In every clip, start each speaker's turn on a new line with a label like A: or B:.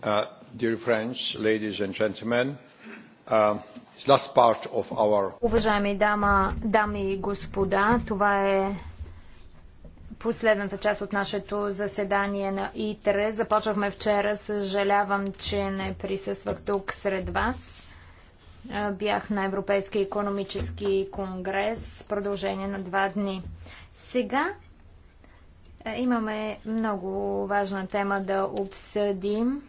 A: Uh, um,
B: Уважаеми дама, дами и господа, това е последната част от нашето заседание на ИТРЕ. Започвахме вчера. Съжалявам, че не присъствах тук сред вас. Бях на Европейски економически конгрес с продължение на два дни. Сега имаме много важна тема да обсъдим.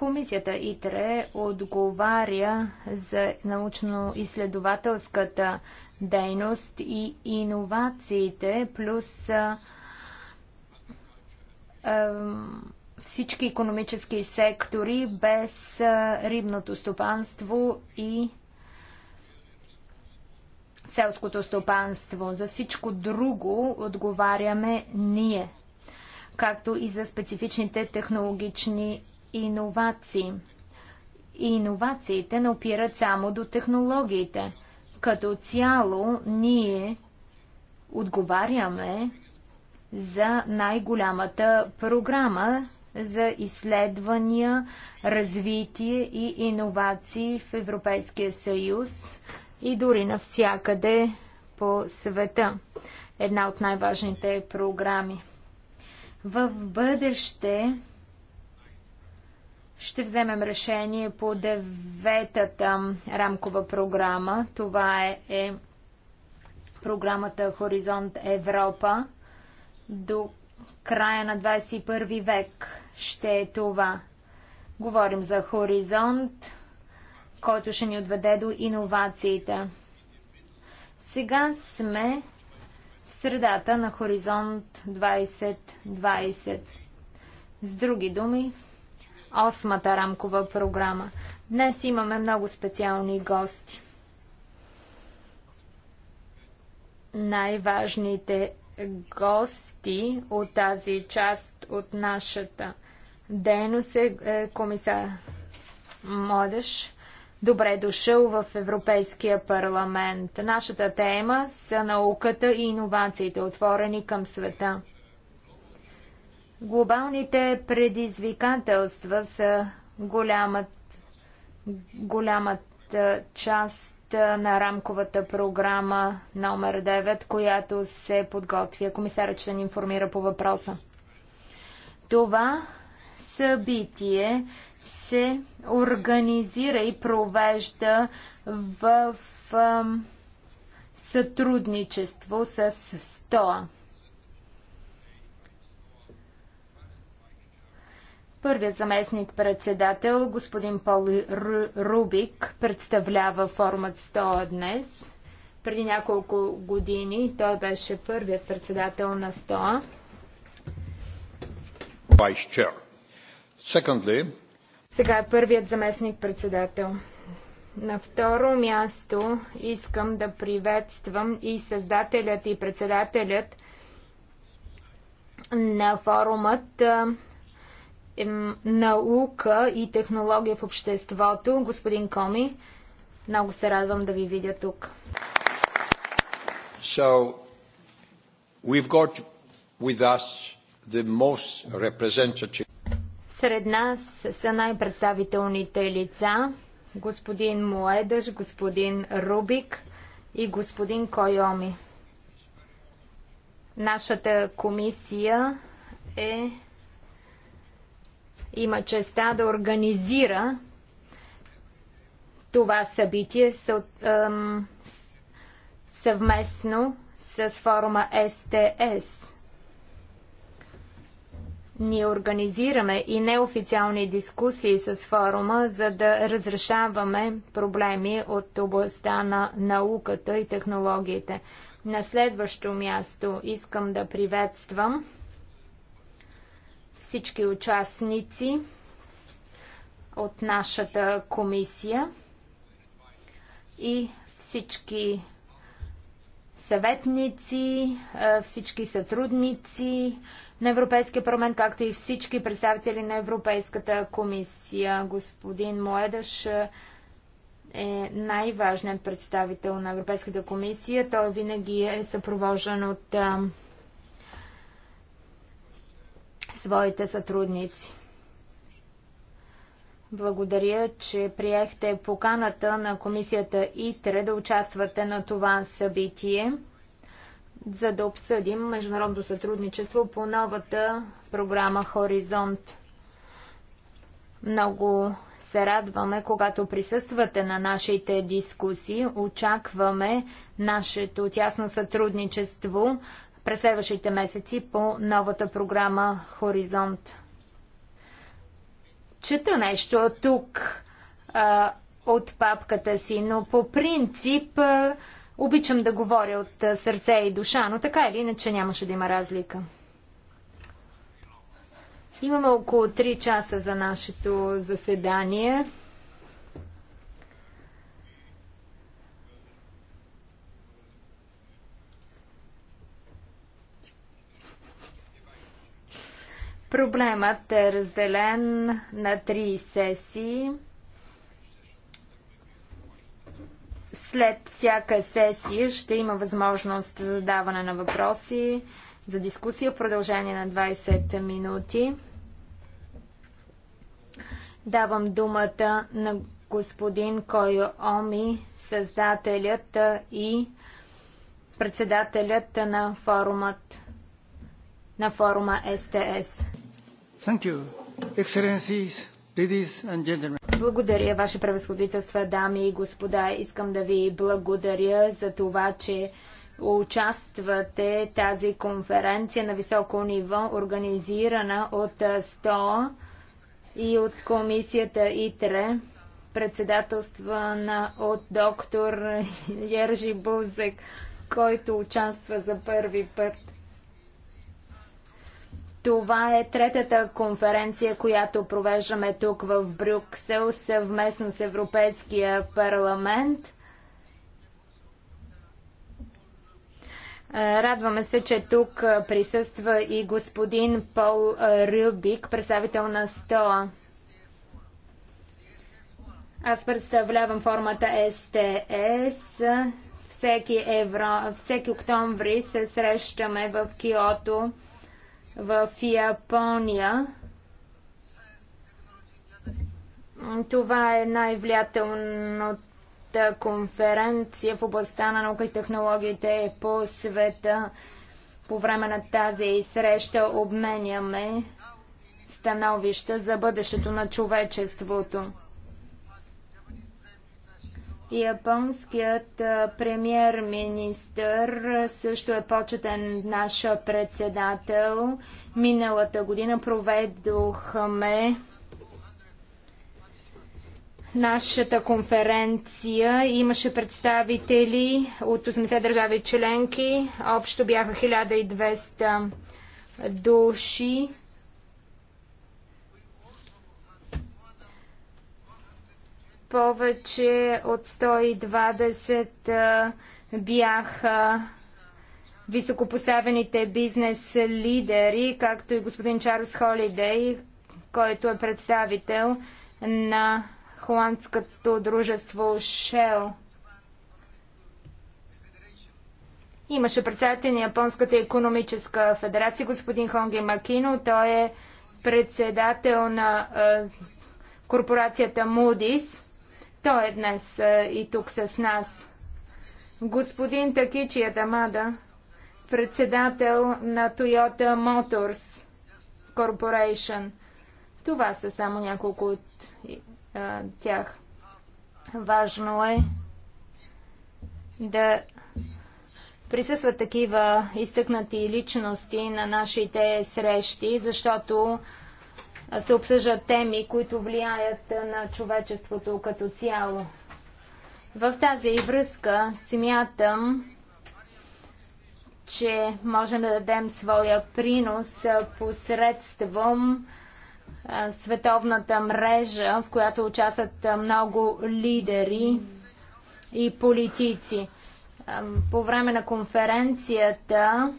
B: Комисията ИТРЕ отговаря за научно-изследователската дейност и иновациите, плюс а, а, всички економически сектори, без а, рибното стопанство и селското стопанство. За всичко друго отговаряме ние, както и за специфичните технологични иновации. Иновациите не опират само до технологиите. Като цяло ние отговаряме за най-голямата програма за изследвания, развитие и иновации в Европейския съюз и дори навсякъде по света. Една от най-важните програми. В бъдеще ще вземем решение по деветата рамкова програма. Това е, е програмата Хоризонт Европа. До края на 21 век ще е това. Говорим за хоризонт, който ще ни отведе до иновациите. Сега сме в средата на хоризонт 2020. С други думи, осмата рамкова програма. Днес имаме много специални гости. Най-важните гости от тази част от нашата дейност е, е комисар Модеш. Добре дошъл в Европейския парламент. Нашата тема са науката и иновациите, отворени към света. Глобалните предизвикателства са голямата, голямата част на рамковата програма номер 9, която се подготвя. Комисарът ще ни информира по въпроса. Това събитие се организира и провежда в, в сътрудничество с СТОА. Първият заместник председател, господин Пол Рубик, представлява формат 100 днес. Преди няколко години той беше първият председател на 100.
A: Secondly...
B: Сега е първият заместник председател. На второ място искам да приветствам и създателят и председателят на форумът наука и технология в обществото, господин Коми. Много се радвам да ви видя тук.
A: So, we've got with us the most representative...
B: Сред нас са най-представителните лица господин Моедаш, господин Рубик и господин Койоми. Нашата комисия е има честа да организира това събитие съвместно с форума СТС. Ние организираме и неофициални дискусии с форума, за да разрешаваме проблеми от областта на науката и технологиите. На следващо място искам да приветствам всички участници от нашата комисия и всички съветници, всички сътрудници на Европейския парламент, както и всички представители на Европейската комисия. Господин Моедаш е най-важният представител на Европейската комисия. Той винаги е съпровожен от своите сътрудници. Благодаря, че приехте поканата на комисията ИТРЕ да участвате на това събитие, за да обсъдим международното сътрудничество по новата програма Хоризонт. Много се радваме, когато присъствате на нашите дискусии. Очакваме нашето тясно сътрудничество през следващите месеци по новата програма Хоризонт. Чета нещо тук а, от папката си, но по принцип а, обичам да говоря от сърце и душа, но така или иначе нямаше да има разлика. Имаме около 3 часа за нашето заседание. Проблемът е разделен на три сесии. След всяка сесия ще има възможност за задаване на въпроси, за дискусия в продължение на 20 минути. Давам думата на господин Койо Оми, създателят и председателят на форумът на форума СТС. Благодаря, Ваше превъзходителство, дами и господа. Искам да ви благодаря за това, че участвате тази конференция на високо ниво, организирана от СТО и от комисията ИТРЕ, председателствана от доктор Ержи Бузек, който участва за първи път. Това е третата конференция, която провеждаме тук в Брюксел съвместно с Европейския парламент. Радваме се, че тук присъства и господин Пол Рюбик, представител на СТОА. Аз представлявам формата СТС. Всеки, евро... Всеки октомври се срещаме в Киото в Япония. Това е най-влиятелната конференция в областта на наука и технологиите по света. По време на тази среща обменяме становища за бъдещето на човечеството. Японският премьер-министър също е почетен наш председател. Миналата година проведохме нашата конференция. Имаше представители от 80 държави членки. Общо бяха 1200 души. Повече от 120 бяха високопоставените бизнес лидери, както и господин Чарлз Холидей, който е представител на холандското дружество Shell. Имаше представител на Японската економическа федерация, господин Хонги Макино. Той е председател на корпорацията Moody's. Той е днес е, и тук с нас. Господин Такичия Дамада, председател на Toyota Motors Corporation. Това са само няколко от а, тях. Важно е да присъстват такива изтъкнати личности на нашите срещи, защото се обсъждат теми, които влияят на човечеството като цяло. В тази връзка смятам, че можем да дадем своя принос посредством световната мрежа, в която участват много лидери и политици. По време на конференцията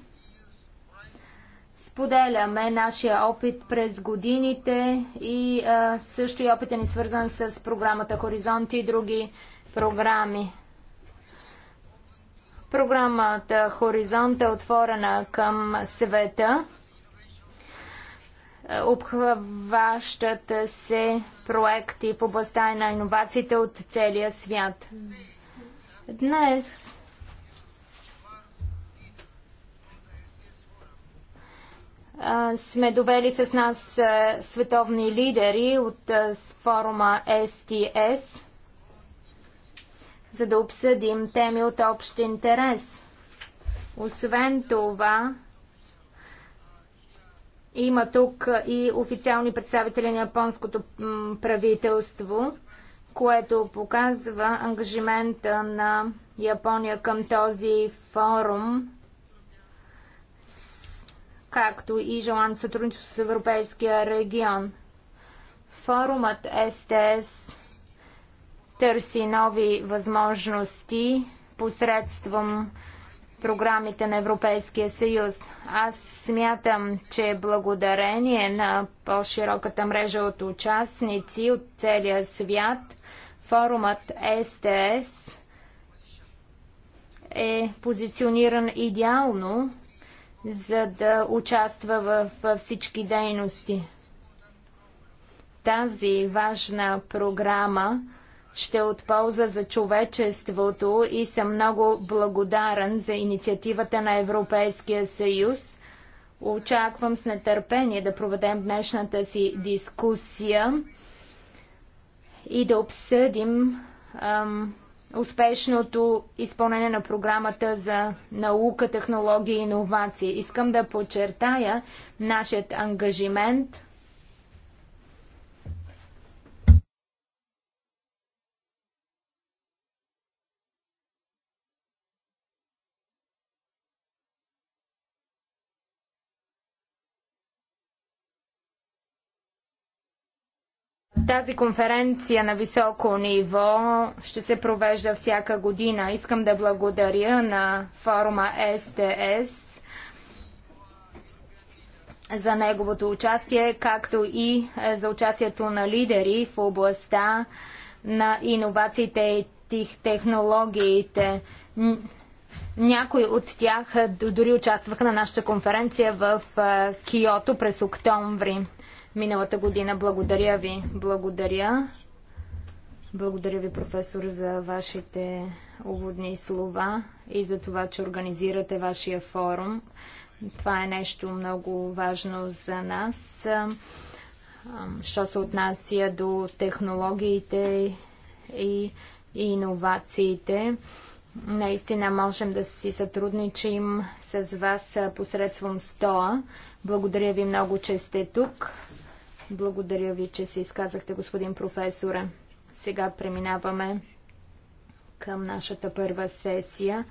B: Споделяме нашия опит през годините и а, също и опита ни свързан с програмата Хоризонт и други програми. Програмата Хоризонт е отворена към света. Обхващат се проекти в областта на иновациите от целия свят. Днес сме довели с нас световни лидери от форума STS, за да обсъдим теми от общ интерес. Освен това, има тук и официални представители на японското правителство, което показва ангажимента на Япония към този форум – както и желан сътрудничество с Европейския регион. Форумът СТС търси нови възможности посредством програмите на Европейския съюз. Аз смятам, че благодарение на по-широката мрежа от участници от целия свят, форумът СТС е позициониран идеално за да участва в, всички дейности. Тази важна програма ще е от полза за човечеството и съм много благодарен за инициативата на Европейския съюз. Очаквам с нетърпение да проведем днешната си дискусия и да обсъдим ам, успешното изпълнение на програмата за наука, технологии и иновации. Искам да подчертая нашият ангажимент Тази конференция на високо ниво ще се провежда всяка година. Искам да благодаря на форума СТС за неговото участие, както и е, за участието на лидери в областта на иновациите и технологиите. Някои от тях е, дори участваха на нашата конференция в е, Киото през октомври миналата година. Благодаря ви. Благодаря. Благодаря ви, професор, за вашите уводни слова и за това, че организирате вашия форум. Това е нещо много важно за нас. Що се отнася до технологиите и, и иновациите, наистина можем да си сътрудничим с вас посредством СТОА. Благодаря ви много, че сте тук. Благодаря ви, че се изказахте, господин професоре. Сега преминаваме към нашата първа сесия.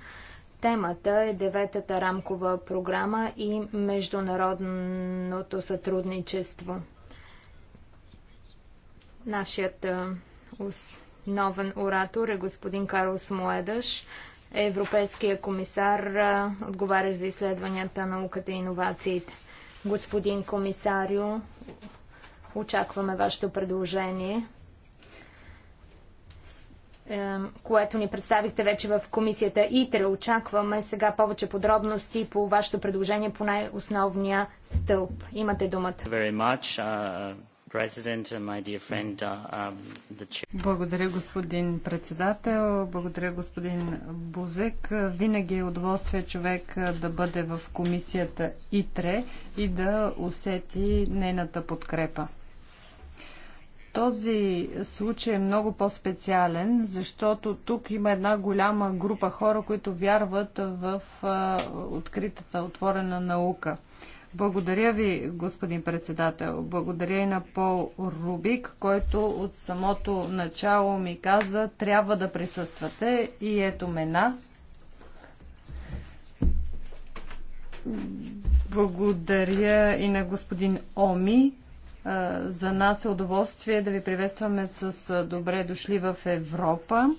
B: Темата е деветата рамкова програма и международното сътрудничество. Нашият основен оратор е господин Карлос Моедаш, европейския комисар, отговарящ за изследванията, науката и иновациите. Господин комисарио, Очакваме вашето предложение, е, което ни представихте вече в комисията ИТРЕ. Очакваме сега повече подробности по вашето предложение по най-основния стълб. Имате думата.
C: Uh, uh, um, Благодаря, господин председател. Благодаря, господин Бузек. Винаги е удоволствие човек да бъде в комисията ИТРЕ и да усети нейната подкрепа. Този случай е много по-специален, защото тук има една голяма група хора, които вярват в откритата, отворена наука. Благодаря ви, господин председател. Благодаря и на Пол Рубик, който от самото начало ми каза, трябва да присъствате и ето мена. Благодаря и на господин Оми, за нас е удоволствие да ви приветстваме с добре дошли в Европа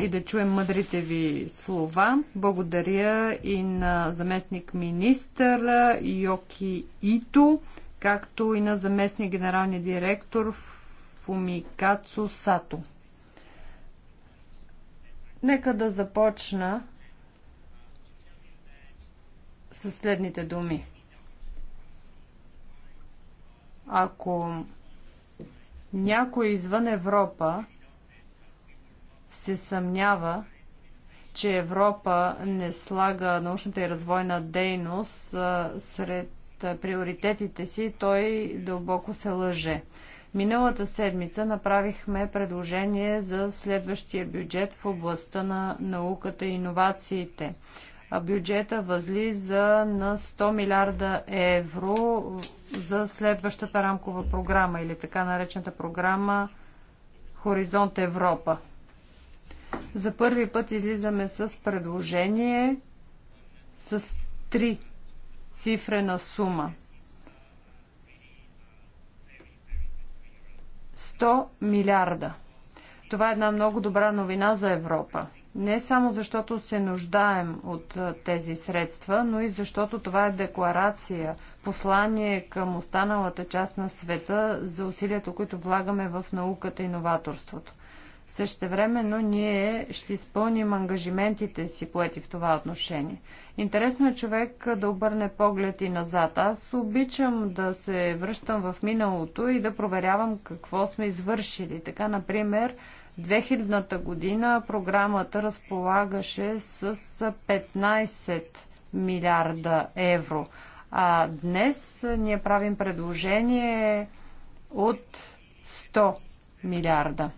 C: и да чуем мъдрите ви слова. Благодаря и на заместник министър Йоки Ито, както и на заместник генералния директор Фумикацу Сато. Нека да започна със следните думи. Ако някой извън Европа се съмнява, че Европа не слага научната и развойна дейност сред приоритетите си, той дълбоко се лъже. Миналата седмица направихме предложение за следващия бюджет в областта на науката и иновациите бюджета възлиза на 100 милиарда евро за следващата рамкова програма или така наречената програма Хоризонт Европа. За първи път излизаме с предложение с три цифрена сума. 100 милиарда. Това е една много добра новина за Европа не само защото се нуждаем от тези средства, но и защото това е декларация, послание към останалата част на света за усилията, които влагаме в науката и новаторството. Същевременно ние ще изпълним ангажиментите си поети в това отношение. Интересно е човек да обърне поглед и назад. Аз обичам да се връщам в миналото и да проверявам какво сме извършили. Така, например, 2000-та година програмата разполагаше с 15 милиарда евро. А днес ние правим предложение от 100 милиарда.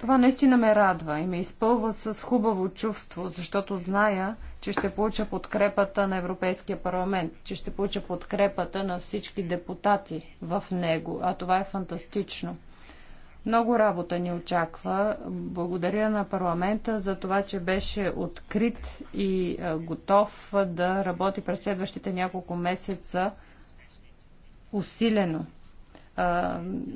C: Това наистина ме радва и ме изпълва с хубаво чувство, защото зная, че ще получа подкрепата на Европейския парламент, че ще получа подкрепата на всички депутати в него, а това е фантастично. Много работа ни очаква. Благодаря на парламента за това, че беше открит и готов да работи през следващите няколко месеца усилено.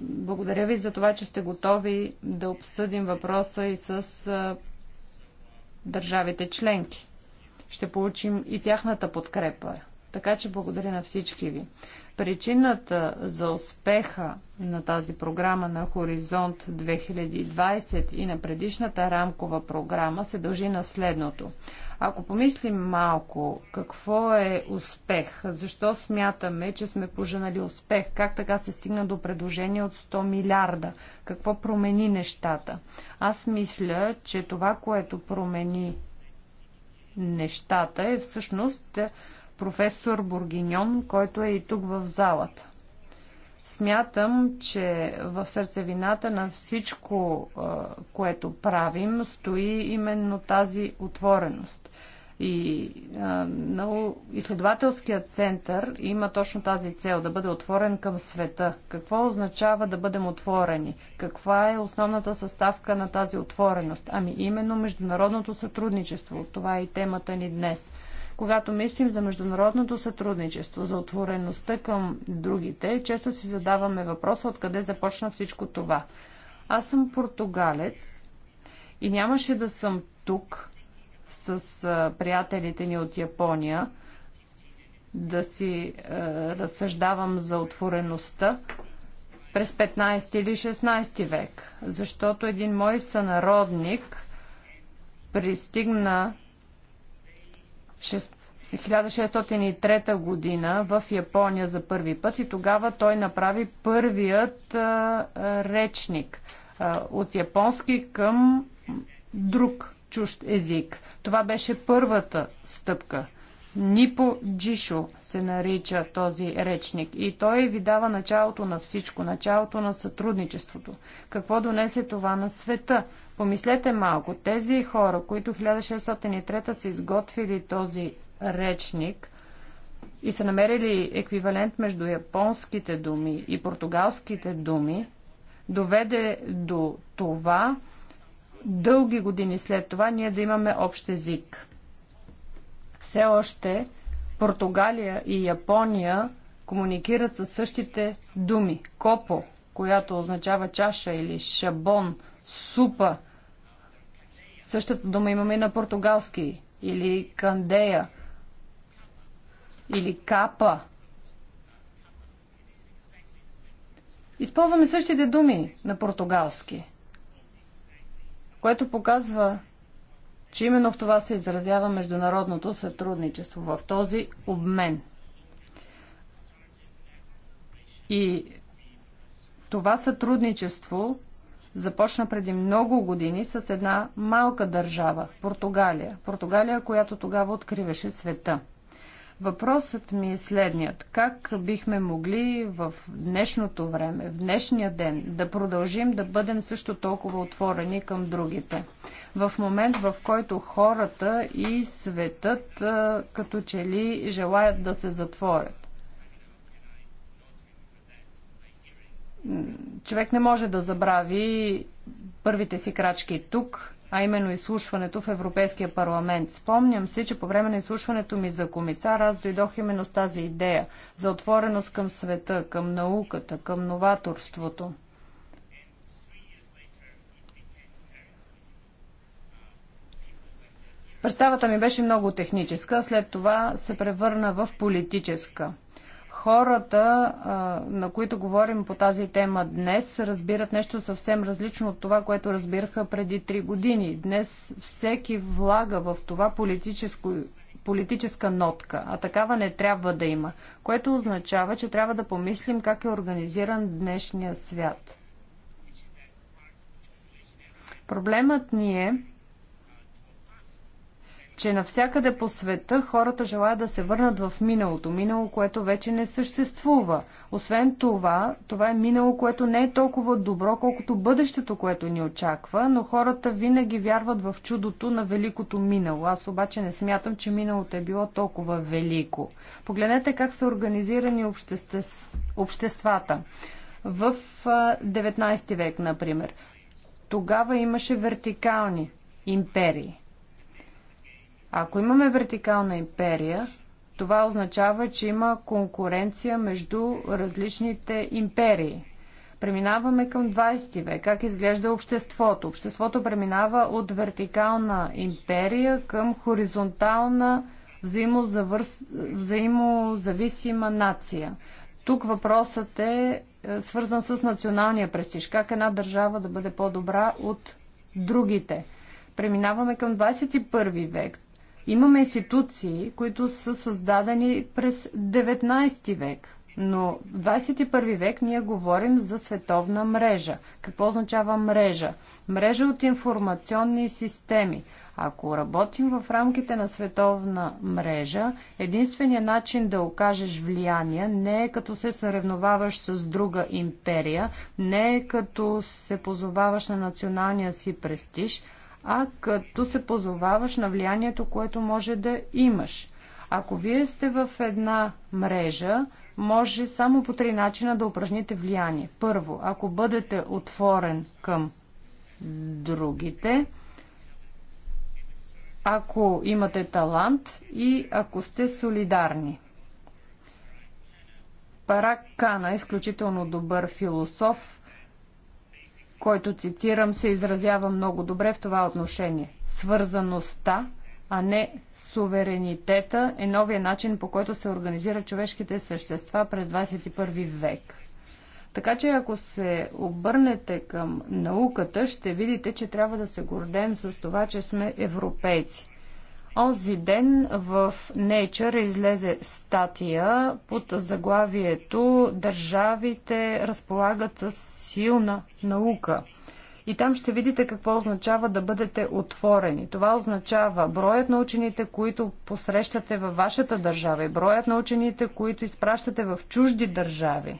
C: Благодаря ви за това, че сте готови да обсъдим въпроса и с държавите членки ще получим и тяхната подкрепа. Така че благодаря на всички ви. Причината за успеха на тази програма на Хоризонт 2020 и на предишната рамкова програма се дължи на следното. Ако помислим малко какво е успех, защо смятаме, че сме поженали успех, как така се стигна до предложение от 100 милиарда, какво промени нещата. Аз мисля, че това, което промени нещата е всъщност професор Бургиньон, който е и тук в залата. Смятам, че в сърцевината на всичко, което правим, стои именно тази отвореност – и а, много изследователският център има точно тази цел да бъде отворен към света. Какво означава да бъдем отворени? Каква е основната съставка на тази отвореност? Ами именно международното сътрудничество. Това е и темата ни днес. Когато мислим за международното сътрудничество, за отвореността към другите, често си задаваме въпроса откъде започна всичко това. Аз съм португалец и нямаше да съм тук, с приятелите ни от Япония, да си разсъждавам за отвореността през 15 или 16 век, защото един мой сънародник пристигна 1603 година в Япония за първи път и тогава той направи първият а, речник а, от японски към друг чужд език. Това беше първата стъпка. Нипо Джишо се нарича този речник и той ви дава началото на всичко, началото на сътрудничеството. Какво донесе това на света? Помислете малко, тези хора, които в 1603 са изготвили този речник и са намерили еквивалент между японските думи и португалските думи, доведе до това, дълги години след това ние да имаме общ език. Все още Португалия и Япония комуникират със същите думи. Копо, която означава чаша или шабон, супа. Същата дума имаме и на португалски. Или кандея. Или капа. Използваме същите думи на португалски което показва, че именно в това се изразява международното сътрудничество, в този обмен. И това сътрудничество започна преди много години с една малка държава Португалия. Португалия, която тогава откриваше света. Въпросът ми е следният. Как бихме могли в днешното време, в днешния ден, да продължим да бъдем също толкова отворени към другите? В момент, в който хората и светът като че ли желаят да се затворят. Човек не може да забрави първите си крачки тук, а именно изслушването в Европейския парламент. Спомням си, че по време на изслушването ми за комисар аз дойдох именно с тази идея за отвореност към света, към науката, към новаторството. Представата ми беше много техническа, след това се превърна в политическа хората, на които говорим по тази тема днес, разбират нещо съвсем различно от това, което разбираха преди три години. Днес всеки влага в това политическо политическа нотка, а такава не трябва да има, което означава, че трябва да помислим как е организиран днешния свят. Проблемът ни е, че навсякъде по света хората желаят да се върнат в миналото, минало, което вече не съществува. Освен това, това е минало, което не е толкова добро, колкото бъдещето, което ни очаква, но хората винаги вярват в чудото на великото минало. Аз обаче не смятам, че миналото е било толкова велико. Погледнете как са организирани обществ... обществата. В 19 век, например, тогава имаше вертикални империи ако имаме вертикална империя, това означава, че има конкуренция между различните империи. Преминаваме към 20 век. Как изглежда обществото? Обществото преминава от вертикална империя към хоризонтална взаимозавърс... взаимозависима нация. Тук въпросът е, е свързан с националния престиж. Как една държава да бъде по-добра от другите? Преминаваме към 21 век. Имаме институции, които са създадени през 19 век, но в 21 век ние говорим за световна мрежа. Какво означава мрежа? Мрежа от информационни системи. Ако работим в рамките на световна мрежа, единственият начин да окажеш влияние не е като се съревноваваш с друга империя, не е като се позоваваш на националния си престиж, а като се позоваваш на влиянието, което може да имаш. Ако вие сте в една мрежа, може само по три начина да упражните влияние. Първо, ако бъдете отворен към другите, ако имате талант и ако сте солидарни. Парак Кана е изключително добър философ, който цитирам, се изразява много добре в това отношение. Свързаността, а не суверенитета е новия начин, по който се организират човешките същества през 21 век. Така че ако се обърнете към науката, ще видите, че трябва да се гордем с това, че сме европейци. Онзи ден в Nature излезе статия под заглавието Държавите разполагат с силна наука. И там ще видите какво означава да бъдете отворени. Това означава броят на учените, които посрещате във вашата държава и броят на учените, които изпращате в чужди държави.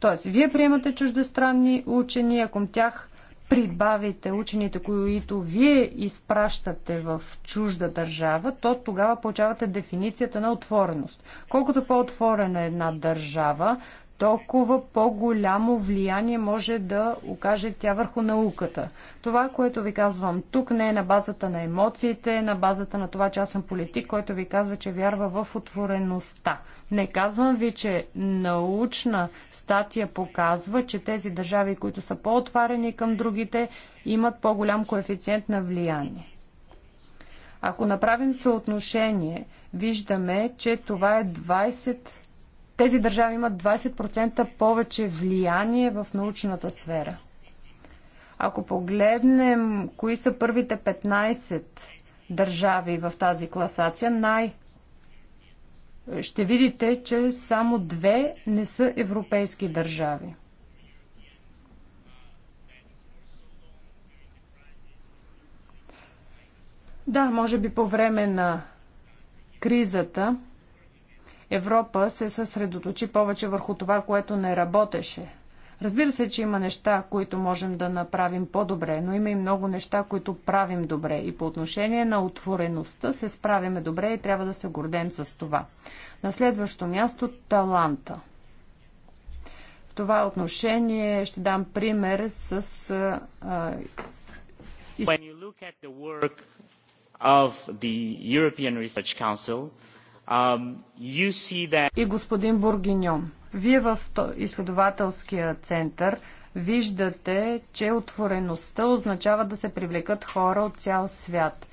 C: Тоест, вие приемате чуждестранни учени, ако тях прибавите учените, които вие изпращате в чужда държава, то тогава получавате дефиницията на отвореност. Колкото по-отворена е една държава, толкова по-голямо влияние може да окаже тя върху науката. Това, което ви казвам тук, не е на базата на емоциите, е на базата на това, че аз съм политик, който ви казва, че вярва в отвореността. Не казвам ви, че научна статия показва, че тези държави, които са по-отварени към другите, имат по-голям коефициент на влияние. Ако направим съотношение, виждаме, че това е 20 тези държави имат 20% повече влияние в научната сфера. Ако погледнем кои са първите 15 държави в тази класация, най- ще видите, че само две не са европейски държави. Да, може би по време на кризата Европа се съсредоточи повече върху това, което не работеше – Разбира се, че има неща, които можем да направим по-добре, но има и много неща, които правим добре. И по отношение на отвореността се справяме добре и трябва да се гордем с това. На следващо място таланта. В това отношение ще дам пример с. А, When you look
D: at the work of the European Research Council, Um, И
C: господин Бургиньон, вие в изследователския център виждате, че отвореността означава да се привлекат хора от цял свят.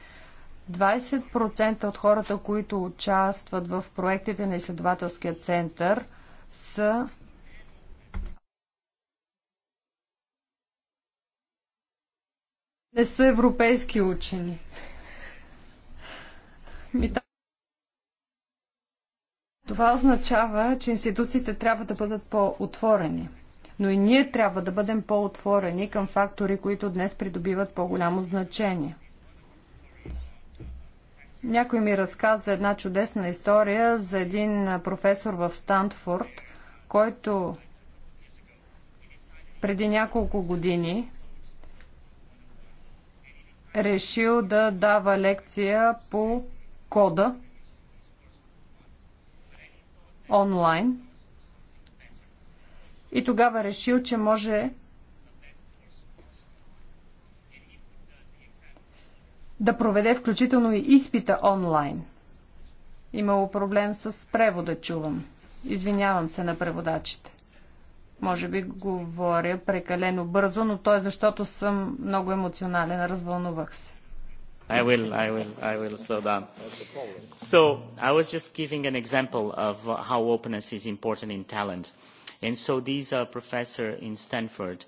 C: 20% от хората, които участват в проектите на изследователския център, са не са европейски учени. Това означава, че институциите трябва да бъдат по-отворени. Но и ние трябва да бъдем по-отворени към фактори, които днес придобиват по-голямо значение. Някой ми разказа една чудесна история за един професор в Станфорд, който преди няколко години решил да дава лекция по кода онлайн и тогава решил, че може да проведе включително и изпита онлайн. Имало проблем с превода, чувам. Извинявам се на преводачите. Може би говоря прекалено бързо, но то е защото съм много емоционален, развълнувах се.
D: I will, I will, I will slow down. So I was just giving an example of how openness is important
B: in talent. And so these uh, professor in Stanford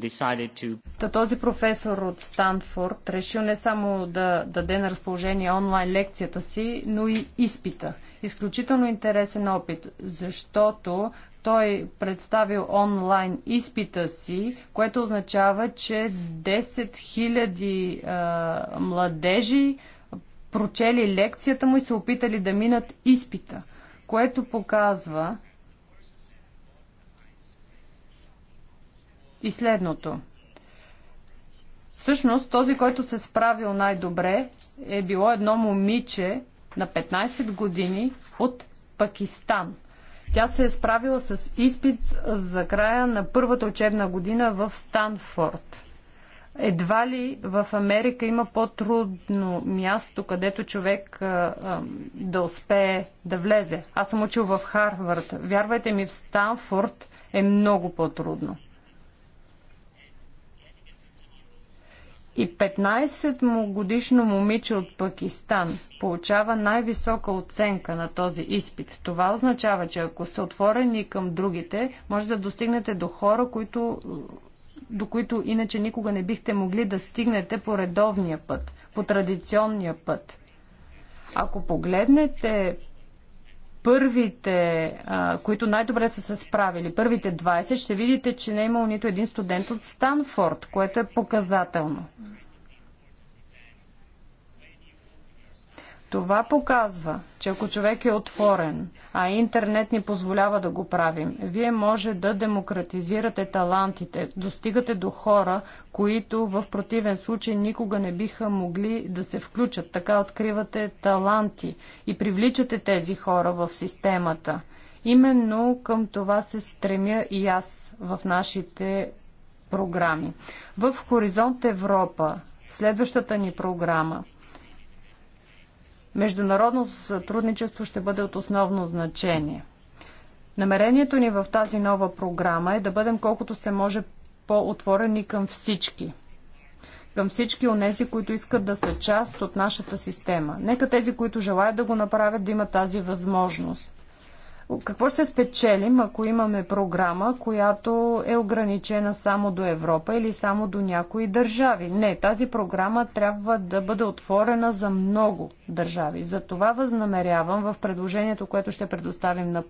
B: decided to...
C: Та този професор от Станфорд решил не само да даде на разположение онлайн лекцията си, но и изпита. Изключително интересен опит, защото той представил онлайн изпита си, което означава, че 10 000 младежи прочели лекцията му и се опитали да минат изпита, което показва и следното. Всъщност, този, който се справил най-добре, е било едно момиче на 15 години от Пакистан – тя се е справила с изпит за края на първата учебна година в Станфорд. Едва ли в Америка има по-трудно място, където човек а, а, да успее да влезе. Аз съм учил в Харвард. Вярвайте ми, в Станфорд е много по-трудно. и 15 годишно момиче от Пакистан получава най-висока оценка на този изпит. Това означава, че ако сте отворени към другите, може да достигнете до хора, които, до които иначе никога не бихте могли да стигнете по редовния път, по традиционния път. Ако погледнете първите, които най-добре са се справили, първите 20, ще видите, че не е имало нито един студент от Станфорд, което е показателно. Това показва, че ако човек е отворен, а интернет ни позволява да го правим, вие може да демократизирате талантите, достигате до хора, които в противен случай никога не биха могли да се включат. Така откривате таланти и привличате тези хора в системата. Именно към това се стремя и аз в нашите програми. В Хоризонт Европа, следващата ни програма, Международното сътрудничество ще бъде от основно значение. Намерението ни в тази нова програма е да бъдем колкото се може по-отворени към всички. Към всички тези, които искат да са част от нашата система. Нека тези, които желаят да го направят, да имат тази възможност. Какво ще спечелим, ако имаме програма, която е ограничена само до Европа или само до някои държави? Не, тази програма трябва да бъде отворена за много държави. Затова възнамерявам в предложението, което ще предоставим на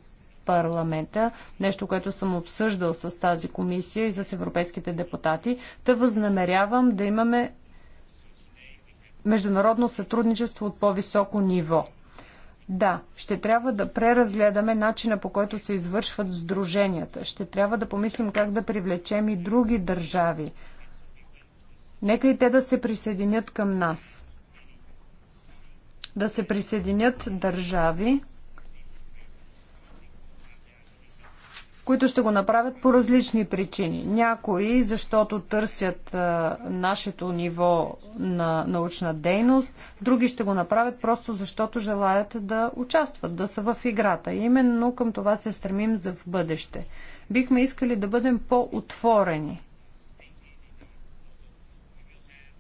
C: парламента, нещо, което съм обсъждал с тази комисия и с европейските депутати, да възнамерявам да имаме международно сътрудничество от по-високо ниво – да, ще трябва да преразгледаме начина по който се извършват сдруженията. Ще трябва да помислим как да привлечем и други държави. Нека и те да се присъединят към нас. Да се присъединят държави, които ще го направят по различни причини. Някои, защото търсят а, нашето ниво на научна дейност, други ще го направят просто защото желаят да участват, да са в играта. И именно към това се стремим за в бъдеще. Бихме искали да бъдем по-отворени.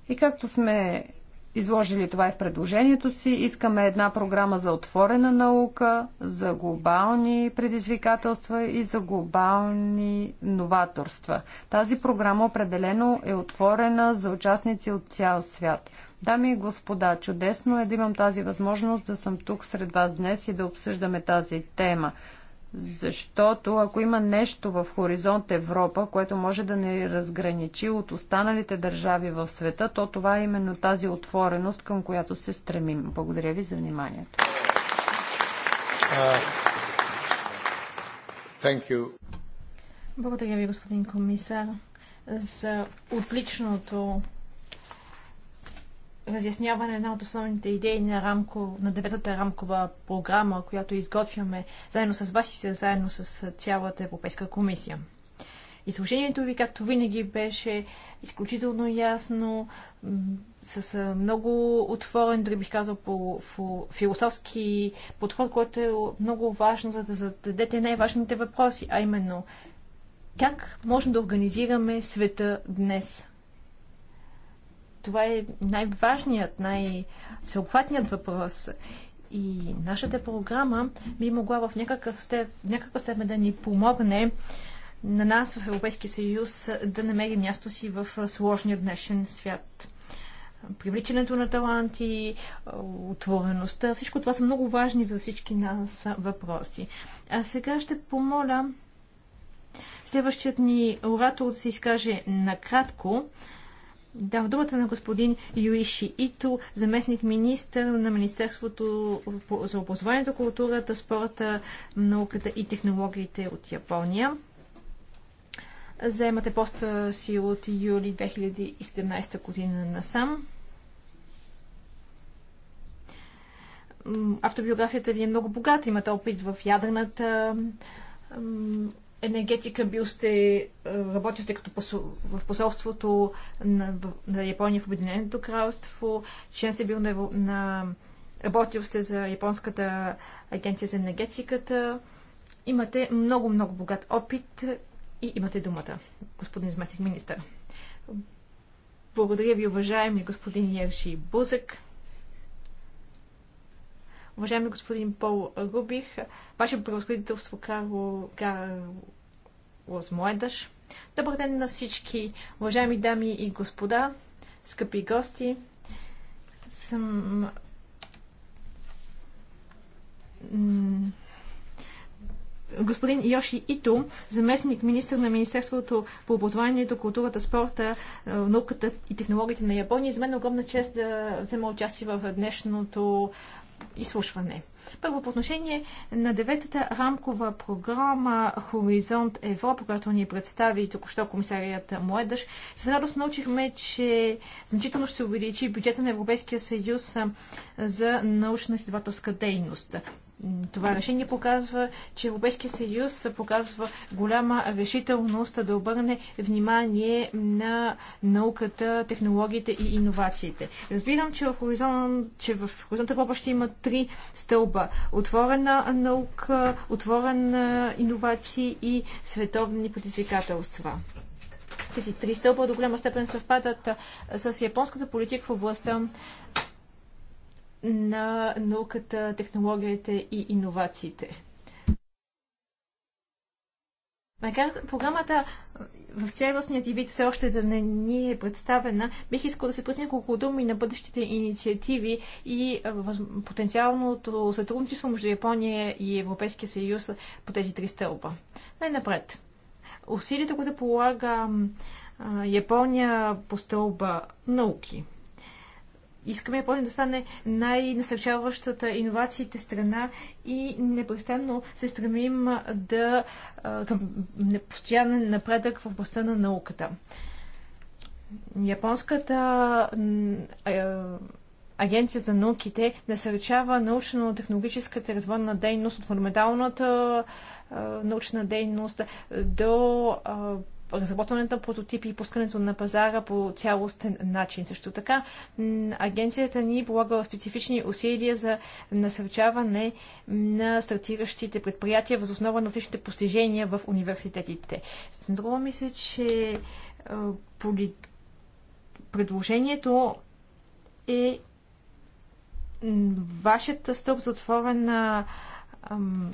C: И както сме изложили това и в предложението си. Искаме една програма за отворена наука, за глобални предизвикателства и за глобални новаторства. Тази програма определено е отворена за участници от цял свят. Дами и господа, чудесно е да имам тази възможност да съм тук сред вас днес и да обсъждаме тази тема защото ако има нещо в Хоризонт Европа, което може да ни разграничи от останалите държави в света, то това е именно тази отвореност, към която се стремим. Благодаря ви за вниманието.
A: Uh,
D: Благодаря ви, господин комисар, за отличното разясняване на една от основните идеи на, рамко, на деветата рамкова програма, която изготвяме заедно с вас и се заедно с цялата Европейска комисия. Изложението ви, както винаги, беше изключително ясно, с много отворен, дори бих казал, по философски подход, който е много важно, за да зададете най-важните въпроси, а именно как можем да организираме света днес? това е най-важният, най-всеобхватният въпрос. И нашата програма би могла в някакъв степ, степен да ни помогне на нас в Европейския съюз да намери място си в сложния днешен свят. Привличането на таланти, отвореността, всичко това са много важни за всички нас въпроси. А сега ще помоля следващият ни оратор да се изкаже накратко, Дам думата на господин Юиши Ито, заместник министър на Министерството за образованието, културата, спорта, науката и технологиите от Япония. Заемате поста си от юли 2017 година насам. Автобиографията ви е много богата. Имате опит в ядрената енергетика бил сте, е, работил сте като посол, в посолството на, на Япония в Обединеното кралство, член сте бил на, на работил сте за Японската агенция за енергетиката. Имате много, много богат опит и имате думата, господин заместник министър. Благодаря ви, уважаеми господин Ерши Бузък. Уважаеми господин Пол Рубих, ваше превъзходителство Карло, Карлос Моедаш. Добър ден на всички, уважаеми дами и господа, скъпи гости. Съм господин Йоши Ито, заместник министр на Министерството по образованието, културата, спорта, е, науката и технологиите на Япония. За мен е огромна чест да взема участие в днешното изслушване. Първо по отношение на деветата рамкова програма Хоризонт Европа, която ни представи току-що комисарият Младъж, с радост научихме, че значително ще се увеличи бюджета на Европейския съюз за научно-изследователска дейност. Това решение показва, че Европейския съюз показва голяма решителност да обърне внимание на науката, технологиите и иновациите. Разбирам, че в, хоризонт, че в Хоризонт Европа ще има три стълба. Отворена наука, отворена иновации и световни предизвикателства. Тези три стълба до голяма степен съвпадат с японската политика в областта на науката, технологията и иновациите. Макар програмата в цялостният и вид все още да не ни е представена, бих искал да се пръсня няколко думи на бъдещите инициативи и потенциалното сътрудничество между Япония и Европейския съюз по тези три стълба. Най-напред. Усилията, които полага Япония по стълба науки – Искаме Япония да стане най-насърчаващата иновациите страна и непрестанно се стремим да към постоянен напредък в областта на науката. Японската Агенция за науките насърчава научно-технологическата развойна дейност от фундаменталната научна дейност до разработването на прототипи и пускането на пазара по цялостен начин. Също така, агенцията ни полага специфични усилия за насърчаване на стартиращите предприятия въз основа на отличните постижения в университетите. Струва ми се, че поли... предложението е вашата стълб за отворена ам,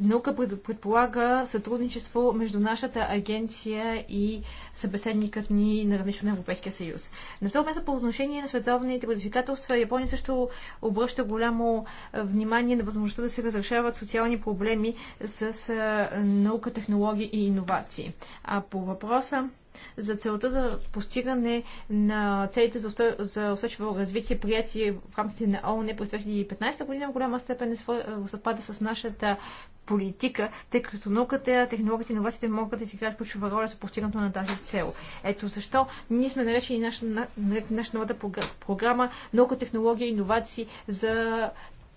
D: наука предполага сътрудничество между нашата агенция и събеседникът ни на равнището на Европейския съюз. На второ място по отношение на световните предизвикателства, Япония също обръща голямо внимание на възможността да се разрешават социални проблеми с наука, технологии и иновации. А по въпроса за целта за постигане на целите за, устой... за устойчиво развитие, прияти в рамките на ООН през 2015 година, в голяма степен е, е съвпада с нашата политика, тъй като науката, технологията и иновациите могат да си играят ключова роля за постигането на тази цел. Ето защо ние сме наречени нашата наш, новата програма наука, технология и иновации за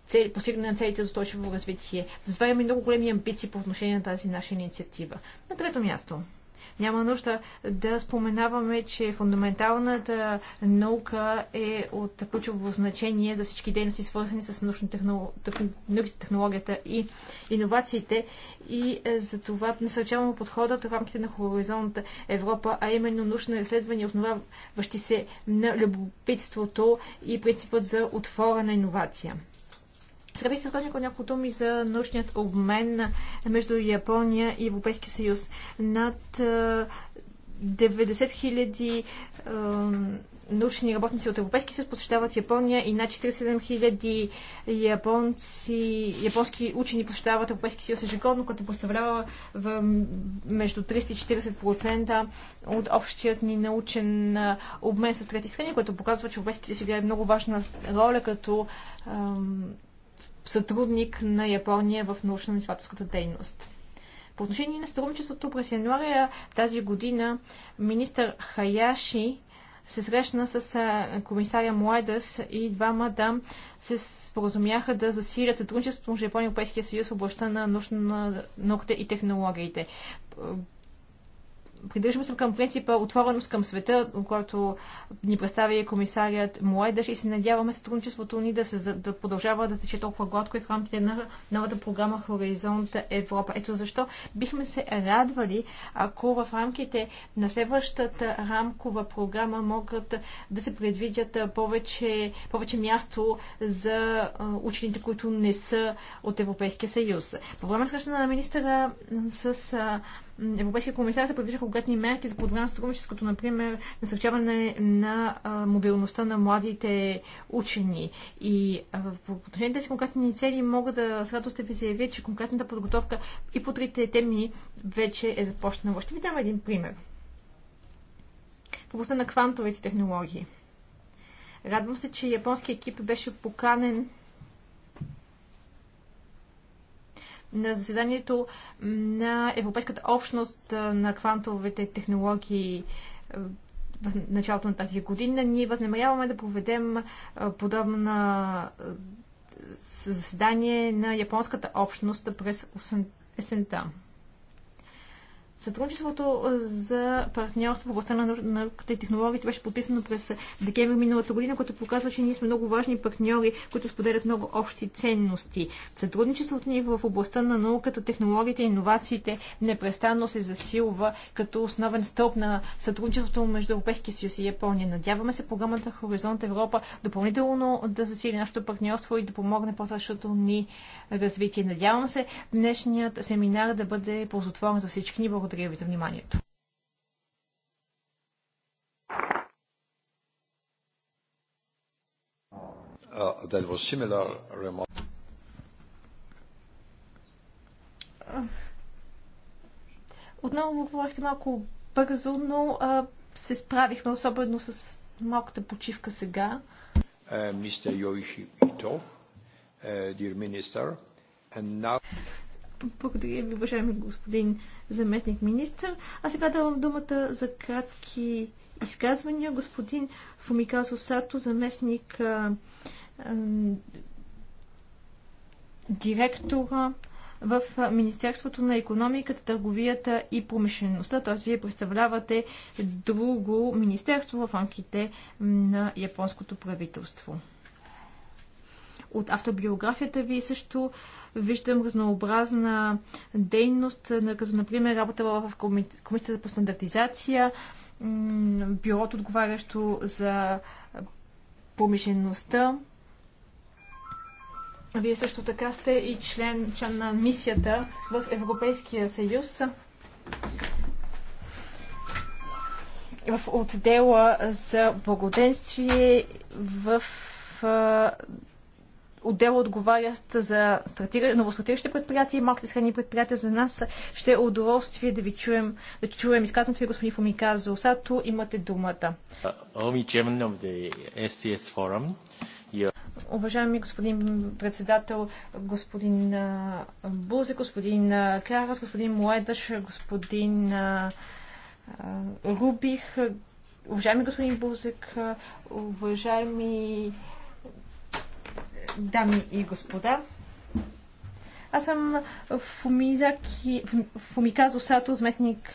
D: цели, постигане на целите за устойчиво развитие. Затова имаме много големи амбиции по отношение на тази наша инициатива. На трето място. Няма нужда да споменаваме, че фундаменталната наука е от ключово значение за всички дейности, свързани с научните технологията и иновациите. И е, за това насърчаваме подходът в рамките на Хоризонтната Европа, а именно научно изследване, основаващи се на любопитството и принципът за отвора на иновация. Сега бих казал няколко думи за научният обмен между Япония и Европейския съюз. Над 90 хиляди научни работници от Европейския съюз посещават Япония и над 47 хиляди японци, японски учени посещават Европейския съюз ежегодно, като представлява в, между 340% от общият ни научен обмен с трети страни, което показва, че Европейския съюз играе много важна роля като ам, сътрудник на Япония в научно-изследователската дейност. По отношение на сътрудничеството през януаря тази година министър Хаяши се срещна с комисаря Муайдас и двама да се споразумяха да засилят сътрудничеството между Япония и Европейския съюз в областта на научно науката и технологиите придържаме се към принципа отвореност към света, който ни представи комисарият Моедаш и се надяваме сътрудничеството ни да, се, да продължава да тече толкова гладко и в рамките на новата програма Хоризонт Европа. Ето защо бихме се радвали, ако в рамките на следващата рамкова програма могат да се предвидят повече, повече място за учените, които не са от Европейския съюз. По време на на министъра с Европейския комисар се предвижда конкретни мерки за подобряване на сътрудничеството, например насърчаване на мобилността на младите учени. И по отношение на тези конкретни цели мога да с радост да ви заявя, че конкретната подготовка и по трите теми вече е започнала. Ще ви дам един пример. В областта на квантовите технологии. Радвам се, че японският екип беше поканен на заседанието на Европейската общност на квантовите технологии в началото на тази година. Ние възнамеряваме да проведем подобна заседание на японската общност през есента. Сътрудничеството за партньорство в областта на науката и технологиите беше подписано през декември миналата година, което показва, че ние сме много важни партньори, които споделят много общи ценности. Сътрудничеството ни в областта на науката, технологиите и иновациите непрестанно се засилва като основен стълб на сътрудничеството между Европейския съюз и Япония. Надяваме се програмата Хоризонт Европа допълнително да засили нашето партньорство и да помогне по същото ни развитие. Надявам се днешният семинар да бъде ползотворен за всички ни. Благодаря благодаря ви за вниманието.
A: Uh, uh,
D: отново говорихте малко бързо, но а, uh, се справихме, особено с малката почивка сега.
A: Мистер Йоиши Ито, dear
D: благодаря ви, уважаеми господин заместник министр. А сега давам думата за кратки изказвания. Господин Фумикасо Сато, заместник а, а, директора в Министерството на економиката, търговията и промишлеността, т.е. вие представлявате друго министерство в рамките на японското правителство. От автобиографията ви също виждам разнообразна дейност, като например работа в Комисията по стандартизация, бюрото отговарящо за помишлеността. Вие също така сте и член, член на мисията в Европейския съюз в отдела за благоденствие в отдела отговарящ за новостратиращите предприятия и малките средни предприятия за нас. Ще е удоволствие да ви чуем, да чуем изказването ви, господин Фомика Усато, Имате думата. Уважаеми господин председател, господин Бузе, господин Карас, господин Моедаш, господин Рубих, уважаеми господин Бузек, уважаеми дами и господа. Аз съм Фумизаки, Фумиказо Сато, заместник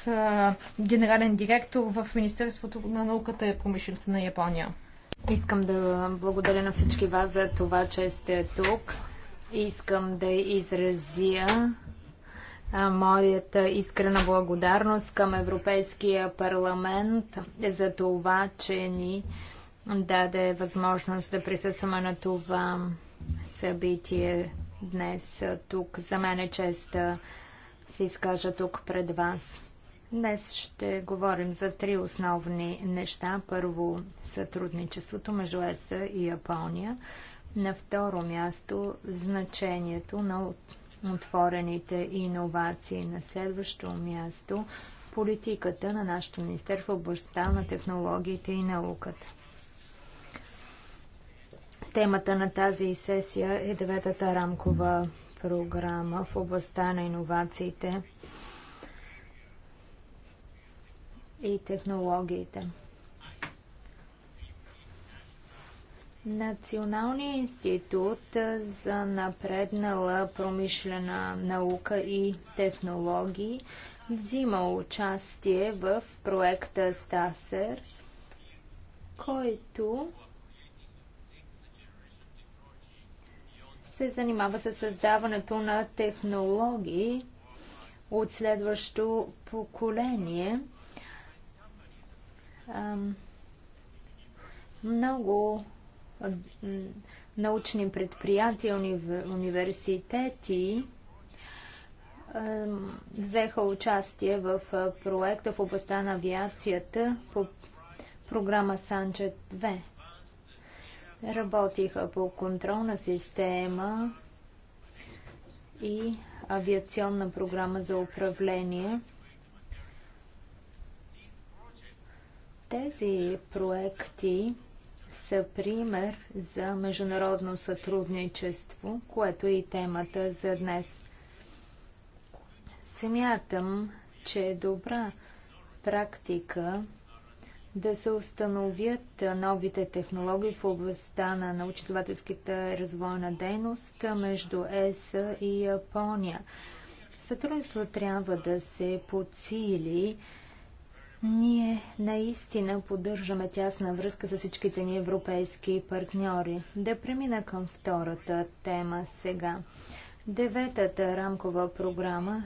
D: генерален директор в Министерството на науката и промишлеността на Япония.
B: Искам да благодаря на всички вас за това, че сте тук. Искам да изразя моята искрена благодарност към Европейския парламент за това, че ни даде възможност да присъстваме на това събитие днес тук. За мен е чест да се изкажа тук пред вас. Днес ще говорим за три основни неща. Първо, сътрудничеството между ЕСА и Япония. На второ място, значението на отворените иновации. На следващо място, политиката на нашето министерство в областта на технологиите и науката. Темата на тази сесия е деветата рамкова програма в областта на иновациите и технологиите. Националния институт за напреднала промишлена наука и технологии взима участие в проекта Стасер, който се занимава с създаването на технологии от следващо поколение. Много научни предприятия, университети взеха участие в проекта в областта на авиацията по програма Санчет 2. Работиха по контролна система и авиационна програма за управление. Тези проекти са пример за международно сътрудничество, което е и темата за днес. Смятам, че е добра практика да се установят новите технологии в областта на научителската развойна дейност между ЕС и Япония. Сътрудничеството трябва да се подсили. Ние наистина поддържаме тясна връзка с всичките ни европейски партньори. Да премина към втората тема сега. Деветата рамкова програма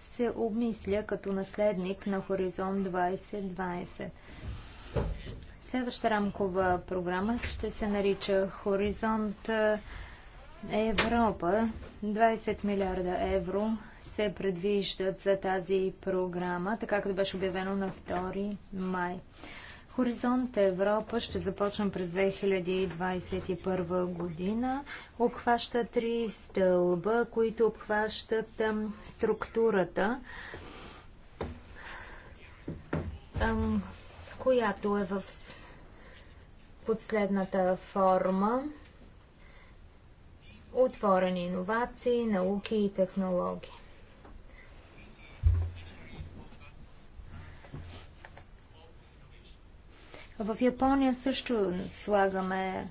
B: се обмисля като наследник на Хоризонт 2020. Следваща рамкова програма ще се нарича Хоризонт е, Европа. 20 милиарда евро се предвиждат за тази програма, така като беше обявено на 2 май. Хоризонт Европа ще започне през 2021 година. Обхваща три стълба, които обхващат структурата която е в последната форма отворени иновации, науки и технологии. В Япония също слагаме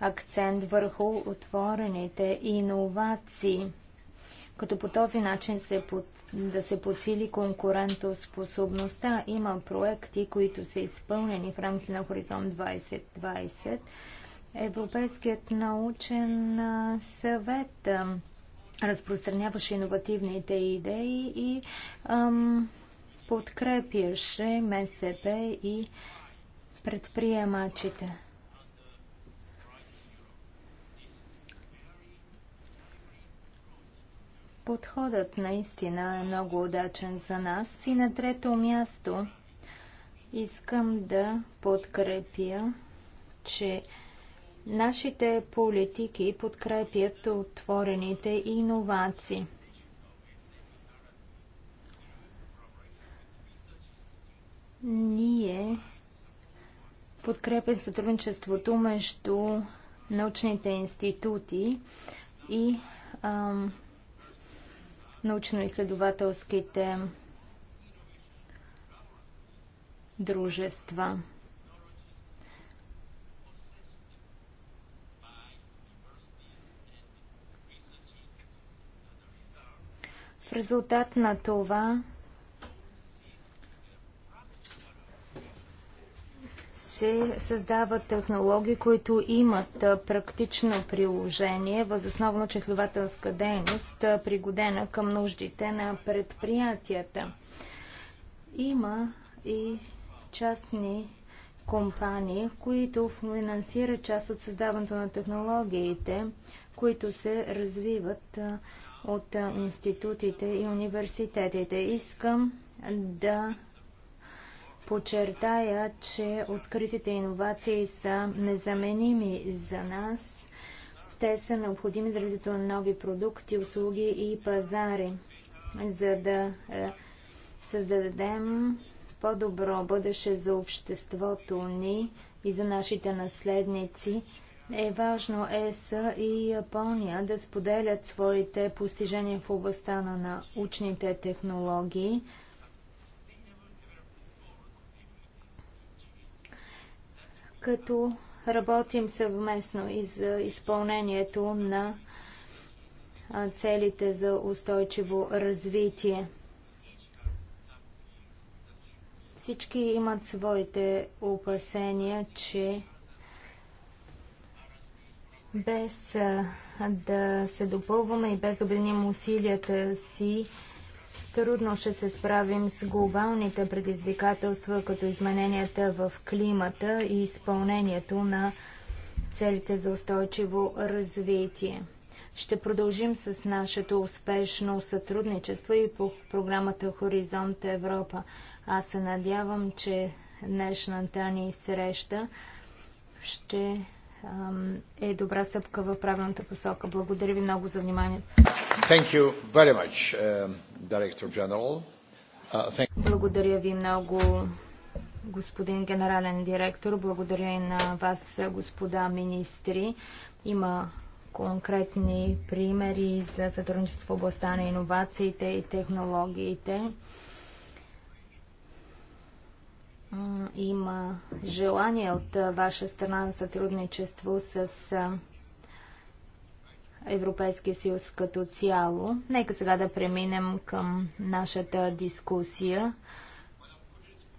B: акцент върху отворените иновации – като по този начин се под, да се подсили конкурентоспособността. Има проекти, които са изпълнени в рамките на Хоризонт 2020. Европейският научен съвет разпространяваше иновативните идеи и ам, подкрепяше МСП и предприемачите. Подходът наистина е много удачен за нас. И на трето място искам да подкрепя, че нашите политики подкрепят отворените иновации. Ние подкрепя сътрудничеството между научните институти и ам, научно-изследователските дружества. В резултат на това се създават технологии, които имат практично приложение възосновно чехлователска дейност, пригодена към нуждите на предприятията. Има и частни компании, които финансират част от създаването на технологиите, които се развиват от институтите и университетите. Искам да подчертая, че откритите иновации са незаменими за нас. Те са необходими за развитието на нови продукти, услуги и пазари, за да е, създадем по-добро бъдеще за обществото ни и за нашите наследници. Е важно ЕС и Япония да споделят своите постижения в областта на научните технологии – като работим съвместно и за изпълнението на целите за устойчиво развитие. Всички имат своите опасения, че без да се допълваме и без да обединим усилията си, трудно ще се справим с глобалните предизвикателства, като измененията в климата и изпълнението на целите за устойчиво развитие. Ще продължим с нашето успешно сътрудничество и по програмата Хоризонт Европа. Аз се надявам, че днешната ни среща ще ам, е добра стъпка в правилната посока. Благодаря ви много за вниманието.
A: Thank you very much. Uh,
B: Благодаря ви много, господин генерален директор. Благодаря и на вас, господа министри. Има конкретни примери за сътрудничество в областта на иновациите и технологиите. Има желание от ваша страна на сътрудничество с Европейския съюз като цяло. Нека сега да преминем към нашата дискусия.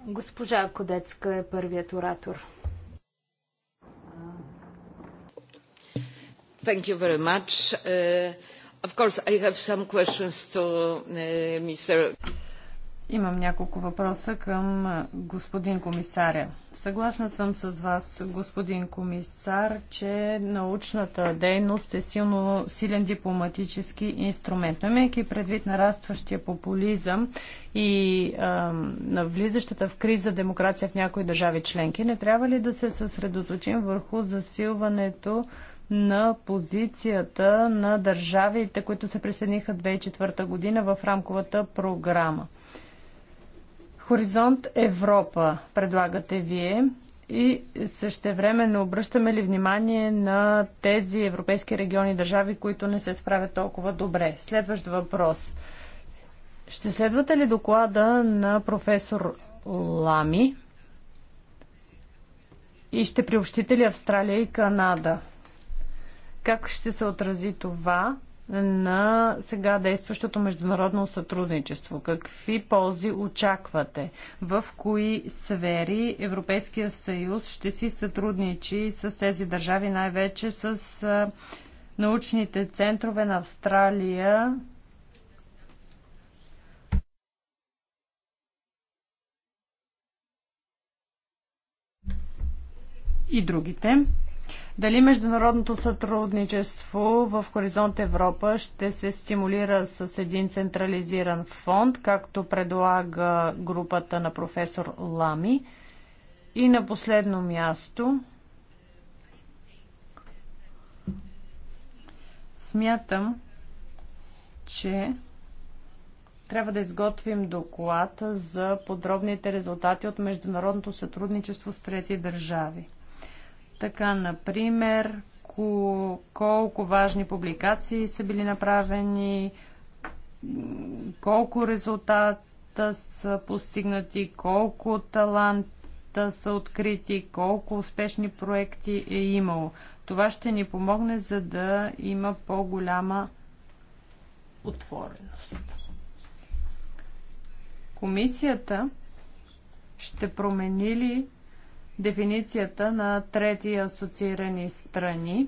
B: Госпожа Кодецка е първият оратор. Thank you very much. Uh,
D: of course, I have some questions to uh, Mr.
C: Имам няколко въпроса към господин комисаря. Съгласна съм с вас, господин комисар, че научната дейност е силно силен дипломатически инструмент. Но имайки предвид нарастващия популизъм и а, влизащата в криза демокрация в някои държави членки, не трябва ли да се съсредоточим върху засилването на позицията на държавите, които се присъединиха 2004 година в рамковата програма? Хоризонт Европа предлагате вие и същевременно обръщаме ли внимание на тези европейски региони държави, които не се справят толкова добре? Следващ въпрос. Ще следвате ли доклада на професор Лами и ще приобщите ли Австралия и Канада? Как ще се отрази това на сега действащото международно сътрудничество? Какви ползи очаквате? В кои сфери Европейския съюз ще си сътрудничи с тези държави, най-вече с научните центрове на Австралия? И другите. Дали международното сътрудничество в Хоризонт Европа ще се стимулира с един централизиран фонд, както предлага групата на професор Лами? И на последно място, смятам, че трябва да изготвим доклад за подробните резултати от международното сътрудничество с трети държави. Така, например, колко важни публикации са били направени, колко резултата са постигнати, колко таланта са открити, колко успешни проекти е имало. Това ще ни помогне, за да има по-голяма отвореност. Комисията ще промени ли дефиницията на трети асоциирани страни,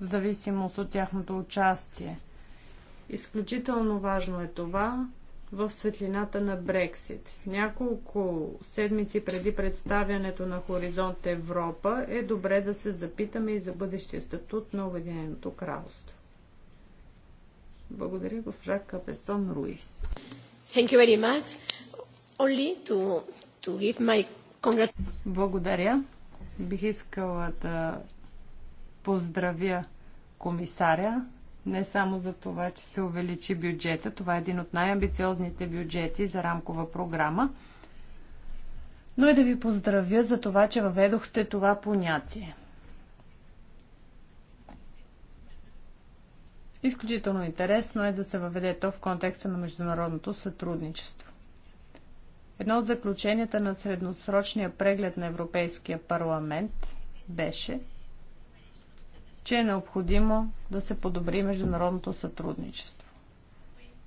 C: в зависимост от тяхното участие. Изключително важно е това в светлината на Брексит. Няколко седмици преди представянето на Хоризонт Европа е добре да се запитаме и за бъдещия статут на Обединеното кралство. Благодаря, госпожа Капесон Руис. Thank you very much. Only to, to give my благодаря. Бих искала да поздравя комисаря не само за това, че се увеличи бюджета. Това е един от най-амбициозните бюджети за рамкова програма. Но и да ви поздравя за това, че въведохте това понятие. Изключително интересно е да се въведе то в контекста на международното сътрудничество. Едно от заключенията на средносрочния преглед на Европейския парламент беше, че е необходимо да се подобри международното сътрудничество.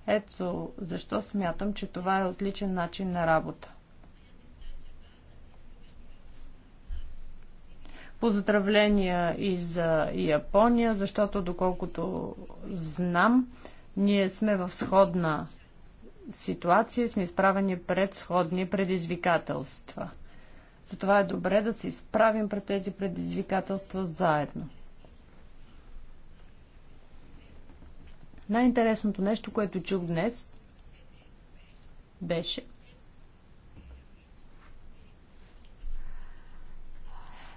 C: Ето защо смятам, че това е отличен начин на работа. Поздравления и за Япония, защото доколкото знам, ние сме в сходна ситуации сме изправени пред сходни предизвикателства. Затова е добре да се изправим пред тези предизвикателства заедно. Най-интересното нещо, което чух днес, беше,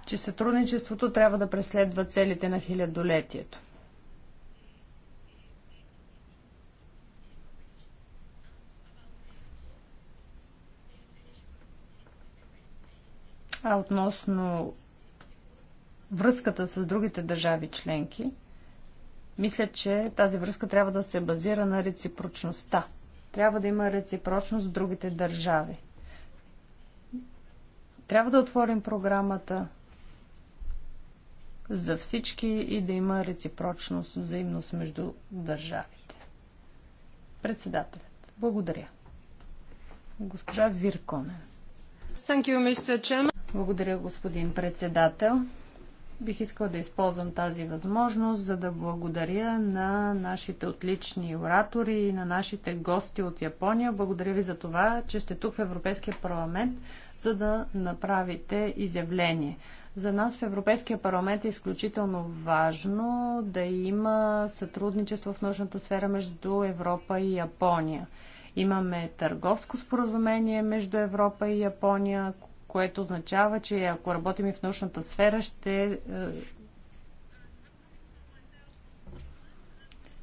C: че сътрудничеството трябва да преследва целите на хилядолетието. А относно връзката с другите държави членки, мисля, че тази връзка трябва да се базира на реципрочността. Трябва да има реципрочност с другите държави. Трябва да отворим програмата за всички и да има реципрочност, взаимност между държавите. Председателят. Благодаря. Госпожа Вирконен. Thank you, Mr. Chairman. Благодаря, господин председател. Бих искал да използвам тази възможност, за да благодаря на нашите отлични оратори и на нашите гости от Япония. Благодаря ви за това, че сте тук в Европейския парламент, за да направите изявление. За нас в Европейския парламент е изключително важно да има сътрудничество в научната сфера между Европа и Япония. Имаме търговско споразумение между Европа и Япония, което означава, че ако работим и в научната сфера, ще е,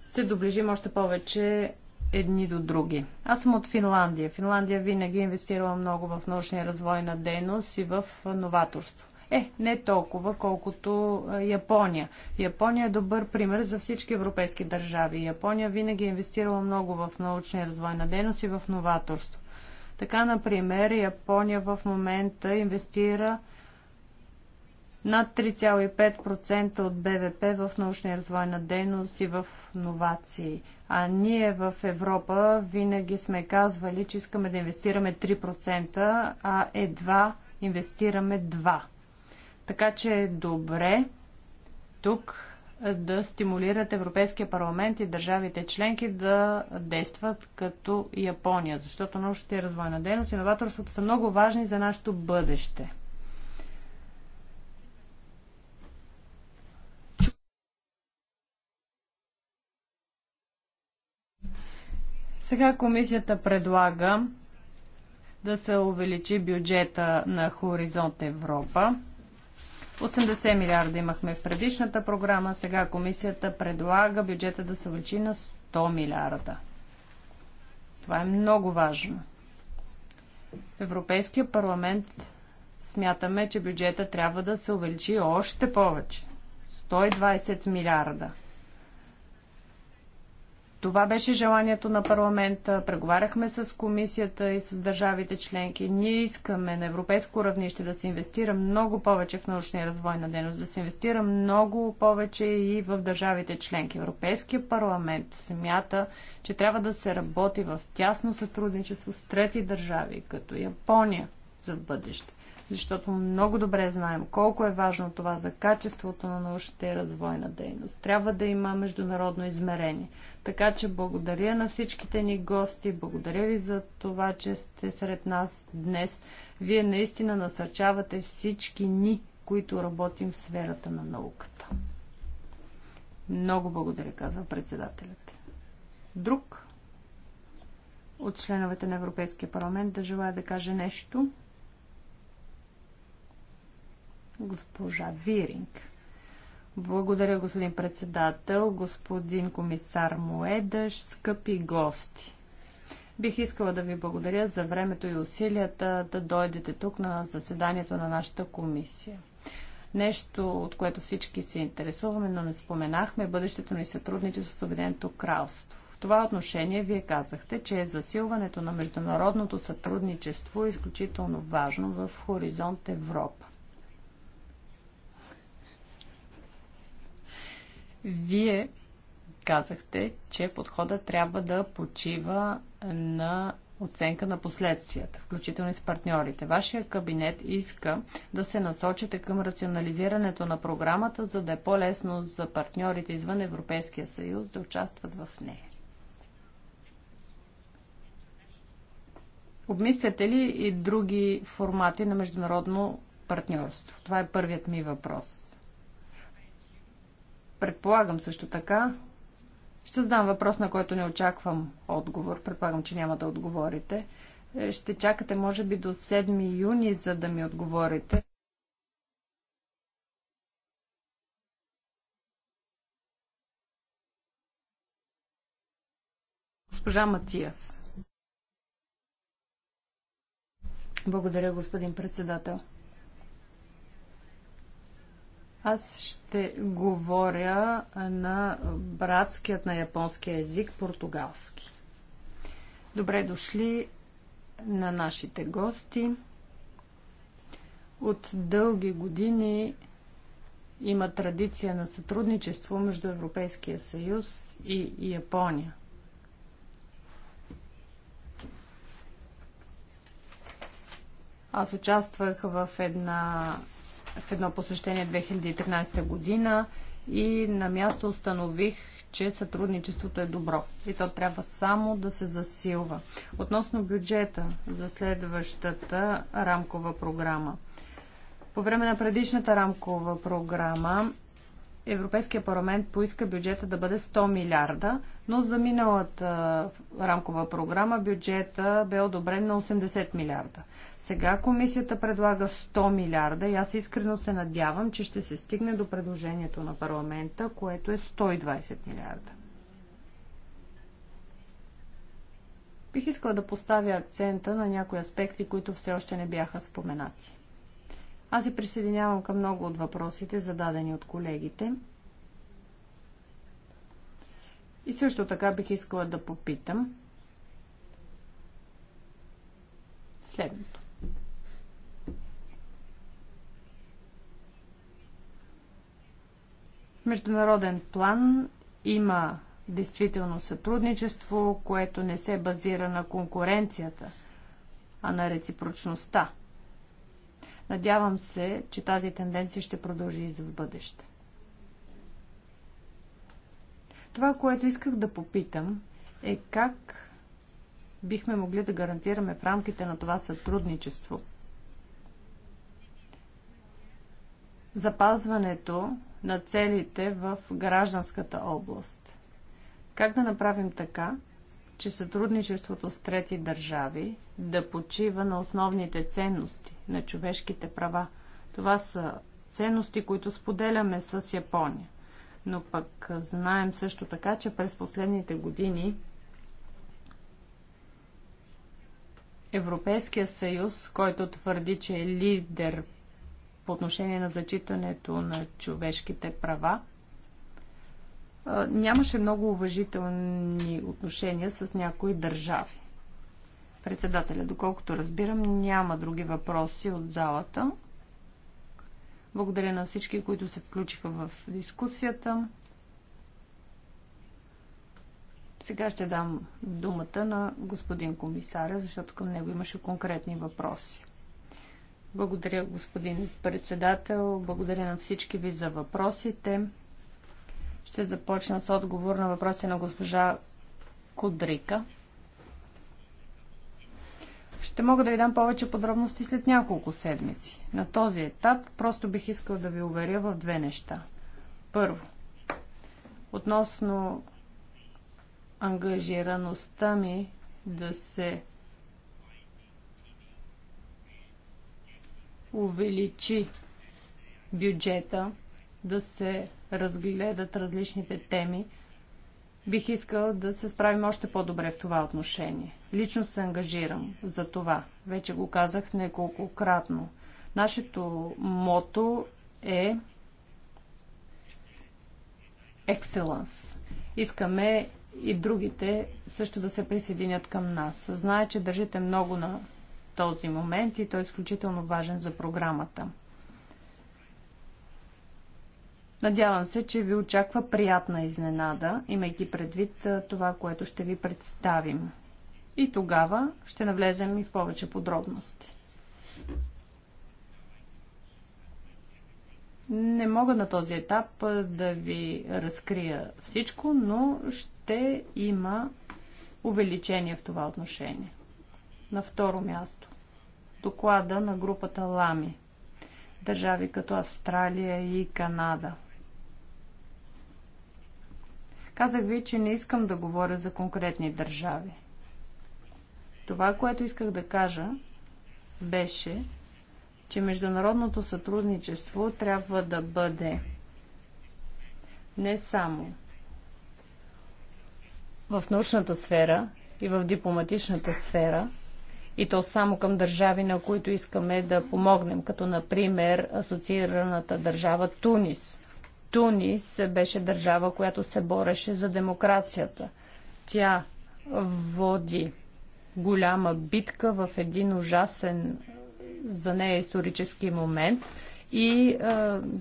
C: се доближим още повече едни до други. Аз съм от Финландия. Финландия винаги е инвестирала много в научния развой на дейност и в новаторство. Е, не толкова, колкото е, Япония. Япония е добър пример за всички европейски държави. Япония винаги е инвестирала много в научния развой на дейност и в новаторство. Така, например, Япония в момента инвестира над 3,5% от БВП в научна развой на дейност и в новации. А ние в Европа винаги сме казвали, че искаме да инвестираме 3%, а едва инвестираме 2%. Така че е добре тук да стимулират Европейския парламент и държавите членки да действат като Япония, защото научната и развойна дейност и новаторството са много важни за нашето бъдеще. Сега комисията предлага да се увеличи бюджета на Хоризонт Европа 80 милиарда имахме в предишната програма, сега комисията предлага бюджета да се увеличи на 100 милиарда. Това е много важно. В Европейския парламент смятаме, че бюджета трябва да се увеличи още повече. 120 милиарда. Това беше желанието на парламента. Преговаряхме с комисията и с държавите членки. Ние искаме на европейско равнище да се инвестира много повече в научния развой на дейност, да се инвестира много повече и в държавите членки. Европейския парламент смята, че трябва да се работи в тясно сътрудничество с трети държави, като Япония за бъдеще. Защото много добре знаем колко е важно това за качеството на научната и развойна дейност. Трябва да има международно измерение. Така че благодаря на всичките ни гости, благодаря ви за това, че сте сред нас днес. Вие наистина насърчавате всички ни, които работим в сферата на науката. Много благодаря, казва председателят. Друг от членовете на Европейския парламент да желая да каже нещо. Госпожа Виринг. Благодаря, господин председател, господин комисар Моедаш, скъпи гости. Бих искала да ви благодаря за времето и усилията да дойдете тук на заседанието на нашата комисия. Нещо, от което всички се интересуваме, но не споменахме, бъдещето ни сътрудничество с Обединеното кралство. В това отношение вие казахте, че засилването на международното сътрудничество е изключително важно в Хоризонт Европа. Вие казахте, че подхода трябва да почива на оценка на последствията, включително и с партньорите. Вашия кабинет иска да се насочите към рационализирането на програмата, за да е по-лесно за партньорите извън Европейския съюз да участват в нея. Обмисляте ли и други формати на международно партньорство? Това е първият ми въпрос. Предполагам също така, ще задам въпрос, на който не очаквам отговор. Предполагам, че няма да отговорите. Е, ще чакате, може би, до 7 юни, за да ми отговорите. Госпожа Матиас. Благодаря, господин председател. Аз ще говоря на братският на японския език португалски. Добре дошли на нашите гости. От дълги години има традиция на сътрудничество между Европейския съюз и Япония. Аз участвах в една в едно посещение 2013 година и на място установих, че сътрудничеството е добро и то трябва само да се засилва. Относно бюджета за следващата рамкова програма. По време на предишната рамкова програма Европейския парламент поиска бюджета да бъде 100 милиарда, но за миналата рамкова програма бюджета бе одобрен на 80 милиарда. Сега комисията предлага 100 милиарда и аз искрено се надявам, че ще се стигне до предложението на парламента, което е 120 милиарда. Бих искала да поставя акцента на някои аспекти, които все още не бяха споменати. Аз се присъединявам към много от въпросите, зададени от колегите. И също така бих искала да попитам следното. В международен план има действително сътрудничество, което не се базира на конкуренцията, а на реципрочността – Надявам се, че тази тенденция ще продължи и за в бъдеще. Това, което исках да попитам, е как бихме могли да гарантираме в рамките на това сътрудничество запазването на целите в гражданската област. Как да направим така, че сътрудничеството с трети държави да почива на основните ценности, на човешките права. Това са ценности, които споделяме с Япония. Но пък знаем също така, че през последните години Европейския съюз, който твърди, че е лидер по отношение на зачитането на човешките права, нямаше много уважителни отношения с някои държави. Председателя, доколкото разбирам, няма други въпроси от залата. Благодаря на всички, които се включиха в дискусията. Сега ще дам думата на господин комисаря, защото към него имаше конкретни въпроси. Благодаря, господин председател. Благодаря на всички ви за въпросите. Ще започна с отговор на въпроси на госпожа Кудрика. Ще мога да ви дам повече подробности след няколко седмици. На този етап просто бих искал да ви уверя в две неща. Първо, относно ангажираността ми да се увеличи бюджета да се разгледат различните теми. Бих искал да се справим още по-добре в това отношение. Лично се ангажирам за това. Вече го казах неколкократно. Нашето мото е Excellence. Искаме и другите също да се присъединят към нас. Знае, че държите много на този момент и той е изключително важен за програмата. Надявам се, че ви очаква приятна изненада, имайки предвид това, което ще ви представим. И тогава ще навлезем и в повече подробности. Не мога на този етап да ви разкрия всичко, но ще има увеличение в това отношение. На второ място. Доклада на групата Лами. Държави като Австралия и Канада. Казах ви, че не искам да говоря за конкретни държави. Това, което исках да кажа, беше, че международното сътрудничество трябва да бъде не само в научната сфера и в дипломатичната сфера, и то само към държави, на които искаме да помогнем, като например асоциираната държава Тунис. Тунис беше държава, която се бореше за демокрацията. Тя води голяма битка в един ужасен за нея исторически момент и е,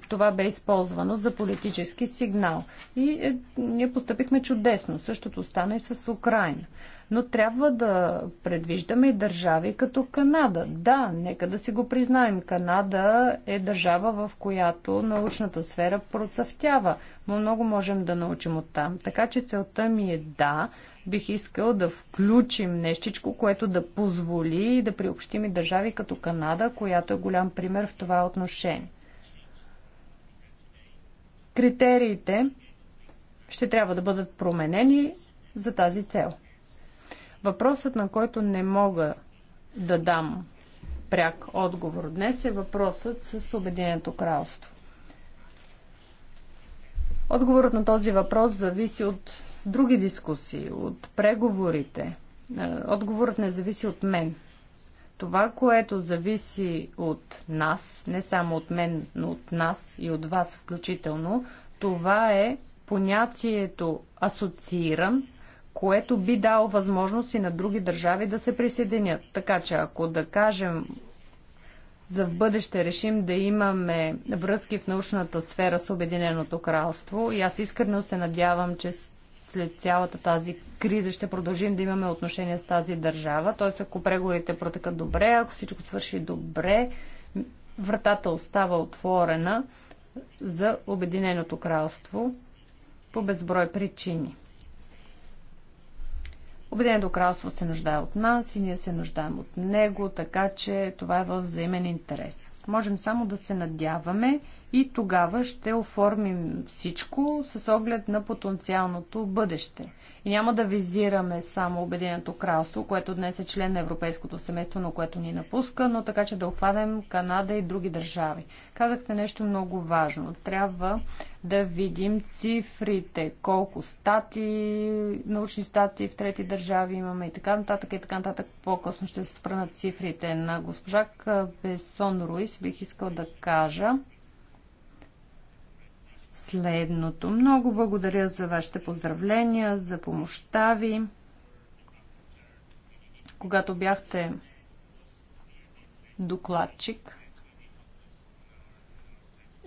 C: това бе използвано за политически сигнал. И е, ние поступихме чудесно. Същото стана и с Украина но трябва да предвиждаме и държави като Канада. Да, нека да си го признаем. Канада е държава, в която научната сфера процъфтява, но много можем да научим от там. Така че целта ми е да, бих искал да включим нещичко, което да позволи и да приобщим и държави като Канада, която е голям пример в това отношение. Критериите ще трябва да бъдат променени за тази цел. Въпросът, на който не мога да дам пряк отговор днес е въпросът с Обединеното кралство. Отговорът на този въпрос зависи от други дискусии, от преговорите. Е, отговорът не зависи от мен. Това, което зависи от нас, не само от мен, но от нас и от вас включително, това е понятието асоцииран което би дало възможност и на други държави да се присъединят. Така че ако да кажем за в бъдеще решим да имаме връзки в научната сфера с Обединеното кралство и аз искрено се надявам, че след цялата тази криза ще продължим да имаме отношения с тази държава. Т.е. ако преговорите протекат добре, ако всичко свърши добре, вратата остава отворена за Обединеното кралство по безброй причини. Обединеното кралство се нуждае от нас и ние се нуждаем от него, така че това е във взаимен интерес. Можем само да се надяваме, и тогава ще оформим всичко с оглед на потенциалното бъдеще. И няма да визираме само Обединеното кралство, което днес е член на Европейското семейство, на което ни напуска, но така, че да обхванем Канада и други държави. Казахте нещо много важно. Трябва да видим цифрите, колко стати, научни стати в трети държави имаме и така нататък и така нататък. По-късно ще се спрънат цифрите. На госпожа Бесон Руис бих искал да кажа, следното. Много благодаря за вашите поздравления, за помощта ви. Когато бяхте докладчик,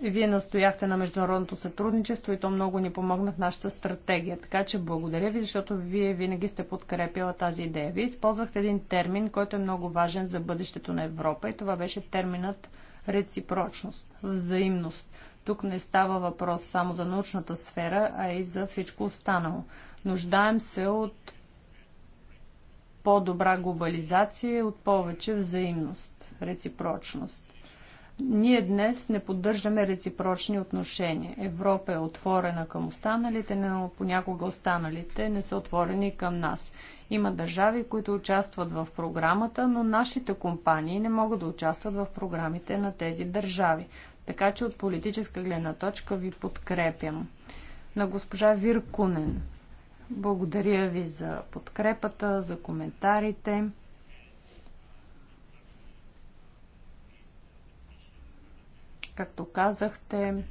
C: вие настояхте на международното сътрудничество и то много ни помогна в нашата стратегия. Така че благодаря ви, защото вие винаги сте подкрепила тази идея. Вие използвахте един термин, който е много важен за бъдещето на Европа и това беше терминът реципрочност, взаимност. Тук не става въпрос само за научната сфера, а и за всичко останало. Нуждаем се от по-добра глобализация и от повече взаимност, реципрочност. Ние днес не поддържаме реципрочни отношения. Европа е отворена към останалите, но понякога останалите не са отворени към нас. Има държави, които участват в програмата, но нашите компании не могат да участват в програмите на тези държави. Така че от политическа гледна точка ви подкрепям. На госпожа Виркунен. Благодаря ви за подкрепата, за коментарите. Както казахте,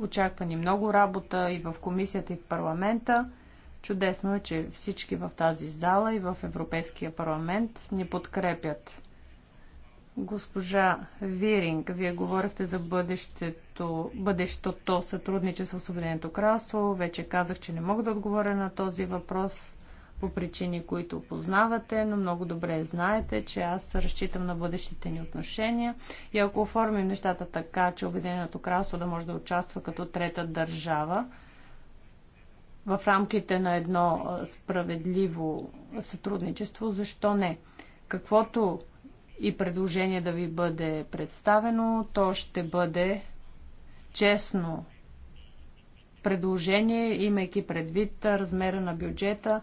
C: очаква ни много работа и в комисията, и в парламента. Чудесно е, че всички в тази зала и в Европейския парламент ни подкрепят. Госпожа Виринг, вие говорихте за бъдещето, бъдещото сътрудничество с Обединеното кралство. Вече казах, че не мога да отговоря на този въпрос по причини, които познавате, но много добре знаете, че аз разчитам на бъдещите ни отношения и ако оформим нещата така, че Обединеното кралство да може да участва като трета държава, в рамките на едно справедливо сътрудничество, защо не? Каквото и предложение да ви бъде представено. То ще бъде честно предложение, имайки предвид размера на бюджета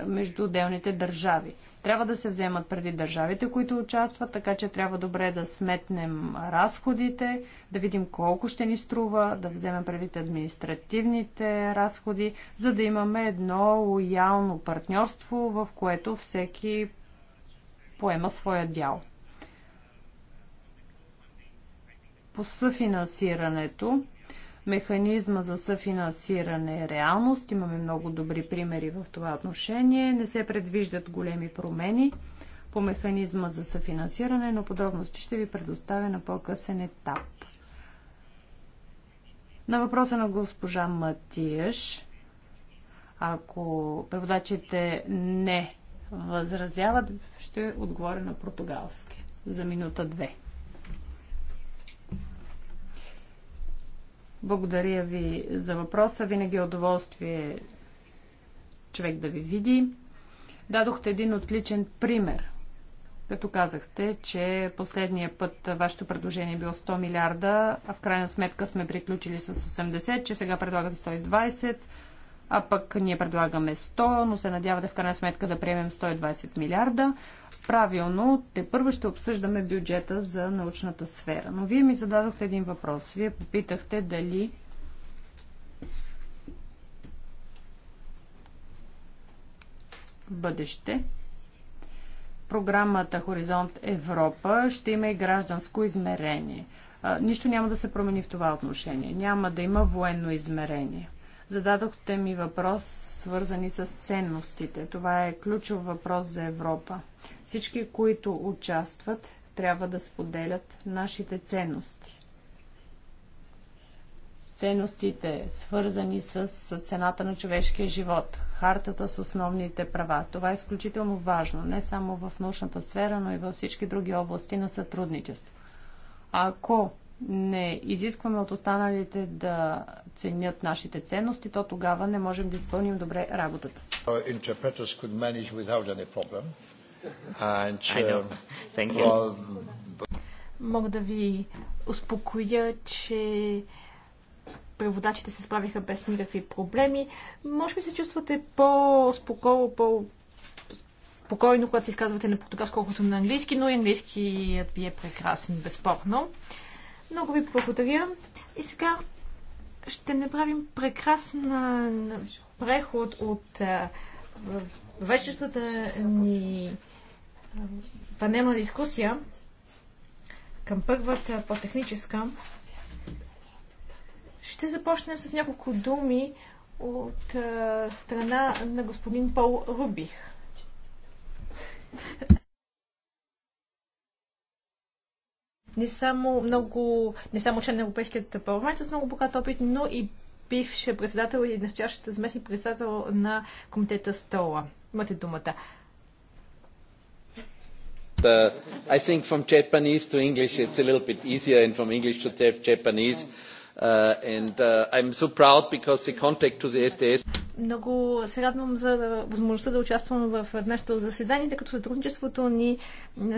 C: е, между отделните държави. Трябва да се вземат преди държавите, които участват, така че трябва добре да сметнем разходите, да видим колко ще ни струва, да вземем предвид административните разходи, за да имаме едно лоялно партньорство, в което всеки поема своя дял. По съфинансирането, механизма за съфинансиране е реалност. Имаме много добри примери в това отношение. Не се предвиждат големи промени по механизма за съфинансиране, но подробности ще ви предоставя на по-късен етап. На въпроса на госпожа Матиеш, ако преводачите не възразяват, ще отговоря на португалски за минута две. Благодаря ви за въпроса. Винаги е удоволствие човек да ви види. Дадохте един отличен пример, като казахте, че последния път вашето предложение е било 100 милиарда, а в крайна сметка сме приключили с 80, че сега предлагате 120 а пък ние предлагаме 100, но се надявате в крайна сметка да приемем 120 милиарда. Правилно, те първо ще обсъждаме бюджета за научната сфера. Но вие ми зададохте един въпрос. Вие попитахте дали бъдеще програмата Хоризонт Европа ще има и гражданско измерение. Нищо няма да се промени в това отношение. Няма да има военно измерение. Зададохте ми въпрос, свързани с ценностите. Това е ключов въпрос за Европа. Всички, които участват, трябва да споделят нашите ценности. Ценностите, свързани с цената на човешкия живот, хартата с основните права. Това е изключително важно, не само в научната сфера, но и във всички други области на сътрудничество. Ако не изискваме от останалите да ценят нашите ценности, то тогава не можем да изпълним добре работата си.
A: Um,
D: Мога да ви успокоя, че преводачите се справиха без никакви проблеми. Може би се чувствате по-спокойно, по спокойно, когато се изказвате на португалски, колкото на английски, но и английският ви е прекрасен, безспорно. Много ви благодаря. И сега ще направим прекрасен преход от вечерствата ни панелна дискусия към първата по-техническа. Ще започнем с няколко думи от страна на господин Пол Рубих. не само, много, не само член на Европейският парламент с много богат опит, но и бивш председател и настоящата заместник председател на комитета Стола. Имате думата.
B: Uh,
A: I think from Japanese to English it's a little bit easier and from English to Japanese.
B: Uh, and uh, I'm so proud because the contact to the SDS
D: много се радвам за възможността да участвам в днешното заседание, тъй като сътрудничеството ни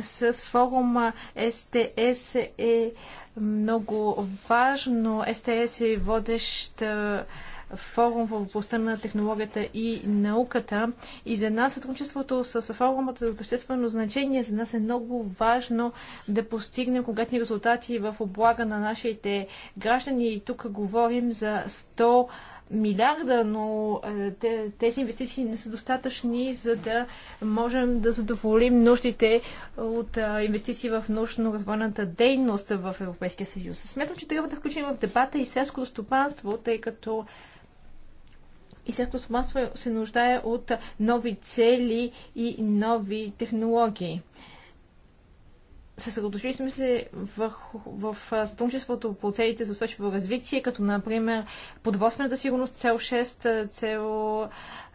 D: с форума СТС е много важно. СТС е водещ форум в областта на технологията и науката. И за нас сътрудничеството с форумът е от съществено значение. За нас е много важно да постигнем конкретни резултати в облага на нашите граждани. И тук говорим за 100 милиарда, но е, те, тези инвестиции не са достатъчни, за да можем да задоволим нуждите от е, инвестиции в научно-развойната дейност в Европейския съюз. Смятам, че трябва да включим в дебата и селското стопанство, тъй като и селското стопанство се нуждае от нови цели и нови технологии съсредоточили сме се в, в, в сътрудничеството по целите за устойчиво развитие, като например подводствената сигурност, цел 6, цел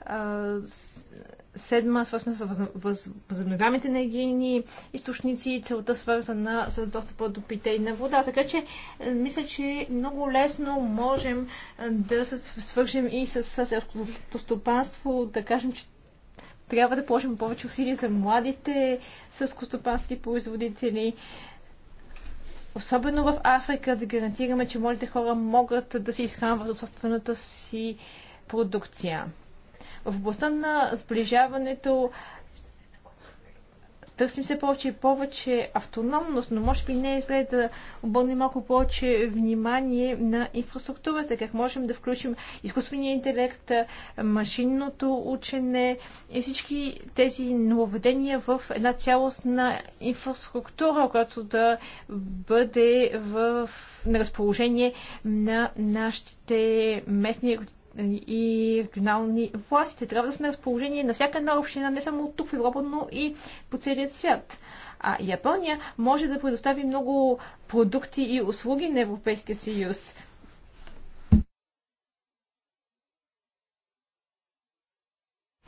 D: 7, седма, свързана с възобновяемите енергийни източници, целта свързана с достъпа до питейна вода. Така че, мисля, че много лесно можем да се свържем и с селското стопанство, да кажем, че трябва да положим повече усилия за младите сълскостопански производители, особено в Африка, да гарантираме, че младите хора могат да се изхранват от собствената си продукция. В областта на сближаването търсим все повече и повече автономност, но може би не е след да обърнем малко повече внимание на инфраструктурата, как можем да включим изкуствения интелект, машинното учене и всички тези нововведения в една цялостна инфраструктура, която да бъде в, на разположение на нашите местни и регионални властите. Трябва да са на разположение на всяка една община, не само тук в Европа, но и по целият свят. А Япония може да предостави много продукти и услуги на Европейския съюз.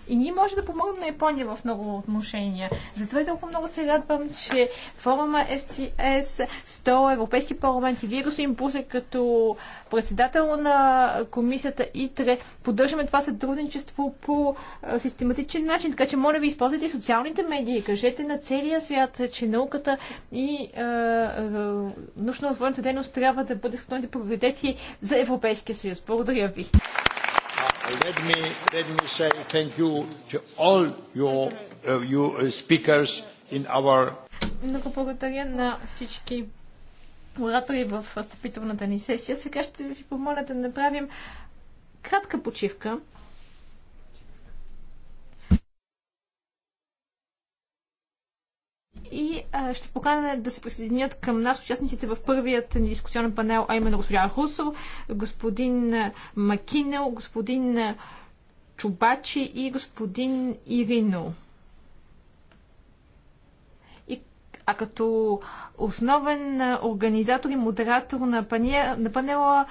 D: И ние може да помогнем на Япония в много отношения. Затова и толкова много се радвам, че форума STS, 100 Европейски парламент и вие, господин пусе като председател на комисията ИТРЕ, поддържаме това сътрудничество по систематичен начин. Така че, моля ви, използвайте социалните медии, кажете на целия свят, че науката и е, е, научно-развойната дейност трябва да бъдат основните приоритети за Европейския съюз. Благодаря ви.
A: Let me, let me say thank you to all your, uh, you uh, speakers in our...
D: Много благодаря на всички оратори в встъпителната ни сесия. Сега ще ви помоля да направим кратка почивка, и а, ще поканя да се присъединят към нас участниците в първият ни дискусионен панел, а именно госпожа Русо, господин Макинел, господин Чубачи и господин Ирино. И, а като основен организатор и модератор на, панела, на панела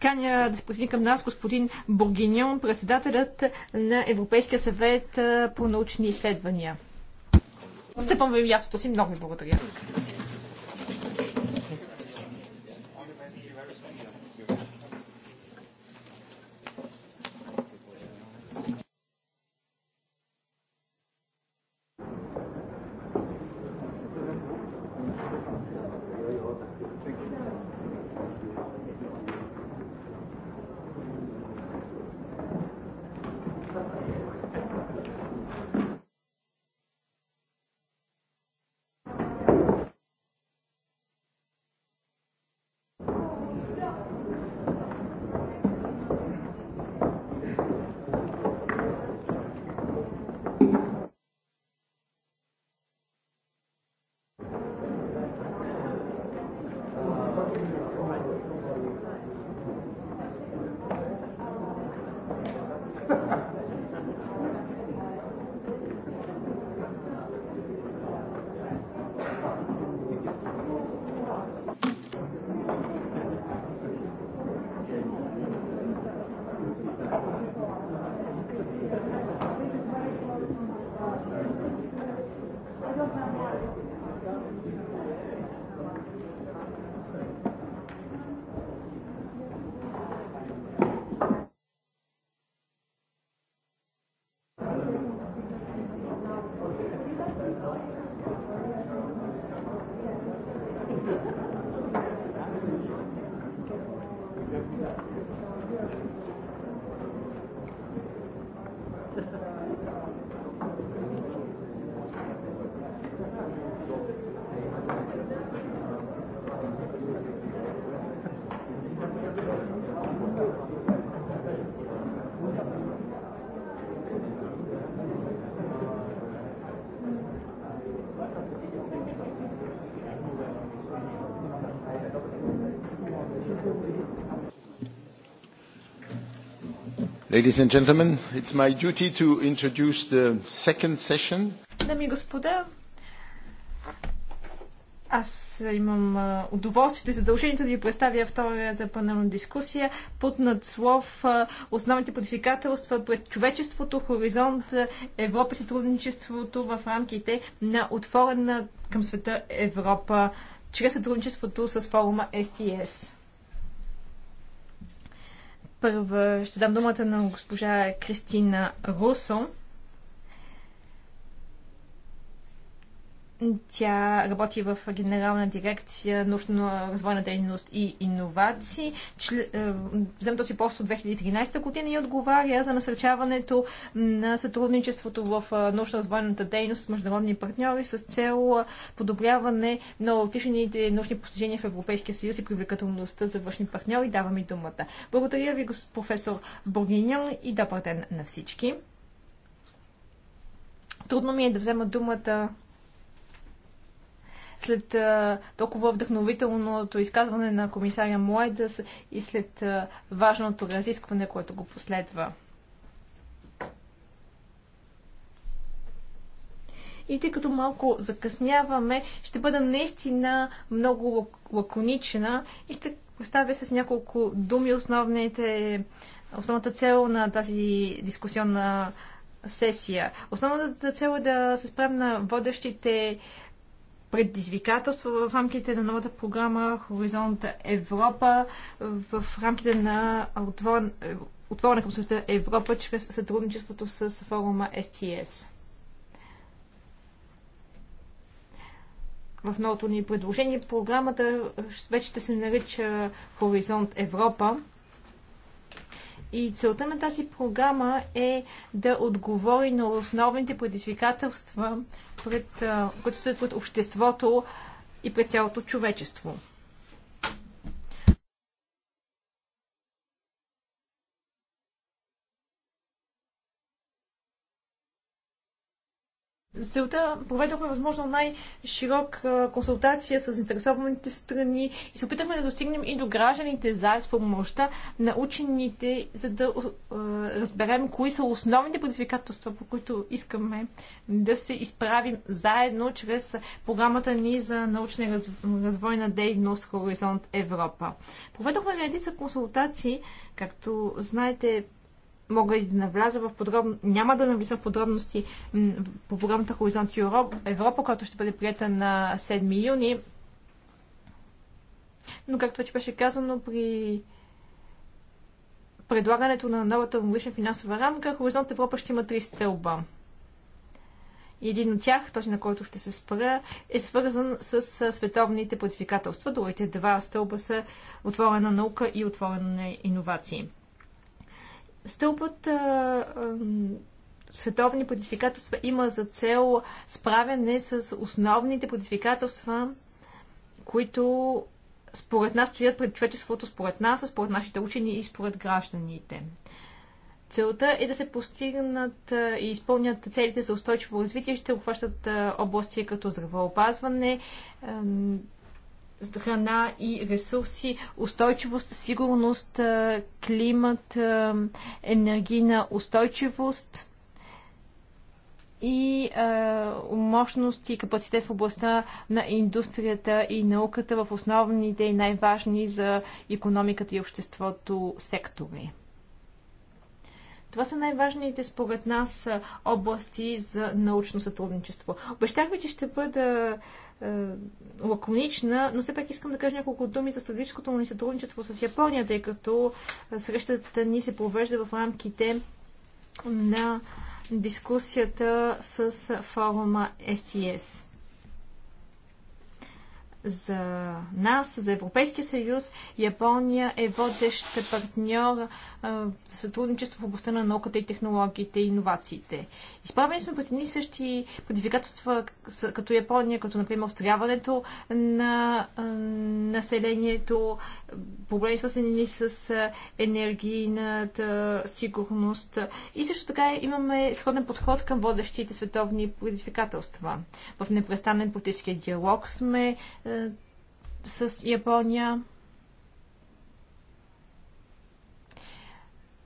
D: каня да се присъедини към нас господин Бургиньон, председателят на Европейския съвет по научни изследвания. Стъпвам ви мястото си. Много ви благодаря.
A: Ladies and gentlemen, it's my duty to introduce the second session.
D: Дами и господа, аз имам удоволствието и задължението да ви представя втората панелна дискусия под надслов Основните предизвикателства пред човечеството, хоризонт Европа и сътрудничеството в рамките на отворена към света Европа чрез сътрудничеството с форума STS. Първа ще дам думата на госпожа Кристина Русо, Тя работи в Генерална дирекция научно-развойна дейност и иновации. Чле... Взема този пост от 2013 година и отговаря за насърчаването на сътрудничеството в е, научно-развойната дейност с международни партньори с цел е, подобряване на отишените научни постижения в Европейския съюз и привлекателността за външни партньори. Давам и думата. Благодаря ви, професор Боргиньон и добър ден на всички. Трудно ми е да взема думата след а, толкова вдъхновителното изказване на комисаря Муайдас и след а, важното разискване, което го последва. И тъй като малко закъсняваме, ще бъда наистина много лаконична и ще представя с няколко думи основните, основната цел на тази дискусионна сесия. Основната цел е да се справим на водещите предизвикателства в рамките на новата програма Хоризонт Европа, в рамките на отворена към света Европа, чрез сътрудничеството с форума STS. В новото ни предложение програмата вече ще се нарича Хоризонт Европа и целта на тази програма е да отговори на основните предизвикателства, пред, които стоят пред обществото и пред цялото човечество. целта проведохме възможно най-широк консултация с заинтересованите страни и се опитахме да достигнем и до гражданите за с помощта на учените, за да разберем кои са основните предизвикателства, по които искаме да се изправим заедно чрез програмата ни за научна и развойна дейност Хоризонт Европа. Проведохме редица консултации, както знаете, мога и да навляза в подробно... Няма да навлизам в подробности по програмата Хоризонт Европа, която ще бъде прията на 7 юни. Но както вече беше казано, при предлагането на новата логична финансова рамка, Хоризонт Европа ще има три стълба. Един от тях, този на който ще се спра, е свързан с световните предизвикателства. Другите два стълба са отворена наука и отворена иновации. Стълбът световни предизвикателства има за цел справяне с основните предизвикателства, които според нас стоят пред човечеството, според нас, според нашите учени и според гражданите. Целта е да се постигнат и изпълнят целите за устойчиво развитие, ще обхващат области като здравеопазване, храна и ресурси, устойчивост, сигурност, климат, енергийна устойчивост и мощност и капацитет в областта на индустрията и науката в основните и най-важни за економиката и обществото сектори. Това са най-важните според нас области за научно сътрудничество. Обещах ви, че ще бъда е, лаконична, но все пак искам да кажа няколко думи за стратегическото ни сътрудничество с Япония, тъй като е, срещата ни се провежда в рамките на дискусията с форума STS за нас, за Европейския съюз, Япония е водещ партньор за сътрудничество в областта на науката и технологиите и иновациите. Изправени сме пред едни същи предизвикателства като Япония, като например встряването на населението, проблеми свързани с енергийната сигурност и също така имаме сходен подход към водещите световни предизвикателства. В непрестанен политически диалог сме е, с Япония.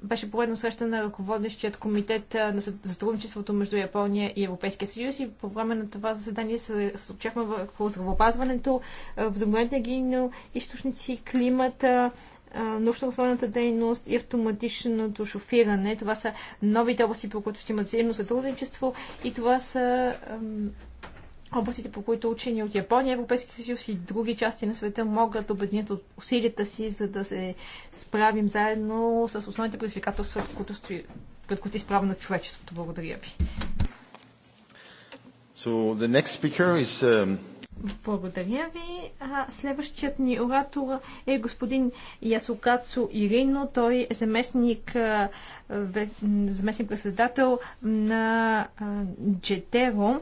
D: беше поредна среща на ръководещият комитет е, на сътрудничеството между Япония и Европейския съюз и по време на това заседание се случахме върху здравеопазването, възобновените енергийно източници, климата, е, научно основната дейност и автоматичното шофиране. Това са новите области, по които ще имат взаимно сътрудничество и това са областите, по които учени от Япония, Европейския съюз и други части на света могат да обединят от усилията си, за да се справим заедно с основните предизвикателства, които стои, пред които е изправя човечеството. Благодаря ви.
A: So the next speaker is, um...
D: Благодаря ви. А, следващият ни оратор е господин Ясокацо Ирино. Той е заместник, заместник председател на Джетеро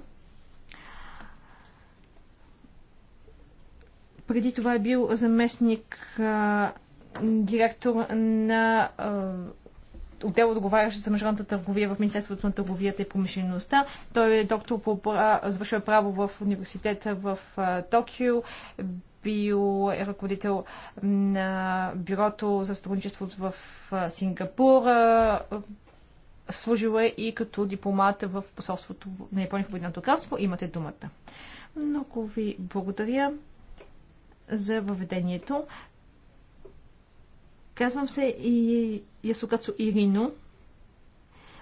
D: Преди това е бил заместник а, директор на а, отдел отговарящ за международната търговия в Министерството на търговията и промишлеността. Той е доктор по право, право в университета в а, Токио. Бил е ръководител на бюрото за сътрудничество в а, Сингапур. А, служил е и като дипломата в посолството на Япония в Обединеното кралство. Имате думата. Много ви благодаря за въведението. Казвам се и Ясукацу Ирино.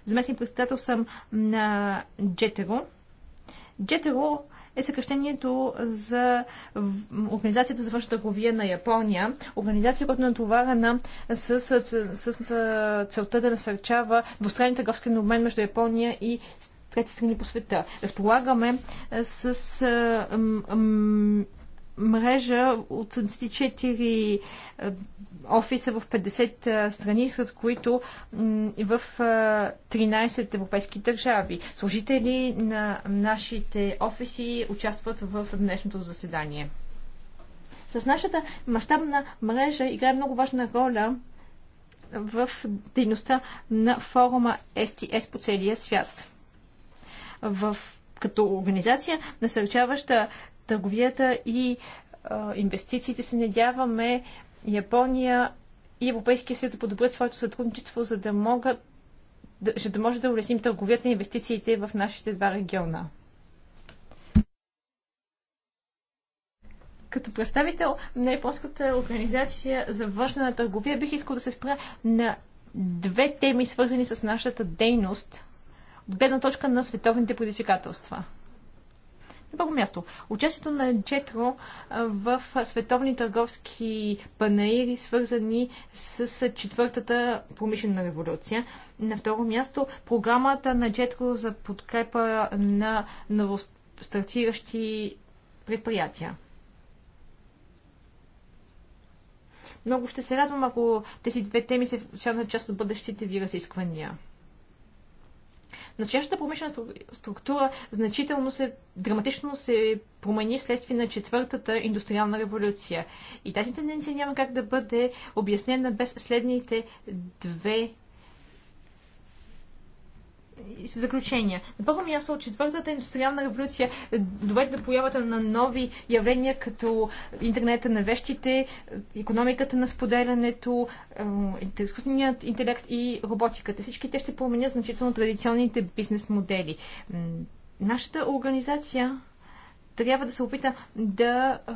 D: Заместен председател съм на Джетеро. Джетеро е съкръщението за Организацията за външната търговия на Япония. Организация, която е натоварена с, с, с, с целта да насърчава двустранен търговски обмен между Япония и трети страни по света. Разполагаме с а, м, м, мрежа от 74 е, офиса в 50 е, страни, сред които в 13 е, европейски държави. Служители на нашите офиси участват в днешното заседание. С нашата мащабна мрежа играе много важна роля в дейността на форума STS по целия свят. В като организация, насърчаваща търговията и инвестициите се надяваме Япония и Европейския съюз да подобрят своето сътрудничество, за да могат ще за да може да улесним търговията и инвестициите в нашите два региона. Като представител на Японската организация за външна търговия бих искал да се спра на две теми, свързани с нашата дейност от гледна точка на световните предизвикателства – на първо място, участието на Джетро в световни търговски панаири, свързани с четвъртата промишлена революция. На второ място, програмата на Джетро за подкрепа на новостартиращи предприятия. Много ще се радвам, ако тези две теми се станат част от бъдещите ви разисквания. Настоящата промишлена структура значително се, драматично се промени вследствие на четвъртата индустриална революция. И тази тенденция няма как да бъде обяснена без следните две заключения. На първо място, четвъртата индустриална революция е, доведе до появата на нови явления, като интернета на вещите, економиката на споделянето, е, изкуственият интелект и роботиката. Всички те ще променят значително традиционните бизнес модели. Нашата организация трябва да се опита да е,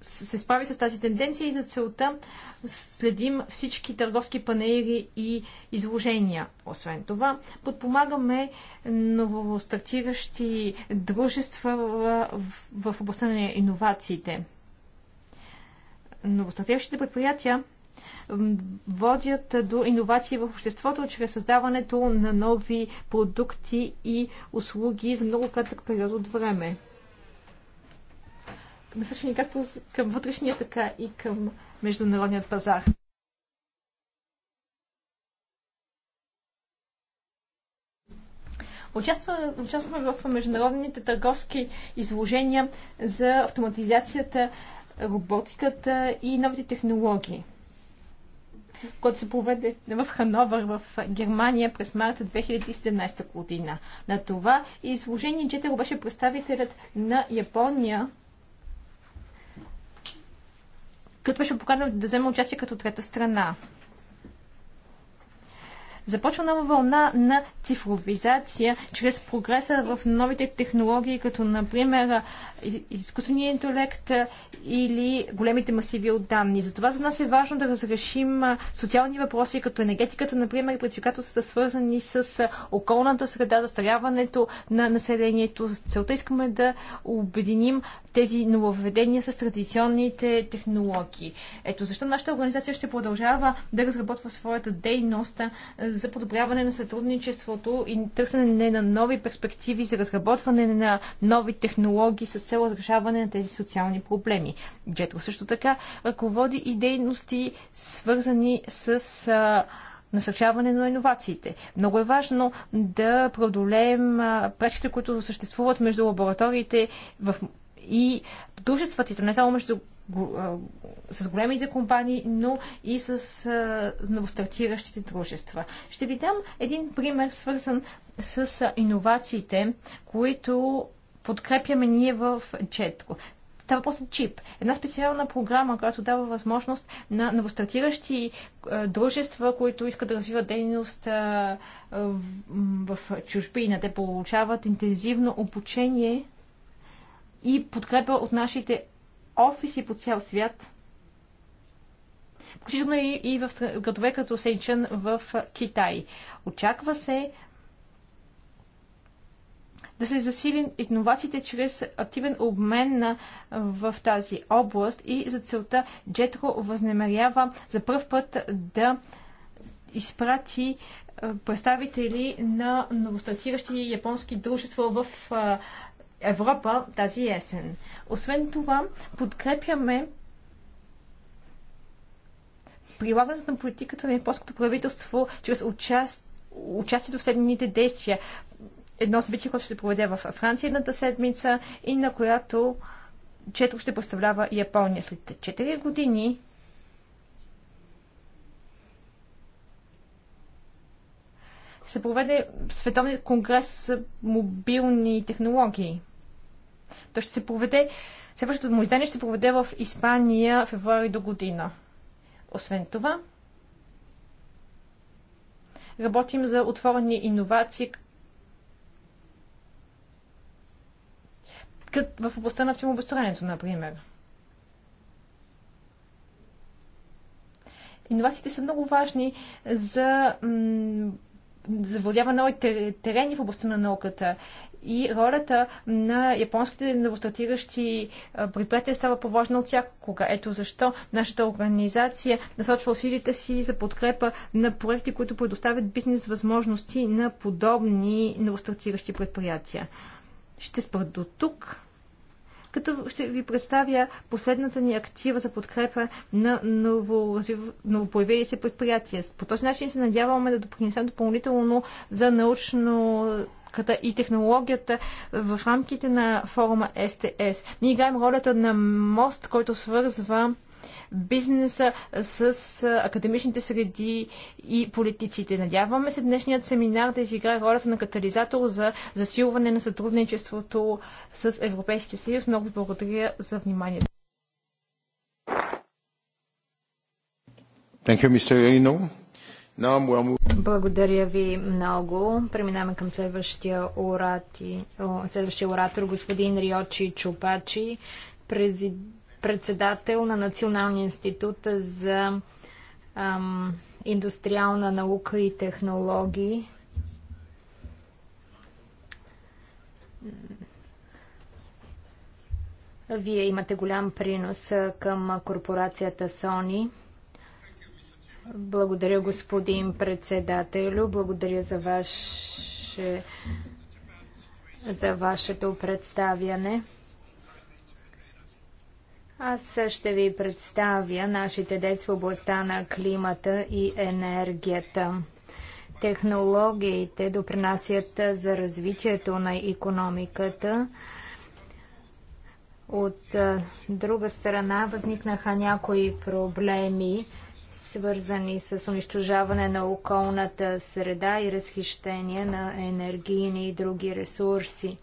D: се справи с тази тенденция и за целта следим всички търговски панели и изложения. Освен това, подпомагаме новостартиращи дружества в, в областта на иновациите. Новостартиращите предприятия водят до иновации в обществото чрез създаването на нови продукти и услуги за много кратък период от време насъщени както към вътрешния, така и към международният пазар. участваме в международните търговски изложения за автоматизацията, роботиката и новите технологии, който се проведе в Хановър, в Германия през март 2017 година. На това изложение Джетел беше представителят на Япония, като беше поканен да вземе участие като трета страна. Започва нова вълна на цифровизация чрез прогреса в новите технологии, като например изкуствения интелект или големите масиви от данни. Затова за нас е важно да разрешим социални въпроси, като енергетиката, например, и предизвикателствата свързани с околната среда, застаряването на населението. С целта искаме да обединим тези нововведения с традиционните технологии. Ето защо нашата организация ще продължава да разработва своята дейност за подобряване на сътрудничеството и търсене на нови перспективи за разработване на нови технологии с цел разрешаване на тези социални проблеми. Джетро също така ръководи и дейности, свързани с насърчаване на иновациите. Много е важно да преодолеем пречките, които съществуват между лабораториите в и дружествата, не само между с големите компании, но и с новостартиращите дружества. Ще ви дам един пример, свързан с иновациите, които подкрепяме ние в Четко. Това просто чип. Една специална програма, която дава възможност на новостартиращи дружества, които искат да развиват дейност в чужбина. Те получават интензивно обучение и подкрепа от нашите офиси по цял свят, включително и, и в градове като Сейчън в Китай. Очаква се да се засили иновациите чрез активен обмен на, в тази област и за целта Джетро възнамерява за първ път да изпрати представители на новостатиращи японски дружества в Европа тази есен. Освен това, подкрепяме прилагането на политиката на японското правителство чрез участ... участието в следните действия. Едно събитие, което ще проведе в Франция едната седмица и на която чето ще представлява Япония. След 4 години се проведе Световният конгрес за мобилни технологии. Той ще се проведе, следващото му издание ще се проведе в Испания февруари до година. Освен това, работим за отворени иновации в областта на филмобостроенето, например. Инновациите са много важни за на нови терени в областта на науката и ролята на японските новостатиращи предприятия става по-важна от всякога. Ето защо нашата организация насочва усилите си за подкрепа на проекти, които предоставят бизнес възможности на подобни новостатиращи предприятия. Ще спра до тук като ще ви представя последната ни актива за подкрепа на новоразвив... новопоявили се предприятия. По този начин се надяваме да допринесем допълнително за научно науката и технологията в рамките на форума СТС. Ние играем ролята на мост, който свързва бизнеса с академичните среди и политиците. Надяваме се днешният семинар да изиграе ролята на катализатор за засилване на сътрудничеството с Европейския съюз. Много ви благодаря
B: за вниманието.
A: Thank you, Mr. Elino.
B: Благодаря ви много. Преминаваме към следващия, следващия оратор, господин Риочи Чупачи, председател на Националния институт за ам, индустриална наука и технологии. Вие имате голям принос към корпорацията Sony. Благодаря, господин председателю. Благодаря за, ваше, за вашето представяне. Аз ще ви представя нашите действия в областта на климата и енергията. Технологиите допринасят за развитието на економиката. От друга страна възникнаха някои проблеми свързани с унищожаване на околната среда и разхищение на енергийни и други ресурси.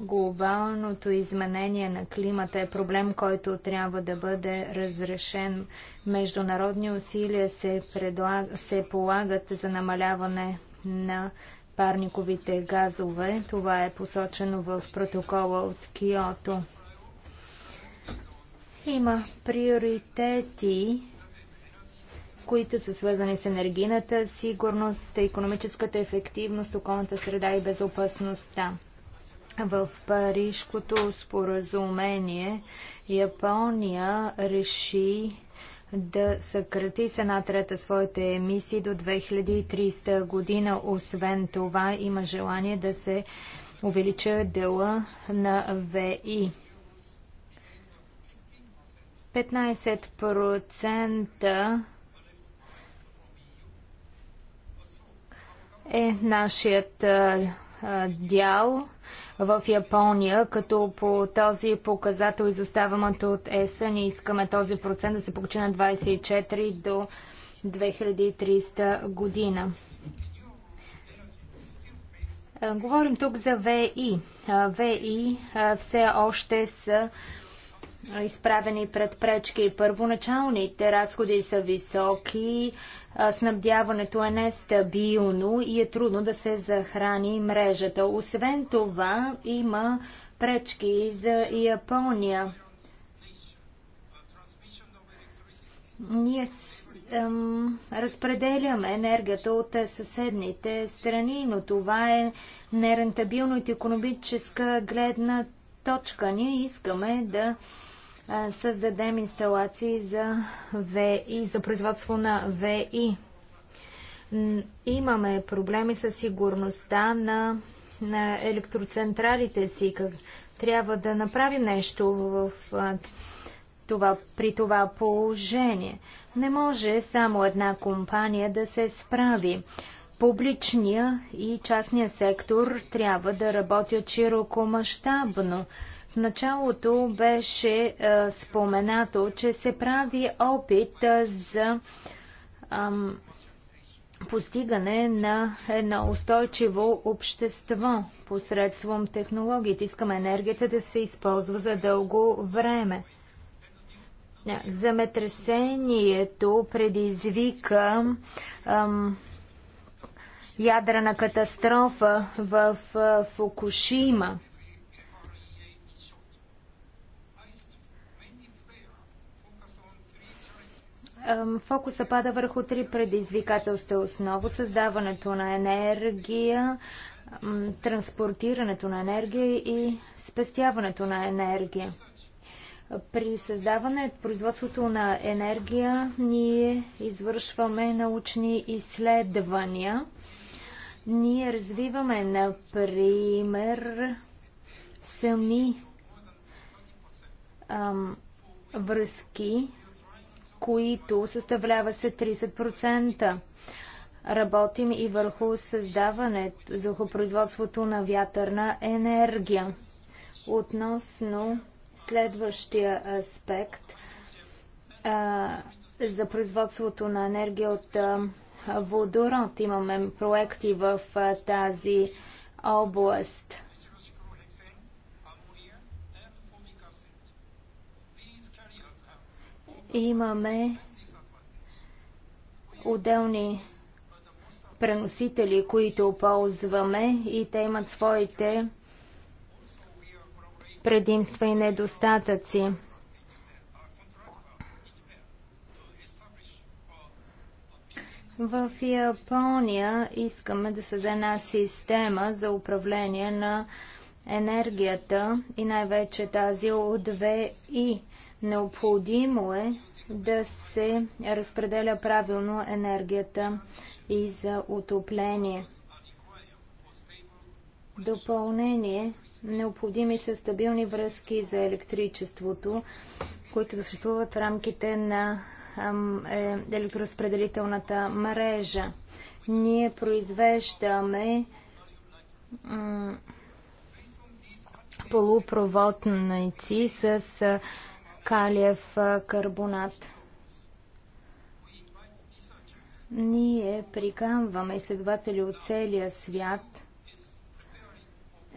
B: Глобалното изменение на климата е проблем, който трябва да бъде разрешен. Международни усилия се, предлаг... се полагат за намаляване на парниковите газове. Това е посочено в протокола от Киото. Има приоритети които са свързани с енергийната сигурност, економическата ефективност, околната среда и безопасността. В Парижкото споразумение Япония реши да съкрати с една трета своите емисии до 2300 година. Освен това има желание да се увелича дела на ВИ. 15% е нашият дял в Япония, като по този показател изоставаме от ЕСА ние искаме този процент да се покачи на 24 до 2300 година. Говорим тук за ВИ. ВИ все още са изправени пред пречки. Първоначалните разходи са високи, снабдяването е нестабилно и е трудно да се захрани мрежата. Освен това, има пречки за Япония. Ние ем, разпределяме енергията от съседните страни, но това е нерентабилно от економическа гледна точка. Ние искаме да създадем инсталации за ВИ, за производство на ВИ. Имаме проблеми с сигурността на, на електроцентралите си. Трябва да направим нещо в това, при това положение. Не може само една компания да се справи. Публичния и частния сектор трябва да работят широко началото беше а, е, споменато, че се прави опит а, е, за ам, постигане на едно устойчиво общество посредством технологиите. Искаме енергията да се използва за дълго време. Е, земетресението предизвика ам, ядрена катастрофа в а, Фукушима. Фокуса пада върху три предизвикателства осново. Създаването на енергия, транспортирането на енергия и спестяването на енергия. При създаване производството на енергия ние извършваме научни изследвания. Ние развиваме, например, сами ам, връзки които съставлява се 30%. Работим и върху създаването, за производството на вятърна енергия. Относно следващия аспект а, за производството на енергия от а, водород. Имаме проекти в а, тази област. имаме отделни преносители, които ползваме и те имат своите предимства и недостатъци. В Япония искаме да създаде една система за управление на енергията и най-вече тази от 2 и. Необходимо е да се разпределя правилно енергията и за отопление. Допълнение необходими са стабилни връзки за електричеството, които съществуват в рамките на е, електроразпределителната мрежа. Ние произвеждаме полупроводници с калиев карбонат. Ние приканваме изследователи от целия свят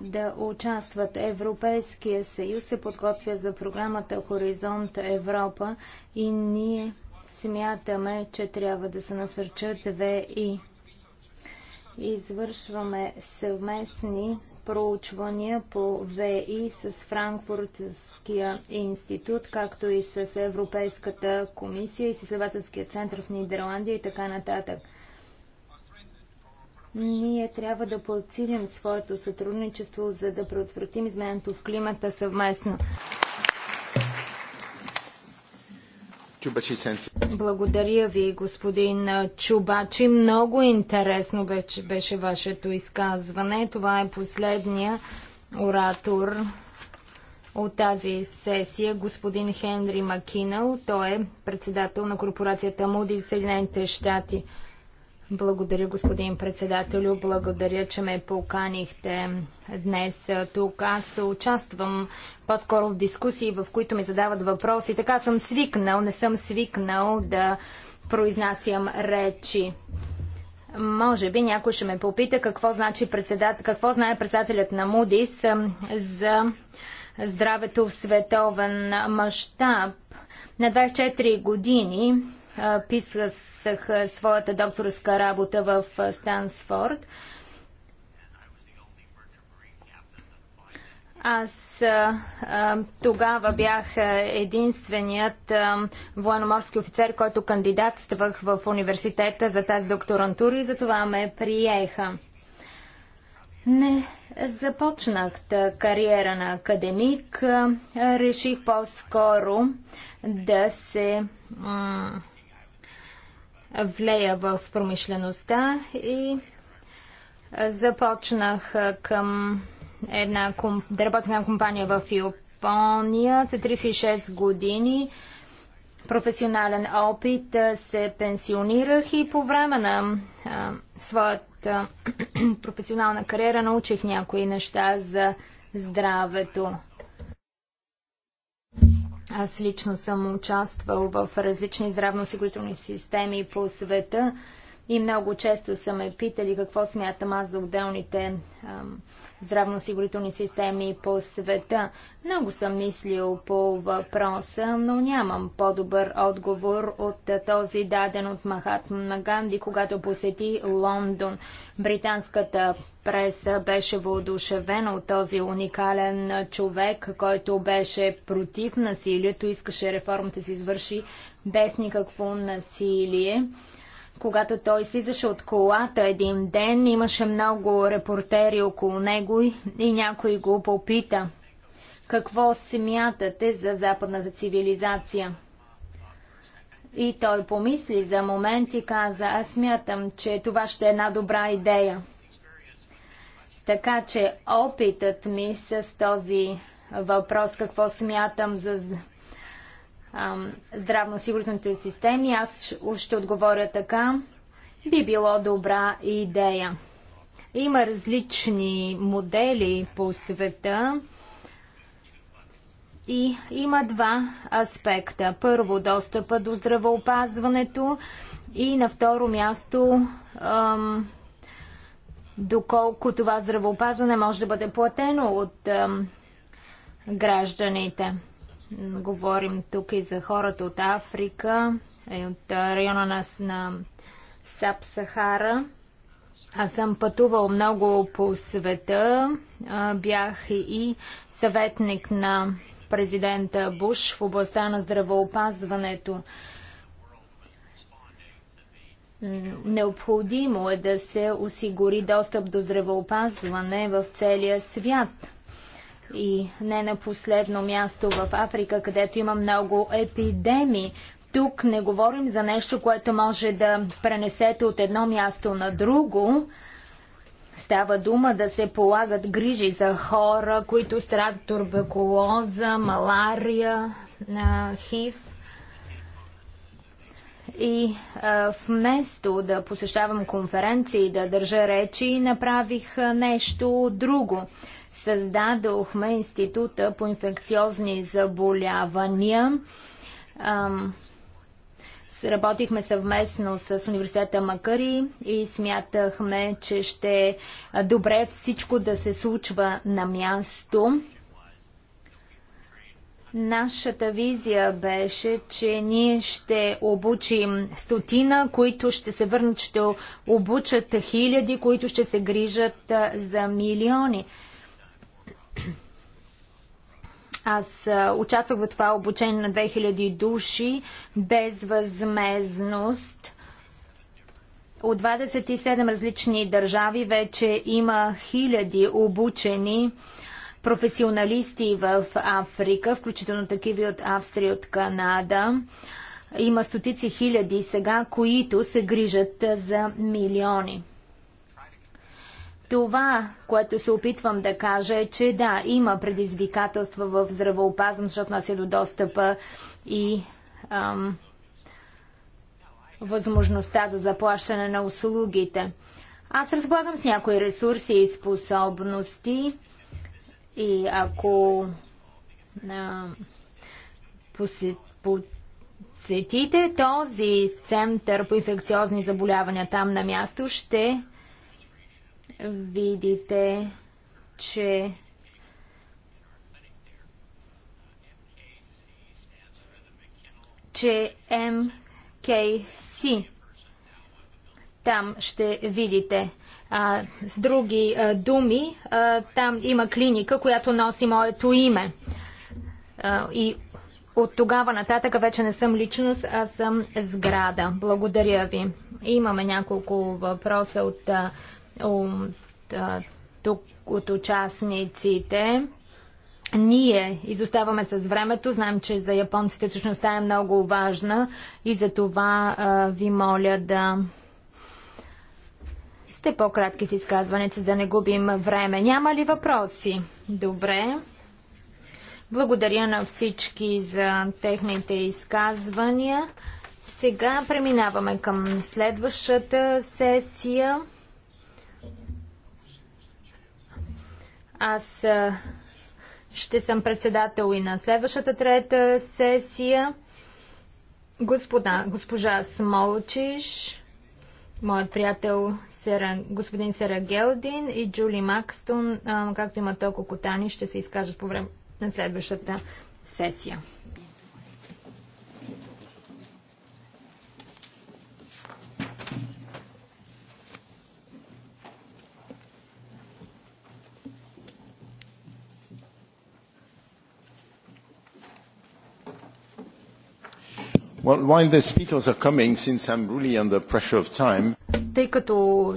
B: да участват. Европейския съюз се подготвя за програмата Хоризонт Европа и ние смятаме, че трябва да се насърчат ВИ. Извършваме съвместни проучвания по ВИ с Франкфуртския институт, както и с Европейската комисия и с Изследователския център в Нидерландия и така нататък. Ние трябва да подсилим своето сътрудничество, за да предотвратим изменението в климата съвместно. Благодаря ви, господин Чубачи. Много интересно беше, беше вашето изказване. Това е последния оратор от тази сесия, господин Хенри Макинал. Той е председател на корпорацията Муди в Съединените щати. Благодаря, господин председателю. Благодаря, че ме поканихте днес тук. Аз участвам по-скоро в дискусии, в които ми задават въпроси. Така съм свикнал, не съм свикнал да произнасям речи. Може би някой ще ме попита какво, значи председат... какво знае председателят на Мудис за здравето в световен мащаб. На 24 години писах своята докторска работа в Стансфорд. Аз а, тогава бях единственият а, военноморски офицер, който кандидатствах в университета за тази докторантура и затова ме приеха. Не започнах кариера на академик. Реших по-скоро да се влея в промишлеността и започнах към една, да работя на компания в Япония за 36 години. Професионален опит се пенсионирах и по време на а, своята професионална кариера научих някои неща за здравето. Аз лично съм участвал в различни здравноосигурителни системи по света и много често са ме питали какво смятам аз за отделните ам, здравноосигурителни системи по света. Много съм мислил по въпроса, но нямам по-добър отговор от този даден от Махатма Ганди, когато посети Лондон. Британската преса беше воодушевена от този уникален човек, който беше против насилието, искаше реформата се извърши без никакво насилие когато той слизаше от колата един ден, имаше много репортери около него и, някой го попита. Какво смятате за западната цивилизация? И той помисли за момент и каза, аз смятам, че това ще е една добра идея. Така че опитът ми с този въпрос, какво смятам за здравноосигурителните системи. Аз ще отговоря така. Би било добра идея. Има различни модели по света и има два аспекта. Първо, достъпа до здравеопазването и на второ място ам, доколко това здравеопазване може да бъде платено от ам, гражданите. Говорим тук и за хората от Африка, и е от района на, на Саб-Сахара. Аз съм пътувал много по света. Бях и съветник на президента Буш в областта на здравеопазването. Необходимо е да се осигури достъп до здравеопазване в целия свят. И не на последно място в Африка, където има много епидемии. Тук не говорим за нещо, което може да пренесете от едно място на друго. Става дума да се полагат грижи за хора, които страдат туберкулоза, малария, хив. И а, вместо да посещавам конференции, и да държа речи, направих нещо друго. Създадохме Института по инфекциозни заболявания. работихме съвместно с университета Макари и смятахме, че ще е добре всичко да се случва на място. Нашата визия беше, че ние ще обучим стотина, които ще се върнат, ще обучат хиляди, които ще се грижат за милиони. Аз участвах в това обучение на 2000 души без възмезност. От 27 различни държави вече има хиляди обучени професионалисти в Африка, включително такива от Австрия, от Канада. Има стотици хиляди сега, които се грижат за милиони. Това, което се опитвам да кажа е, че да, има предизвикателства в здравеопазването, защото нас е до достъпа и ам, възможността за заплащане на услугите. Аз разполагам с някои ресурси и способности и ако а, посетите този център по инфекциозни заболявания там на място, ще видите, че че МКС там ще видите. А, с други а, думи, а, там има клиника, която носи моето име. А, и от тогава нататък вече не съм личност, а съм сграда. Благодаря ви. Имаме няколко въпроса от а, тук от участниците. Ние изоставаме с времето. Знаем, че за японците точността е много важна и за това а, ви моля да сте по-кратки в изказването, да не губим време. Няма ли въпроси? Добре. Благодаря на всички за техните изказвания. Сега преминаваме към следващата сесия. Аз ще съм председател и на следващата трета сесия. Господа, госпожа Смолчиш, моят приятел Сера, господин Сера Гелдин и Джули Макстон, както има толкова котани, ще се изкажат по време на следващата сесия.
A: Well, while the speakers are coming, since I'm really under pressure of time...
B: Тъй като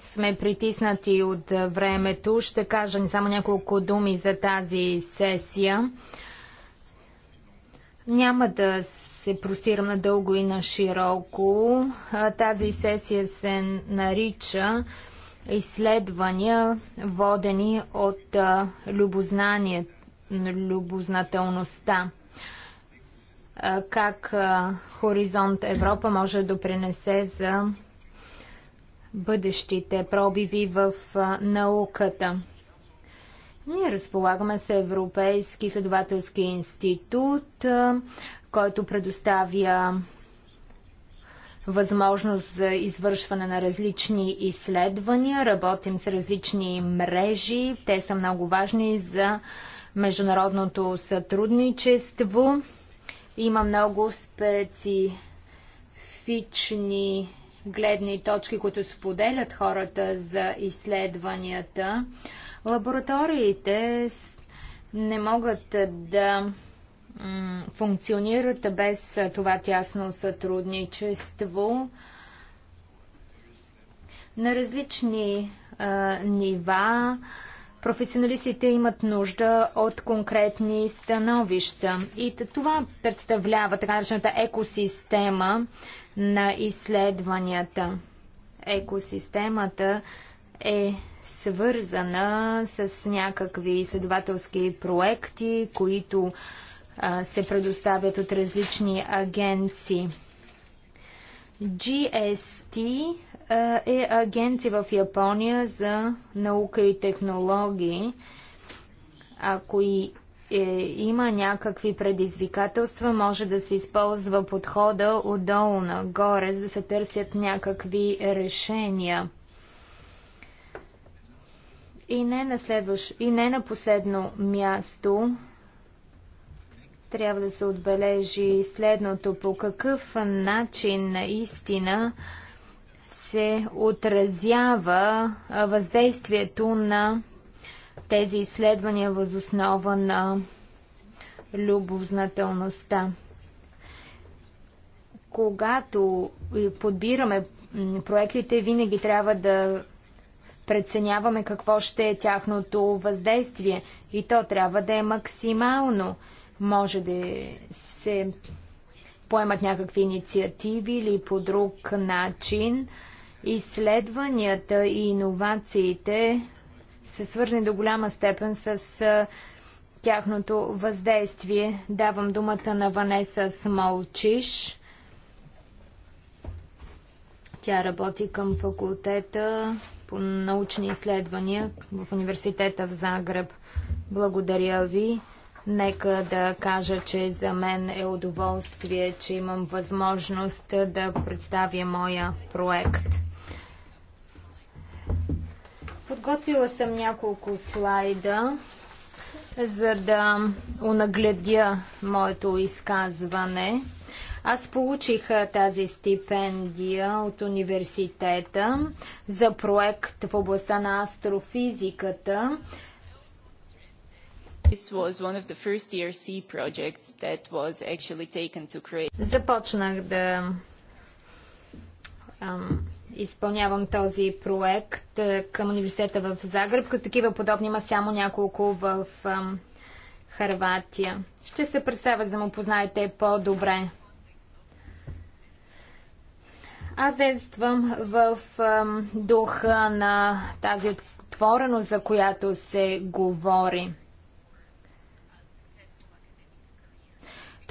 B: сме притиснати от времето, ще кажа само няколко думи за тази сесия. Няма да се простирам на дълго и на широко. Тази сесия се нарича изследвания, водени от любознанието любознателността как Хоризонт Европа може да допринесе за бъдещите пробиви в науката. Ние разполагаме с Европейски следователски институт, който предоставя възможност за извършване на различни изследвания. Работим с различни мрежи. Те са много важни за международното сътрудничество. Има много специфични гледни точки, които споделят хората за изследванията. Лабораториите не могат да функционират без това тясно сътрудничество. На различни а, нива Професионалистите имат нужда от конкретни становища. И това представлява така наречената екосистема на изследванията. Екосистемата е свързана с някакви изследователски проекти, които се предоставят от различни агенции. GST е агенция в Япония за наука и технологии. Ако и е, има някакви предизвикателства, може да се използва подхода отдолу нагоре, за да се търсят някакви решения. И не на, следващ, и не на последно място трябва да се отбележи следното. По какъв начин наистина се отразява въздействието на тези изследвания възоснова на любознателността. Когато подбираме проектите, винаги трябва да преценяваме какво ще е тяхното въздействие и то трябва да е максимално. Може да се поемат някакви инициативи или по друг начин – Изследванията и иновациите са свързани до голяма степен с тяхното въздействие. Давам думата на Ванеса Смолчиш. Тя работи към факултета по научни изследвания в университета в Загреб. Благодаря ви. Нека да кажа, че за мен е удоволствие, че имам възможност да представя моя проект. Подготвила съм няколко слайда, за да унагледя моето изказване. Аз получих тази стипендия от университета за проект в областта на астрофизиката. Create... Започнах да изпълнявам този проект е, към университета в Загреб, като такива подобни има само няколко в Харватия. Ще се представя, за да му познаете по-добре. Аз действам в духа на тази отвореност, за която се говори.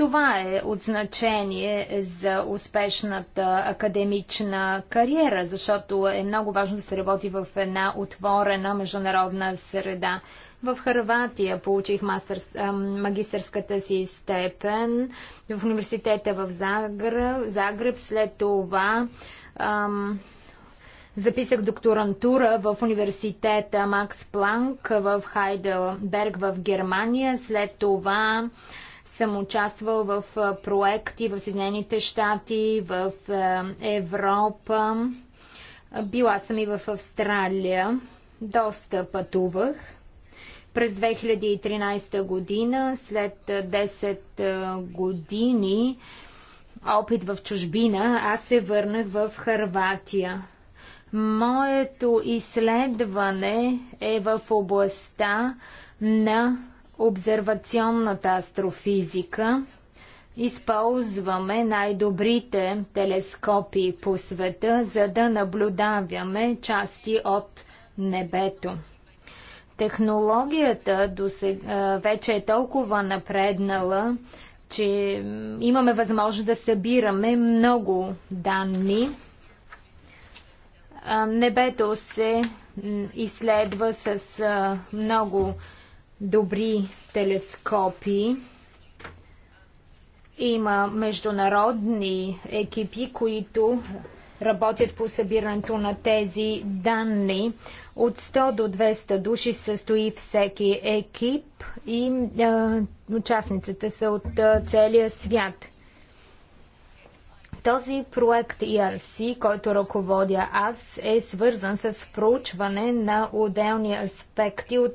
B: Това е от значение за успешната академична кариера, защото е много важно да се работи в една отворена международна среда. В Харватия получих мастърс, магистърската си степен в университета в Загреб. Загреб след това ам, записах докторантура в университета Макс Планк в Хайделберг в Германия. След това съм участвал в проекти в Съединените щати, в Европа. Била съм и в Австралия. Доста пътувах. През 2013 година, след 10 години опит в чужбина, аз се върнах в Харватия. Моето изследване е в областта на обсервационната астрофизика. Използваме най-добрите телескопи по света, за да наблюдаваме части от небето. Технологията досега, вече е толкова напреднала, че имаме възможност да събираме много данни. Небето се изследва с много добри телескопи. Има международни екипи, които работят по събирането на тези данни. От 100 до 200 души състои всеки екип и е, участниците са от е, целия свят. Този проект ERC, който ръководя аз, е свързан с проучване на отделни аспекти от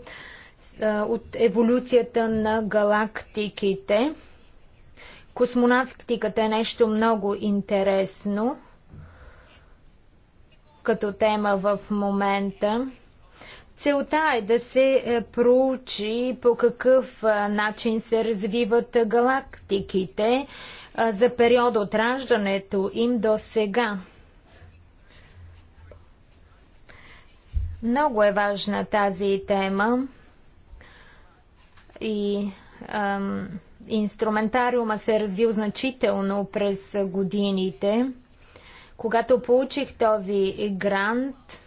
B: от еволюцията на галактиките. Космонавтиката е нещо много интересно като тема в момента. Целта е да се е, проучи по какъв е, начин се развиват галактиките е, за период от раждането им до сега. Много е важна тази тема и ам, инструментариума се е развил значително през годините. Когато получих този грант,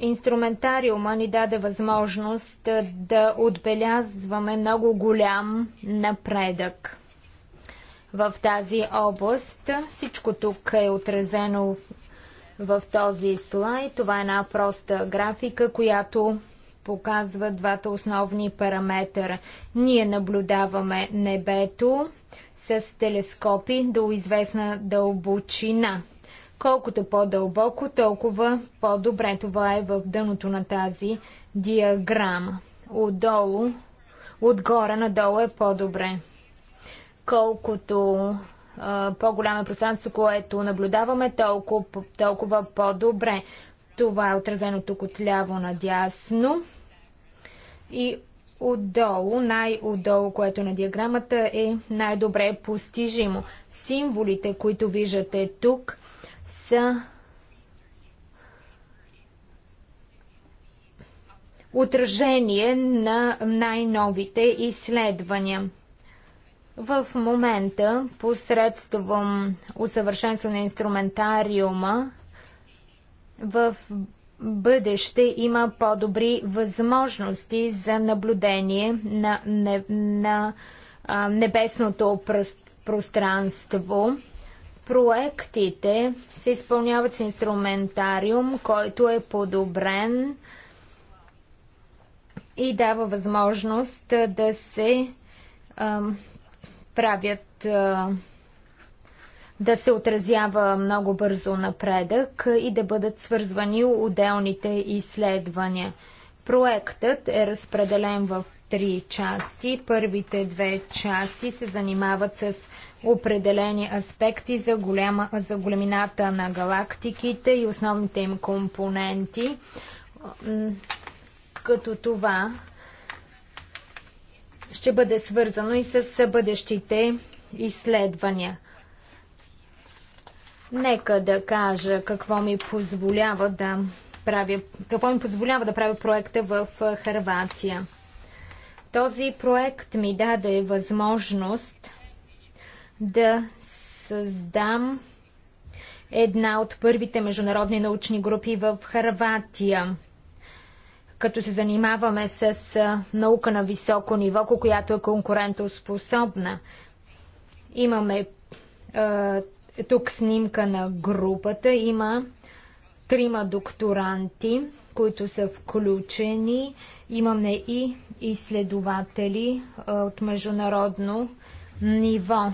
B: инструментариума ни даде възможност да отбелязваме много голям напредък в тази област. Всичко тук е отразено в, в този слайд. Това е една проста графика, която показва двата основни параметъра. Ние наблюдаваме небето с телескопи до известна дълбочина. Колкото по-дълбоко, толкова по-добре. Това е в дъното на тази диаграма. Отдолу, отгоре надолу е по-добре. Колкото по-голямо е пространство, което наблюдаваме, толкова, толкова по-добре. Това е отразено тук отляво надясно. И отдолу, най-отдолу, което на диаграмата е най-добре постижимо. Символите, които виждате тук, са отражение на най-новите изследвания. В момента, посредством усъвършенство на инструментариума, в бъдеще има по-добри възможности за наблюдение на, не, на а, небесното пространство. Проектите се изпълняват с инструментариум, който е подобрен и дава възможност да се а, правят а, да се отразява много бързо напредък и да бъдат свързвани отделните изследвания. Проектът е разпределен в три части. Първите две части се занимават с определени аспекти за, голяма, за големината на галактиките и основните им компоненти. Като това ще бъде свързано и с бъдещите изследвания. Нека да кажа какво ми позволява да правя, какво ми позволява да правя проекта в Харватия. Този проект ми даде възможност да създам една от първите международни научни групи в Харватия. Като се занимаваме с наука на високо ниво, която е конкурентоспособна, имаме е, тук снимка на групата. Има трима докторанти, които са включени. Имаме и изследователи от международно ниво.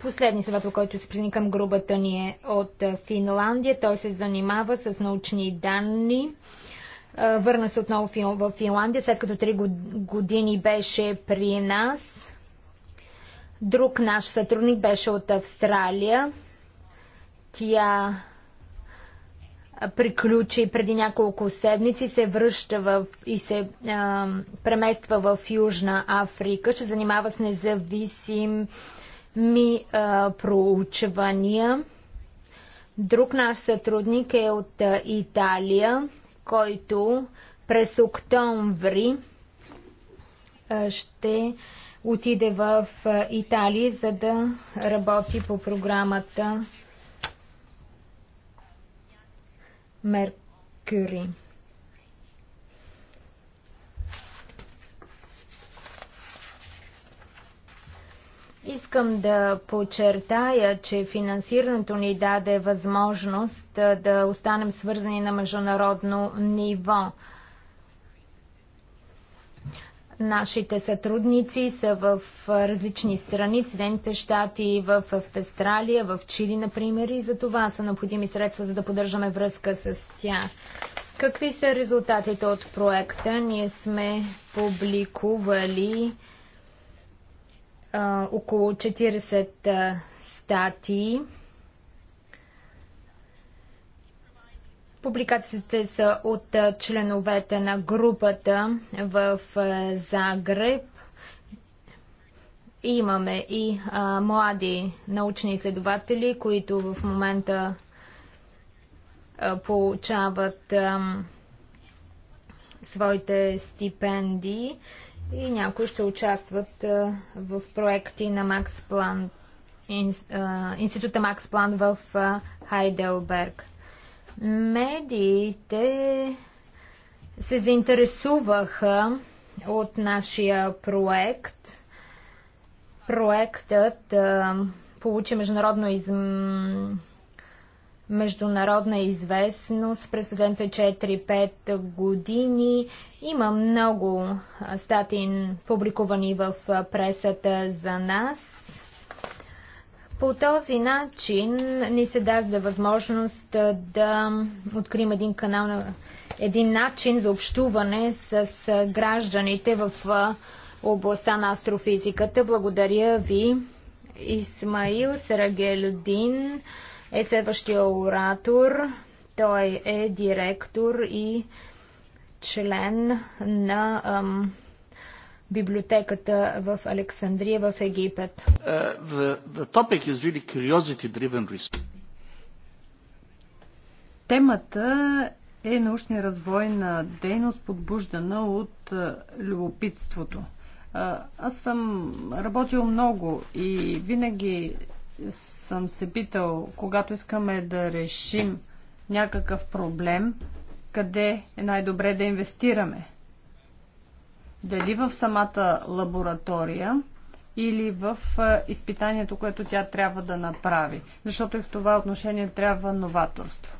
B: Последни съвет, който се присъедини към групата ни е от Финландия. Той се занимава с научни данни. Върна се отново в Финландия, след като три години беше при нас. Друг наш сътрудник беше от Австралия. Тя приключи преди няколко седмици, се връща в, и се а, премества в Южна Африка. Ще занимава с независими а, проучвания. Друг наш сътрудник е от а, Италия, който през октомври а, ще а, отиде в Италия, за да работи по програмата Меркюри. Искам да подчертая, че финансирането ни даде възможност да останем свързани на международно ниво. Нашите сътрудници са в различни страни, в Съединените щати, в Австралия, в Чили, например, и за това са необходими средства, за да поддържаме връзка с тях. Какви са резултатите от проекта? Ние сме публикували а, около 40 статии. Публикациите са от членовете на групата в Загреб. Имаме и а, млади научни изследователи, които в момента а, получават а, своите стипендии и някои ще участват а, в проекти на Макс План, а, Института Макс План в а, Хайделберг. Медиите се заинтересуваха от нашия проект. Проектът а, получи международно из... международна известност през последните 4-5 години. Има много статии публикувани в пресата за нас. По този начин ни се дажда възможност да открием един канал един начин за общуване с гражданите в областта на астрофизиката. Благодаря ви. Исмаил Сарагелдин е следващия оратор. Той е директор и член на ам, библиотеката в Александрия в Египет.
C: Uh, the, the really Темата е научния развой на дейност, подбуждана от uh, любопитството. Uh, аз съм работил много и винаги съм се питал, когато искаме да решим някакъв проблем, къде е най-добре да инвестираме. Дали в самата лаборатория или в е, изпитанието, което тя трябва да направи. Защото и в това отношение трябва новаторство.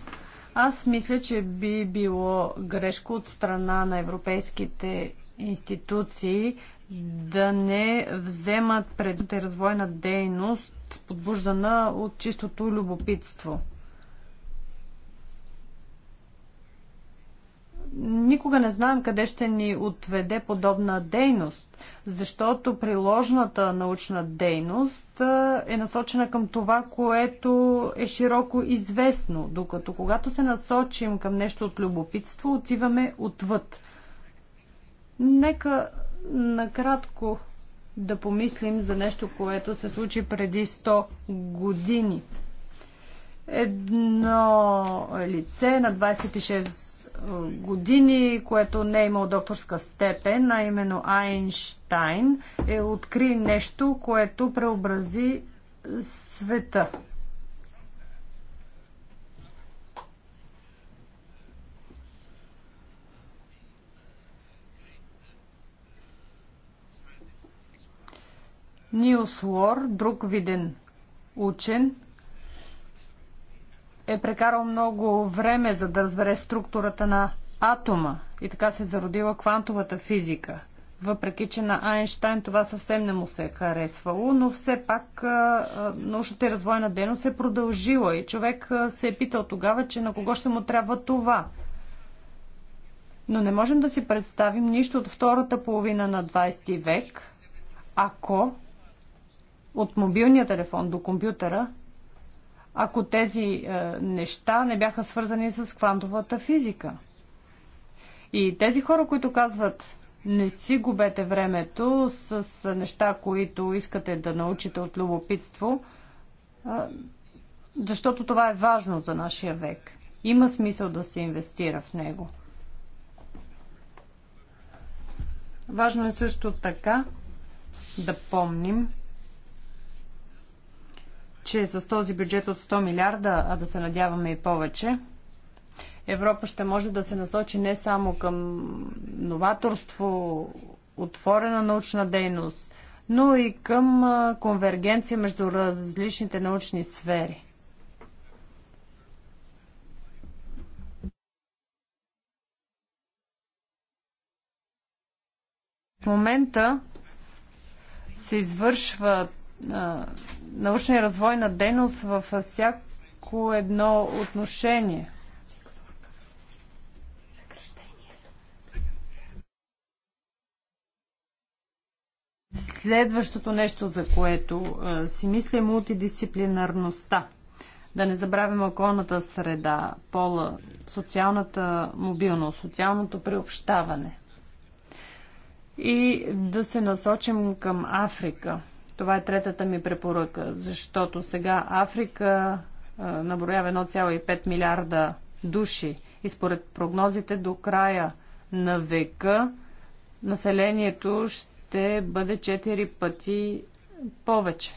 C: Аз мисля, че би било грешко от страна на европейските институции да не вземат пред развойна дейност, подбуждана от чистото любопитство. никога не знаем къде ще ни отведе подобна дейност, защото приложната научна дейност е насочена към това, което е широко известно, докато когато се насочим към нещо от любопитство, отиваме отвъд. Нека накратко да помислим за нещо, което се случи преди 100 години. Едно лице на 26 години, което не е имал докторска степен, а именно Айнштайн, е откри нещо, което преобрази света. Нилс Лор, друг виден учен, е прекарал много време за да разбере структурата на атома и така се зародила квантовата физика. Въпреки, че на Айнштайн това съвсем не му се е харесвало, но все пак научната и развойна дейност е продължила и човек се е питал тогава, че на кого ще му трябва това. Но не можем да си представим нищо от втората половина на 20 век, ако от мобилния телефон до компютъра ако тези е, неща не бяха свързани с квантовата физика. И тези хора, които казват не си губете времето с е, неща, които искате да научите от любопитство, е, защото това е важно за нашия век. Има смисъл да се инвестира в него. Важно е също така да помним, че с този бюджет от 100 милиарда, а да се надяваме и повече, Европа ще може да се насочи не само към новаторство, отворена научна дейност, но и към конвергенция между различните научни сфери. В момента се извършва научна и развойна дейност във всяко едно отношение. Следващото нещо, за което а, си мисля, е мултидисциплинарността. Да не забравим околната среда, пола, социалната мобилност, социалното приобщаване. И да се насочим към Африка – това е третата ми препоръка, защото сега Африка наброява 1,5 милиарда души и според прогнозите до края на века населението ще бъде 4 пъти повече.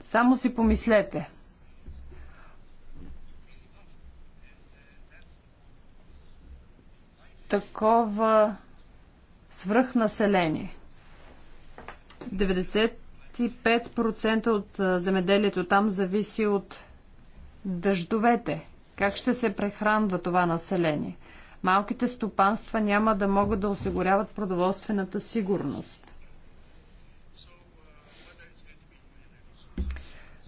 C: Само си помислете – такова свръхнаселение. 95% от земеделието там зависи от дъждовете. Как ще се прехранва това население? Малките стопанства няма да могат да осигуряват продоволствената сигурност.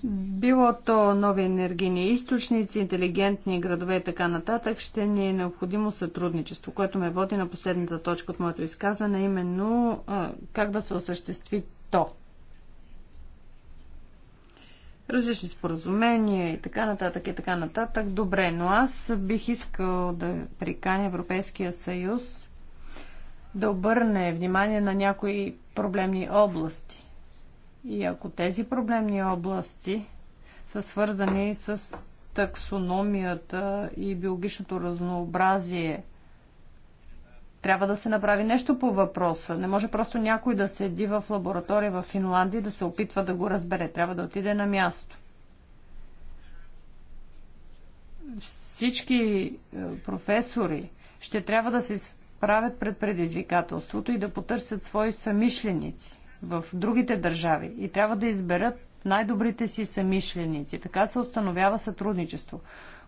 C: било то нови енергийни източници, интелигентни градове и така нататък, ще ни е необходимо сътрудничество, което ме води на последната точка от моето изказване, именно как да се осъществи то. Различни споразумения и така нататък и така нататък. Добре, но аз бих искал да приканя Европейския съюз да обърне внимание на някои проблемни области и ако тези проблемни области са свързани с таксономията и биологичното разнообразие, трябва да се направи нещо по въпроса. Не може просто някой да седи в лаборатория в Финландия и да се опитва да го разбере. Трябва да отиде на място. Всички е, професори ще трябва да се справят пред предизвикателството и да потърсят свои самишленици в другите държави и трябва да изберат най-добрите си самишленици. Така се установява сътрудничество.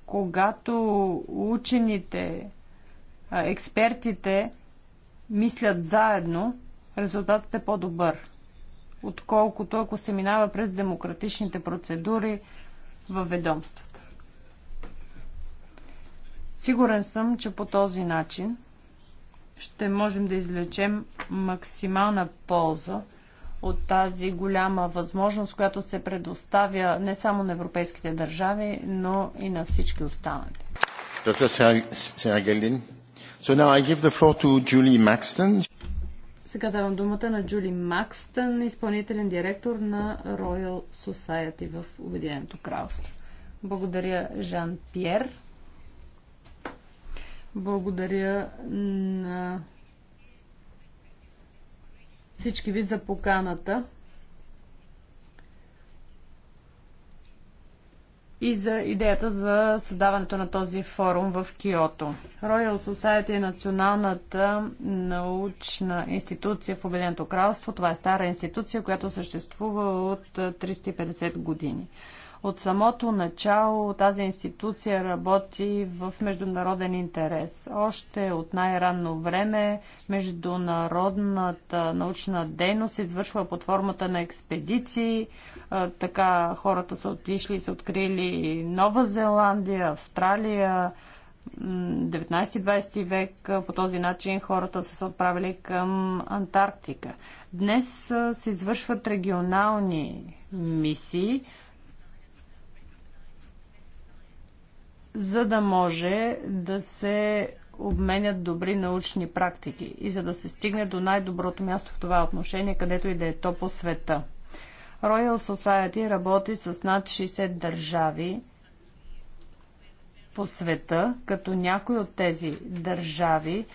C: Когато учените, експертите мислят заедно, резултатът е по-добър, отколкото ако се минава през демократичните процедури в ведомствата. Сигурен съм, че по този начин ще можем да излечем максимална полза от тази голяма възможност, която се предоставя не само на европейските държави, но и на всички останали.
A: So now I give the floor to Julie Maxton.
C: Сега давам думата на Джули Макстън, изпълнителен директор на Royal Society в Обединеното кралство. Благодаря, Жан Пьер. Благодаря на всички ви за поканата и за идеята за създаването на този форум в Киото. Royal Society е националната научна институция в Обединеното кралство. Това е стара институция, която съществува от 350 години. От самото начало тази институция работи в международен интерес. Още от най-ранно време международната научна дейност извършва под формата на експедиции. Така хората са отишли и са открили Нова Зеландия, Австралия, 19-20 век по този начин хората са се отправили към Антарктика. Днес се извършват регионални мисии, за да може да се обменят добри научни практики и за да се стигне до най-доброто място в това отношение, където и да е то по света. Royal Society работи с над 60 държави по света, като някои от тези държави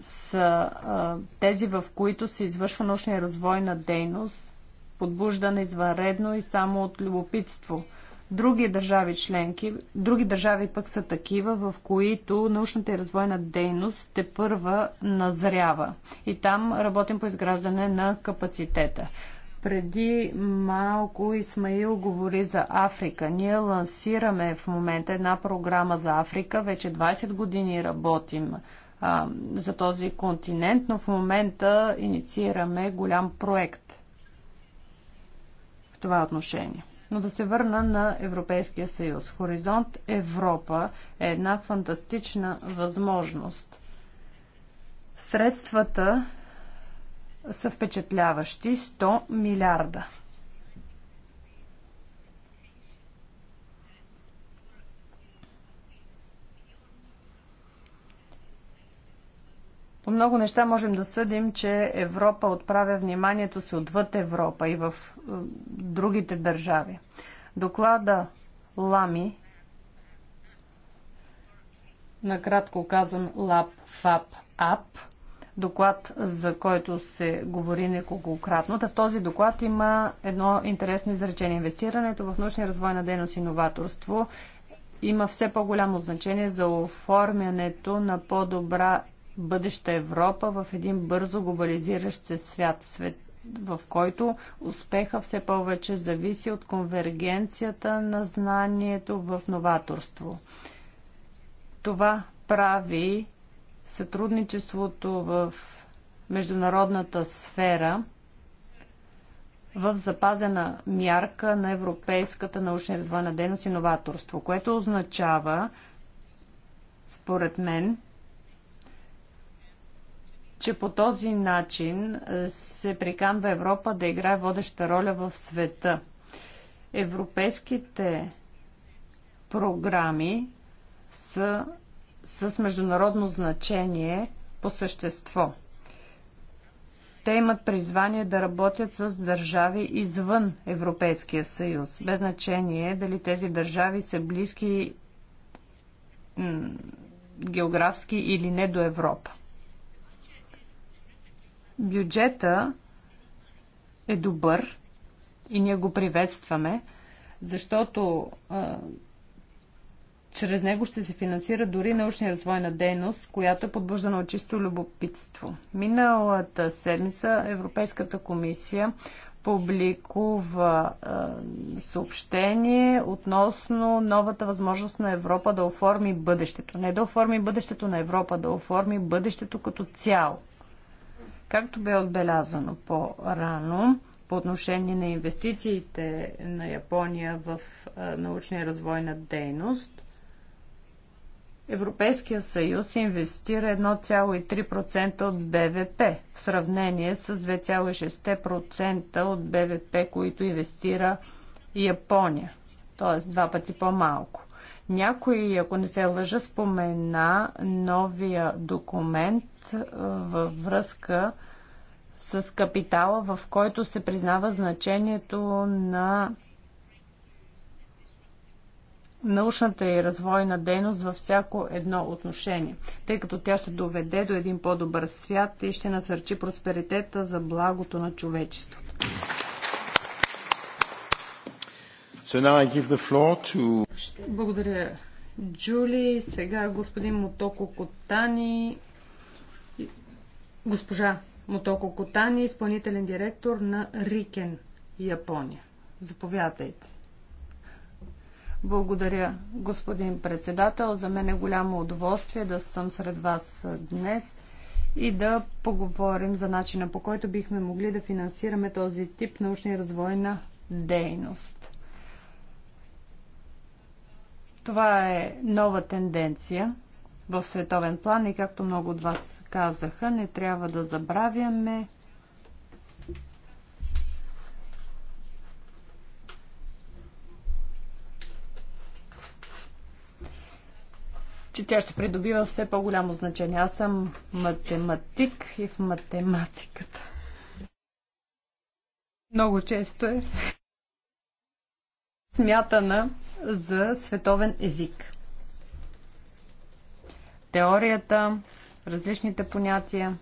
C: са а, тези, в които се извършва научна и развойна дейност, подбуждана извънредно и само от любопитство – Други държави членки, други държави пък са такива, в които научната и развойна дейност те първа назрява. И там работим по изграждане на капацитета. Преди малко Исмаил говори за Африка. Ние лансираме в момента една програма за Африка. Вече 20 години работим а, за този континент, но в момента инициираме голям проект в това отношение. Но да се върна на Европейския съюз. Хоризонт Европа е една фантастична възможност. Средствата са впечатляващи 100 милиарда. По много неща можем да съдим, че Европа отправя вниманието си отвъд Европа и в е, другите държави. Доклада Лами, накратко казан Лап Фап Ап, доклад, за който се говори неколкократно. Та в този доклад има едно интересно изречение. Инвестирането в научния развой на дейност и новаторство има все по-голямо значение за оформянето на по-добра бъдеща Европа в един бързо глобализиращ се свят, свет в който успеха все повече зависи от конвергенцията на знанието в новаторство. Това прави сътрудничеството в международната сфера в запазена мярка на европейската научна развойна дейност и новаторство, което означава, според мен, че по този начин е, се приканва Европа да играе водеща роля в света. Европейските програми са с международно значение по същество. Те имат призвание да работят с държави извън Европейския съюз, без значение дали тези държави са близки географски или не до Европа. Бюджета е добър и ние го приветстваме, защото а, чрез него ще се финансира дори научна развой развойна дейност, която е подбуждана от чисто любопитство. Миналата седмица Европейската комисия публикува а, съобщение относно новата възможност на Европа да оформи бъдещето. Не да оформи бъдещето на Европа, да оформи бъдещето като цяло. Както бе отбелязано по-рано, по отношение на инвестициите на Япония в научна и развойна дейност, Европейския съюз инвестира 1,3% от БВП в сравнение с 2,6% от БВП, които инвестира Япония, т.е. два пъти по-малко. Някой, ако не се лъжа, спомена новия документ във връзка с капитала, в който се признава значението на научната и развойна дейност във всяко едно отношение, тъй като тя ще доведе до един по-добър свят и ще насърчи просперитета за благото на човечеството.
A: So now I give the floor to...
C: Благодаря, Джули. Сега господин Мотоко Котани Госпожа Мотоко Котани, изпълнителен директор на Рикен, Япония. Заповядайте. Благодаря, господин председател. За мен е голямо удоволствие да съм сред вас днес и да поговорим за начина по който бихме могли да финансираме този тип научна и развойна дейност. Това е нова тенденция – в световен план и както много от вас казаха, не трябва да забравяме че тя ще придобива все по-голямо значение. Аз съм математик и в математиката. Много често е смятана за световен език теорията, различните понятия.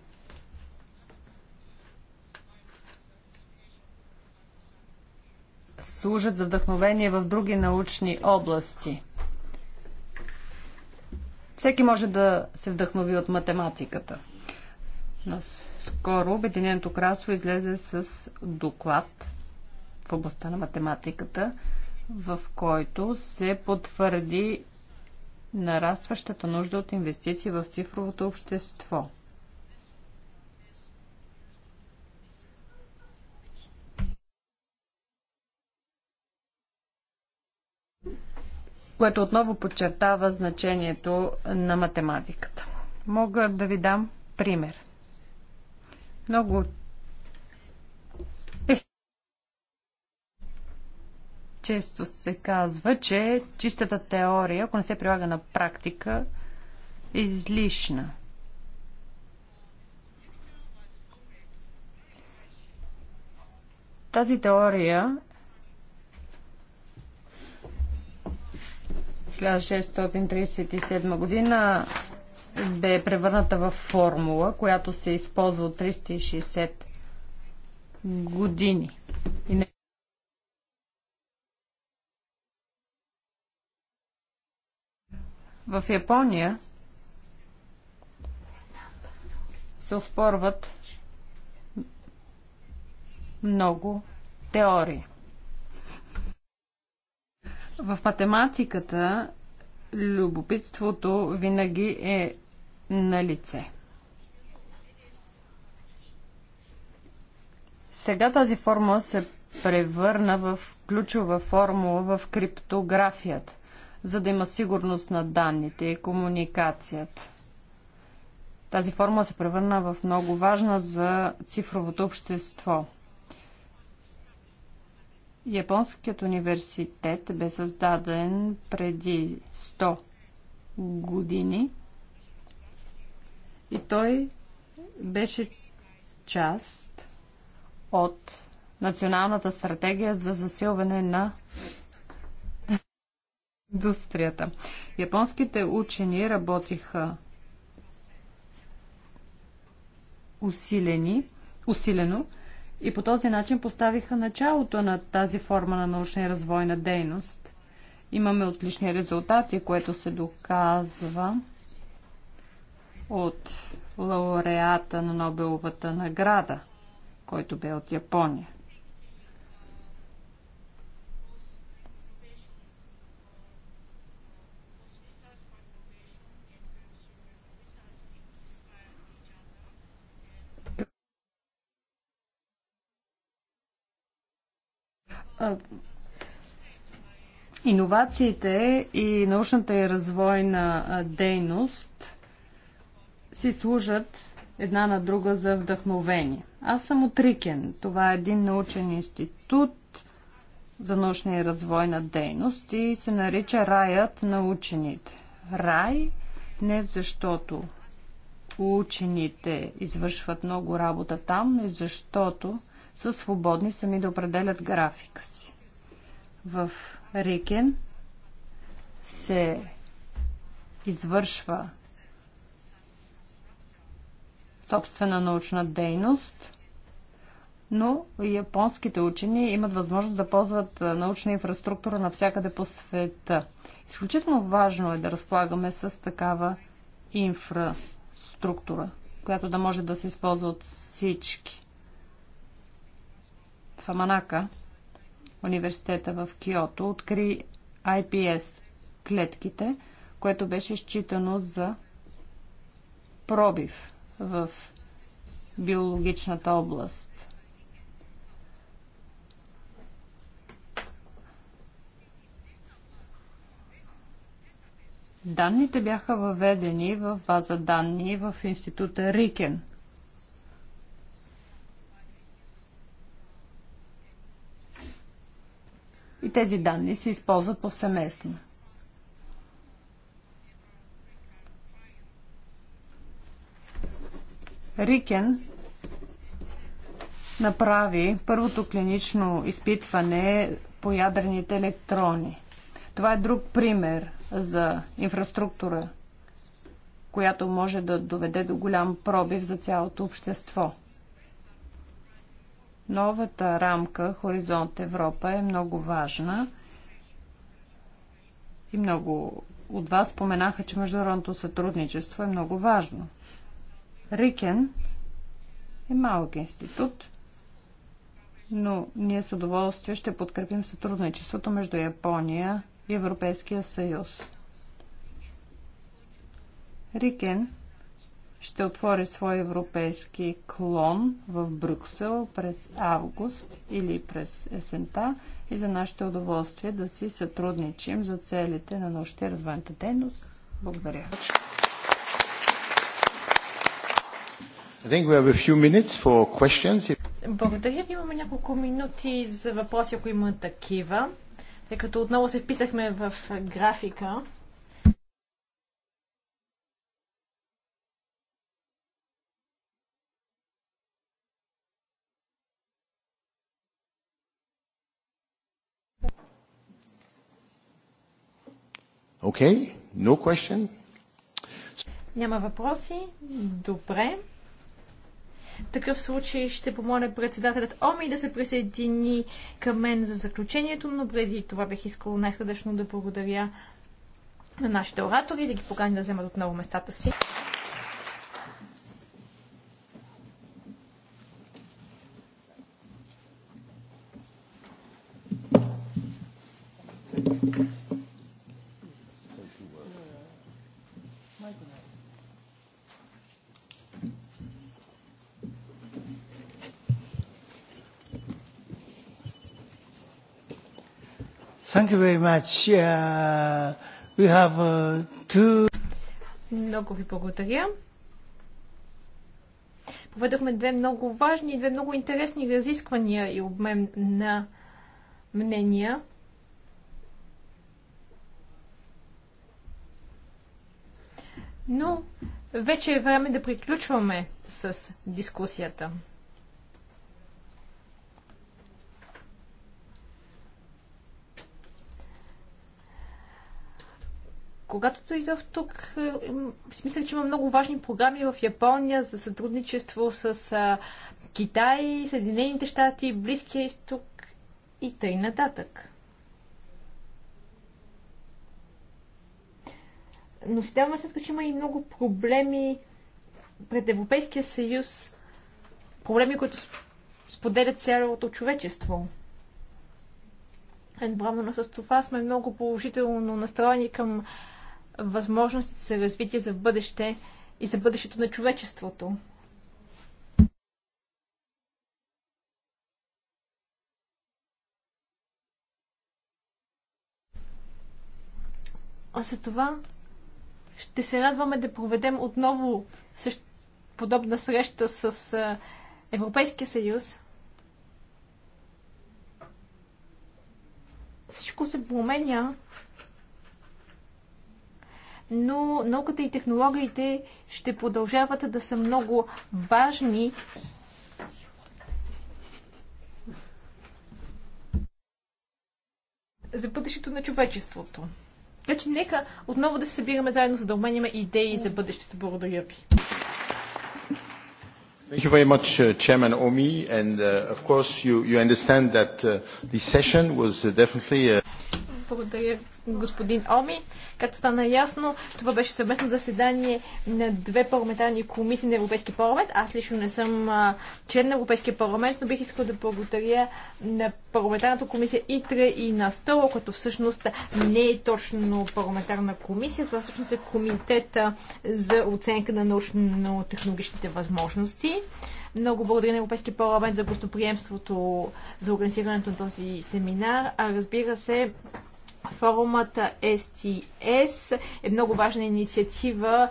C: служат за вдъхновение в други научни области. Всеки може да се вдъхнови от математиката. Но скоро Обединеното кралство излезе с доклад в областта на математиката, в който се потвърди нарастващата нужда от инвестиции в цифровото общество. което отново подчертава значението на математиката. Мога да ви дам пример. Много Често се казва, че чистата теория, ако не се прилага на практика, е излишна. Тази теория 1637 година бе превърната в формула, която се използва от 360 години. И не... В Япония се оспорват много теории. В математиката любопитството винаги е на лице. Сега тази формула се превърна в ключова формула в криптографията за да има сигурност на данните и комуникацията. Тази формула се превърна в много важна за цифровото общество. Японският университет бе създаден преди 100 години и той беше част от Националната стратегия за засилване на индустрията. Японските учени работиха усилени, усилено и по този начин поставиха началото на тази форма на научна и развойна дейност. Имаме отлични резултати, което се доказва от лауреата на Нобеловата награда, който бе от Япония. иновациите и научната и развойна дейност си служат една на друга за вдъхновение. Аз съм от Рикен. Това е един научен институт за научна и развойна дейност и се нарича Раят на учените. Рай не защото учените извършват много работа там, но и защото са свободни сами да определят графика си. В Рикен се извършва собствена научна дейност, но японските учени имат възможност да ползват научна инфраструктура навсякъде по света. Изключително важно е да разполагаме с такава инфраструктура, която да може да се използва от всички. Фаманака, университета в Киото, откри IPS клетките, което беше считано за пробив в биологичната област. Данните бяха въведени в база данни в института Рикен – и тези данни се използват повсеместно. Рикен направи първото клинично изпитване по ядрените електрони. Това е друг пример за инфраструктура, която може да доведе до голям пробив за цялото общество. Новата рамка Хоризонт Европа е много важна и много от вас споменаха, че международното сътрудничество е много важно. Рикен е малък институт, но ние с удоволствие ще подкрепим сътрудничеството между Япония и Европейския съюз. Рикен ще отвори свой европейски клон в Брюксел през август или през есента и за нашето удоволствие да си сътрудничим за целите на научната и развойната дейност. Благодаря. Благодаря ви. Имаме няколко
D: минути за въпроси, ако има такива, тъй като отново се вписахме в
B: графика.
A: Okay? No question?
D: Няма въпроси. Добре. В такъв случай ще помоля председателят Оми да се присъедини към мен за заключението, но преди това бих искал най-сърдечно да благодаря на нашите оратори и да ги поканя да вземат отново местата си. you very much. Uh,
C: we have uh, two...
D: Много ви благодаря. Поведохме две много важни и две много интересни разисквания и обмен на мнения. Но вече е време да приключваме с дискусията. Когато дойдох тук, е, си мисля, че има много важни програми в Япония за сътрудничество с Китай, Съединените щати, Близкия изток и тъй нататък. Но си даваме сметка, че има и много проблеми пред Европейския съюз, проблеми, които споделят цялото човечество. Едновременно с това сме много положително настроени към възможности за развитие за бъдеще и за бъдещето на човечеството. А за това ще се радваме да проведем отново същ... подобна среща с Европейския съюз. Всичко се променя но науката и технологиите ще продължават да са много важни за бъдещето на човечеството. Така значи, че нека отново да се събираме заедно, за да обменяме идеи за бъдещето. Благодаря ви.
A: Thank you very much, uh, Chairman Omi. And uh, of course, you, you understand that uh, this session was uh, definitely. Uh
D: благодаря, господин Оми. Както стана ясно, това беше съвместно заседание на две парламентарни комисии на Европейски парламент. Аз лично не съм член на Европейския парламент, но бих искал да благодаря на парламентарната комисия ИТРА и на СТОЛА, като всъщност не е точно парламентарна комисия. Това всъщност е комитета за оценка на научно-технологичните възможности. Много благодаря на Европейския парламент за гостоприемството за организирането на този семинар. А разбира се, Форумата STS е много важна инициатива,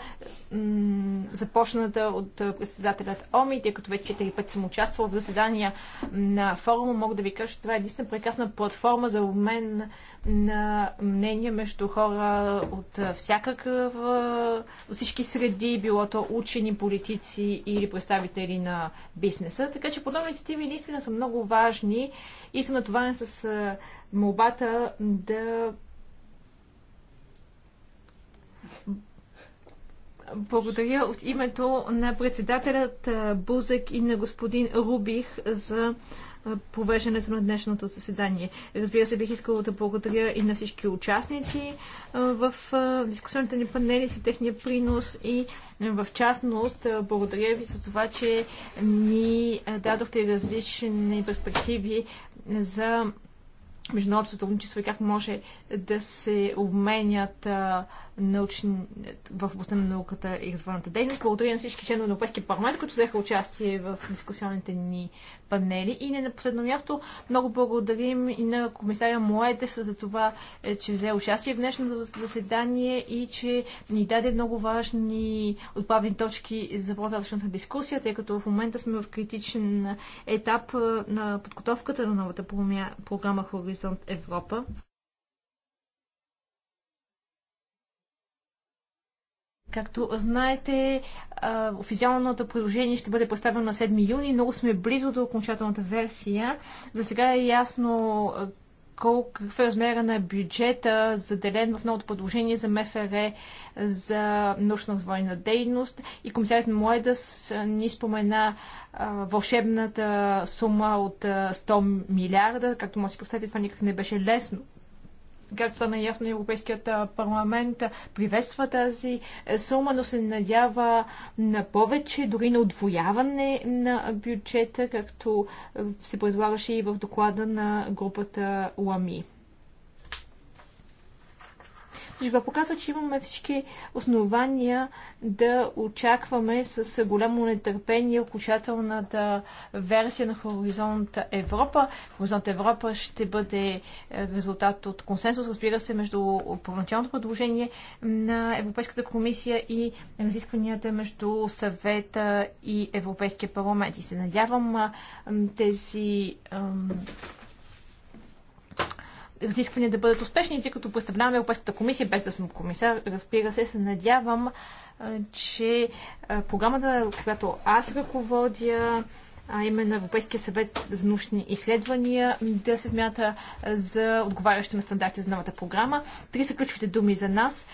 D: започната от председателят Оми, тъй като вече четири пъти съм участвал в заседания на форума. Мога да ви кажа, че това е единствена прекрасна платформа за обмен на мнения между хора от всякакъв, от всички среди, било то учени, политици или представители на бизнеса. Така че подобните инициативи наистина са много важни и съм натоварен с молбата да благодаря от името на председателят Бузък и на господин Рубих за провеждането на днешното заседание. Разбира се, бих искала да благодаря и на всички участници в дискусионните ни панели за техния принос и в частност благодаря ви за това, че ни дадохте различни перспективи за международното сътрудничество и как може да се обменят а, научни, в областта на науката и развойната дейност. Благодаря на всички членове на Европейския парламент, които взеха участие в дискусионните ни панели. И не на последно място, много благодарим и на комисаря Моедев за това, е, че взе участие в днешното заседание и че ни даде много важни отправни точки за по-нататъчната дискусия, тъй като в момента сме в критичен етап е, на подготовката на новата програма Хоризонт Европа. Както знаете, официалното приложение ще бъде представено на 7 юни. Много сме близо до окончателната версия. За сега е ясно какъв е размера на бюджета, заделен в новото предложение за МФР за научна развойна дейност. И комисарят Моедас ни спомена а, вълшебната сума от 100 милиарда. Както може да си представите, това никак не беше лесно както стана ясно, Европейският парламент приветства тази е, сума, но се надява на повече, дори на отвояване на бюджета, както се предлагаше и в доклада на групата ЛАМИ. И това показва, че имаме всички основания да очакваме с голямо нетърпение окончателната версия на Хоризонт Европа. Хоризонт Европа ще бъде е, резултат от консенсус, разбира се, между първоначалното предложение на Европейската комисия и разискванията между съвета и Европейския парламент. И се надявам тези разисквания да бъдат успешни, тъй като представляваме Европейската комисия, без да съм комисар. Разбира се, се надявам, че програмата, която аз ръководя, а именно Европейския съвет за научни изследвания, да се смята за отговаряща на стандарти за новата програма. Три са ключовите думи за нас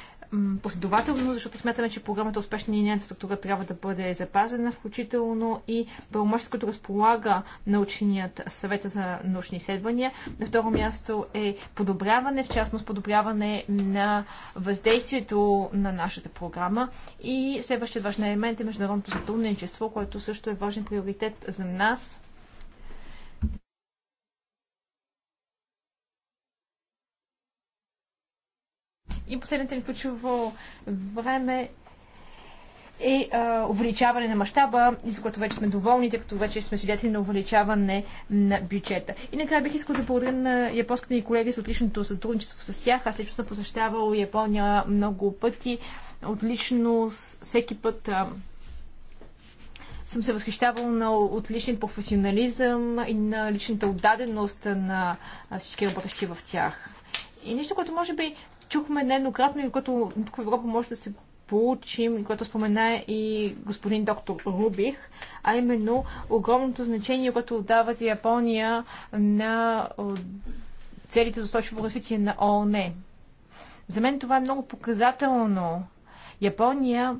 D: последователно, защото смятаме, че програмата успешна линейна структура трябва да бъде запазена, включително и правомощ, който разполага научният съвет за научни изследвания. На второ място е подобряване, в частност подобряване на въздействието на нашата програма. И следващият важен елемент е международното сътрудничество, което също е важен приоритет за нас И последната ни ключово време е а, увеличаване на мащаба, и за което вече сме доволни, тъй като вече сме свидетели на увеличаване на бюджета. И накрая бих искал да благодаря на японските ни колеги за отличното сътрудничество с тях. Аз лично съм посещавал Япония много пъти. Отлично всеки път а, съм се възхищавал на отличен професионализъм и на личната отдаденост на всички работещи в тях. И нещо, което може би чухме нееднократно и което тук в Европа може да се получим, което спомена и господин доктор Рубих, а именно огромното значение, което отдават Япония на целите за устойчиво развитие на ООН. За мен това е много показателно. Япония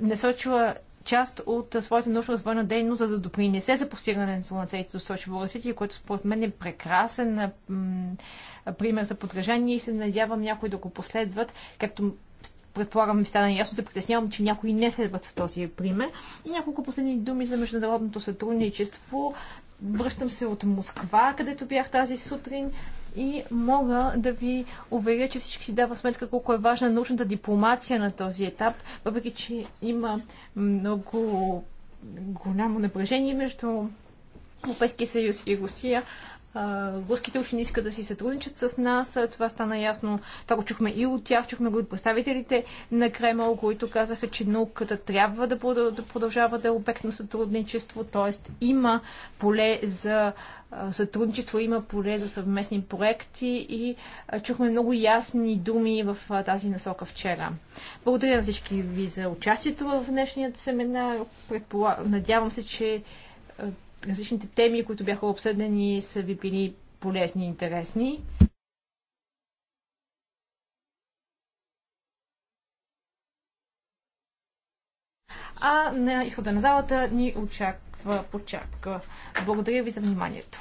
D: насочва част от своята научно-развойна дейност, за да допринесе за постигането на целите за устойчиво развитие, което според мен е прекрасен пример за подражание и се надявам някой да го последват, както предполагам ми стана ясно, се притеснявам, че някои не следват този пример. И няколко последни думи за международното сътрудничество. Връщам се от Москва, където бях тази сутрин и мога да ви уверя, че всички си дава сметка колко е важна научната дипломация на този етап, въпреки че има много голямо напрежение между Европейския съюз и Русия, руските общини искат да си сътрудничат с нас. Това стана ясно. Това го чухме и от тях, чухме го и от представителите на Кремъл, които казаха, че науката трябва да продължава да е обект на сътрудничество, т.е. има поле за сътрудничество, има поле за съвместни проекти и чухме много ясни думи в тази насока вчера. Благодаря на всички ви за участието в днешният семинар. Надявам се, че различните теми, които бяха обсъдени, са ви били полезни и интересни. А на изхода на залата ни очаква почапка. Благодаря ви за вниманието.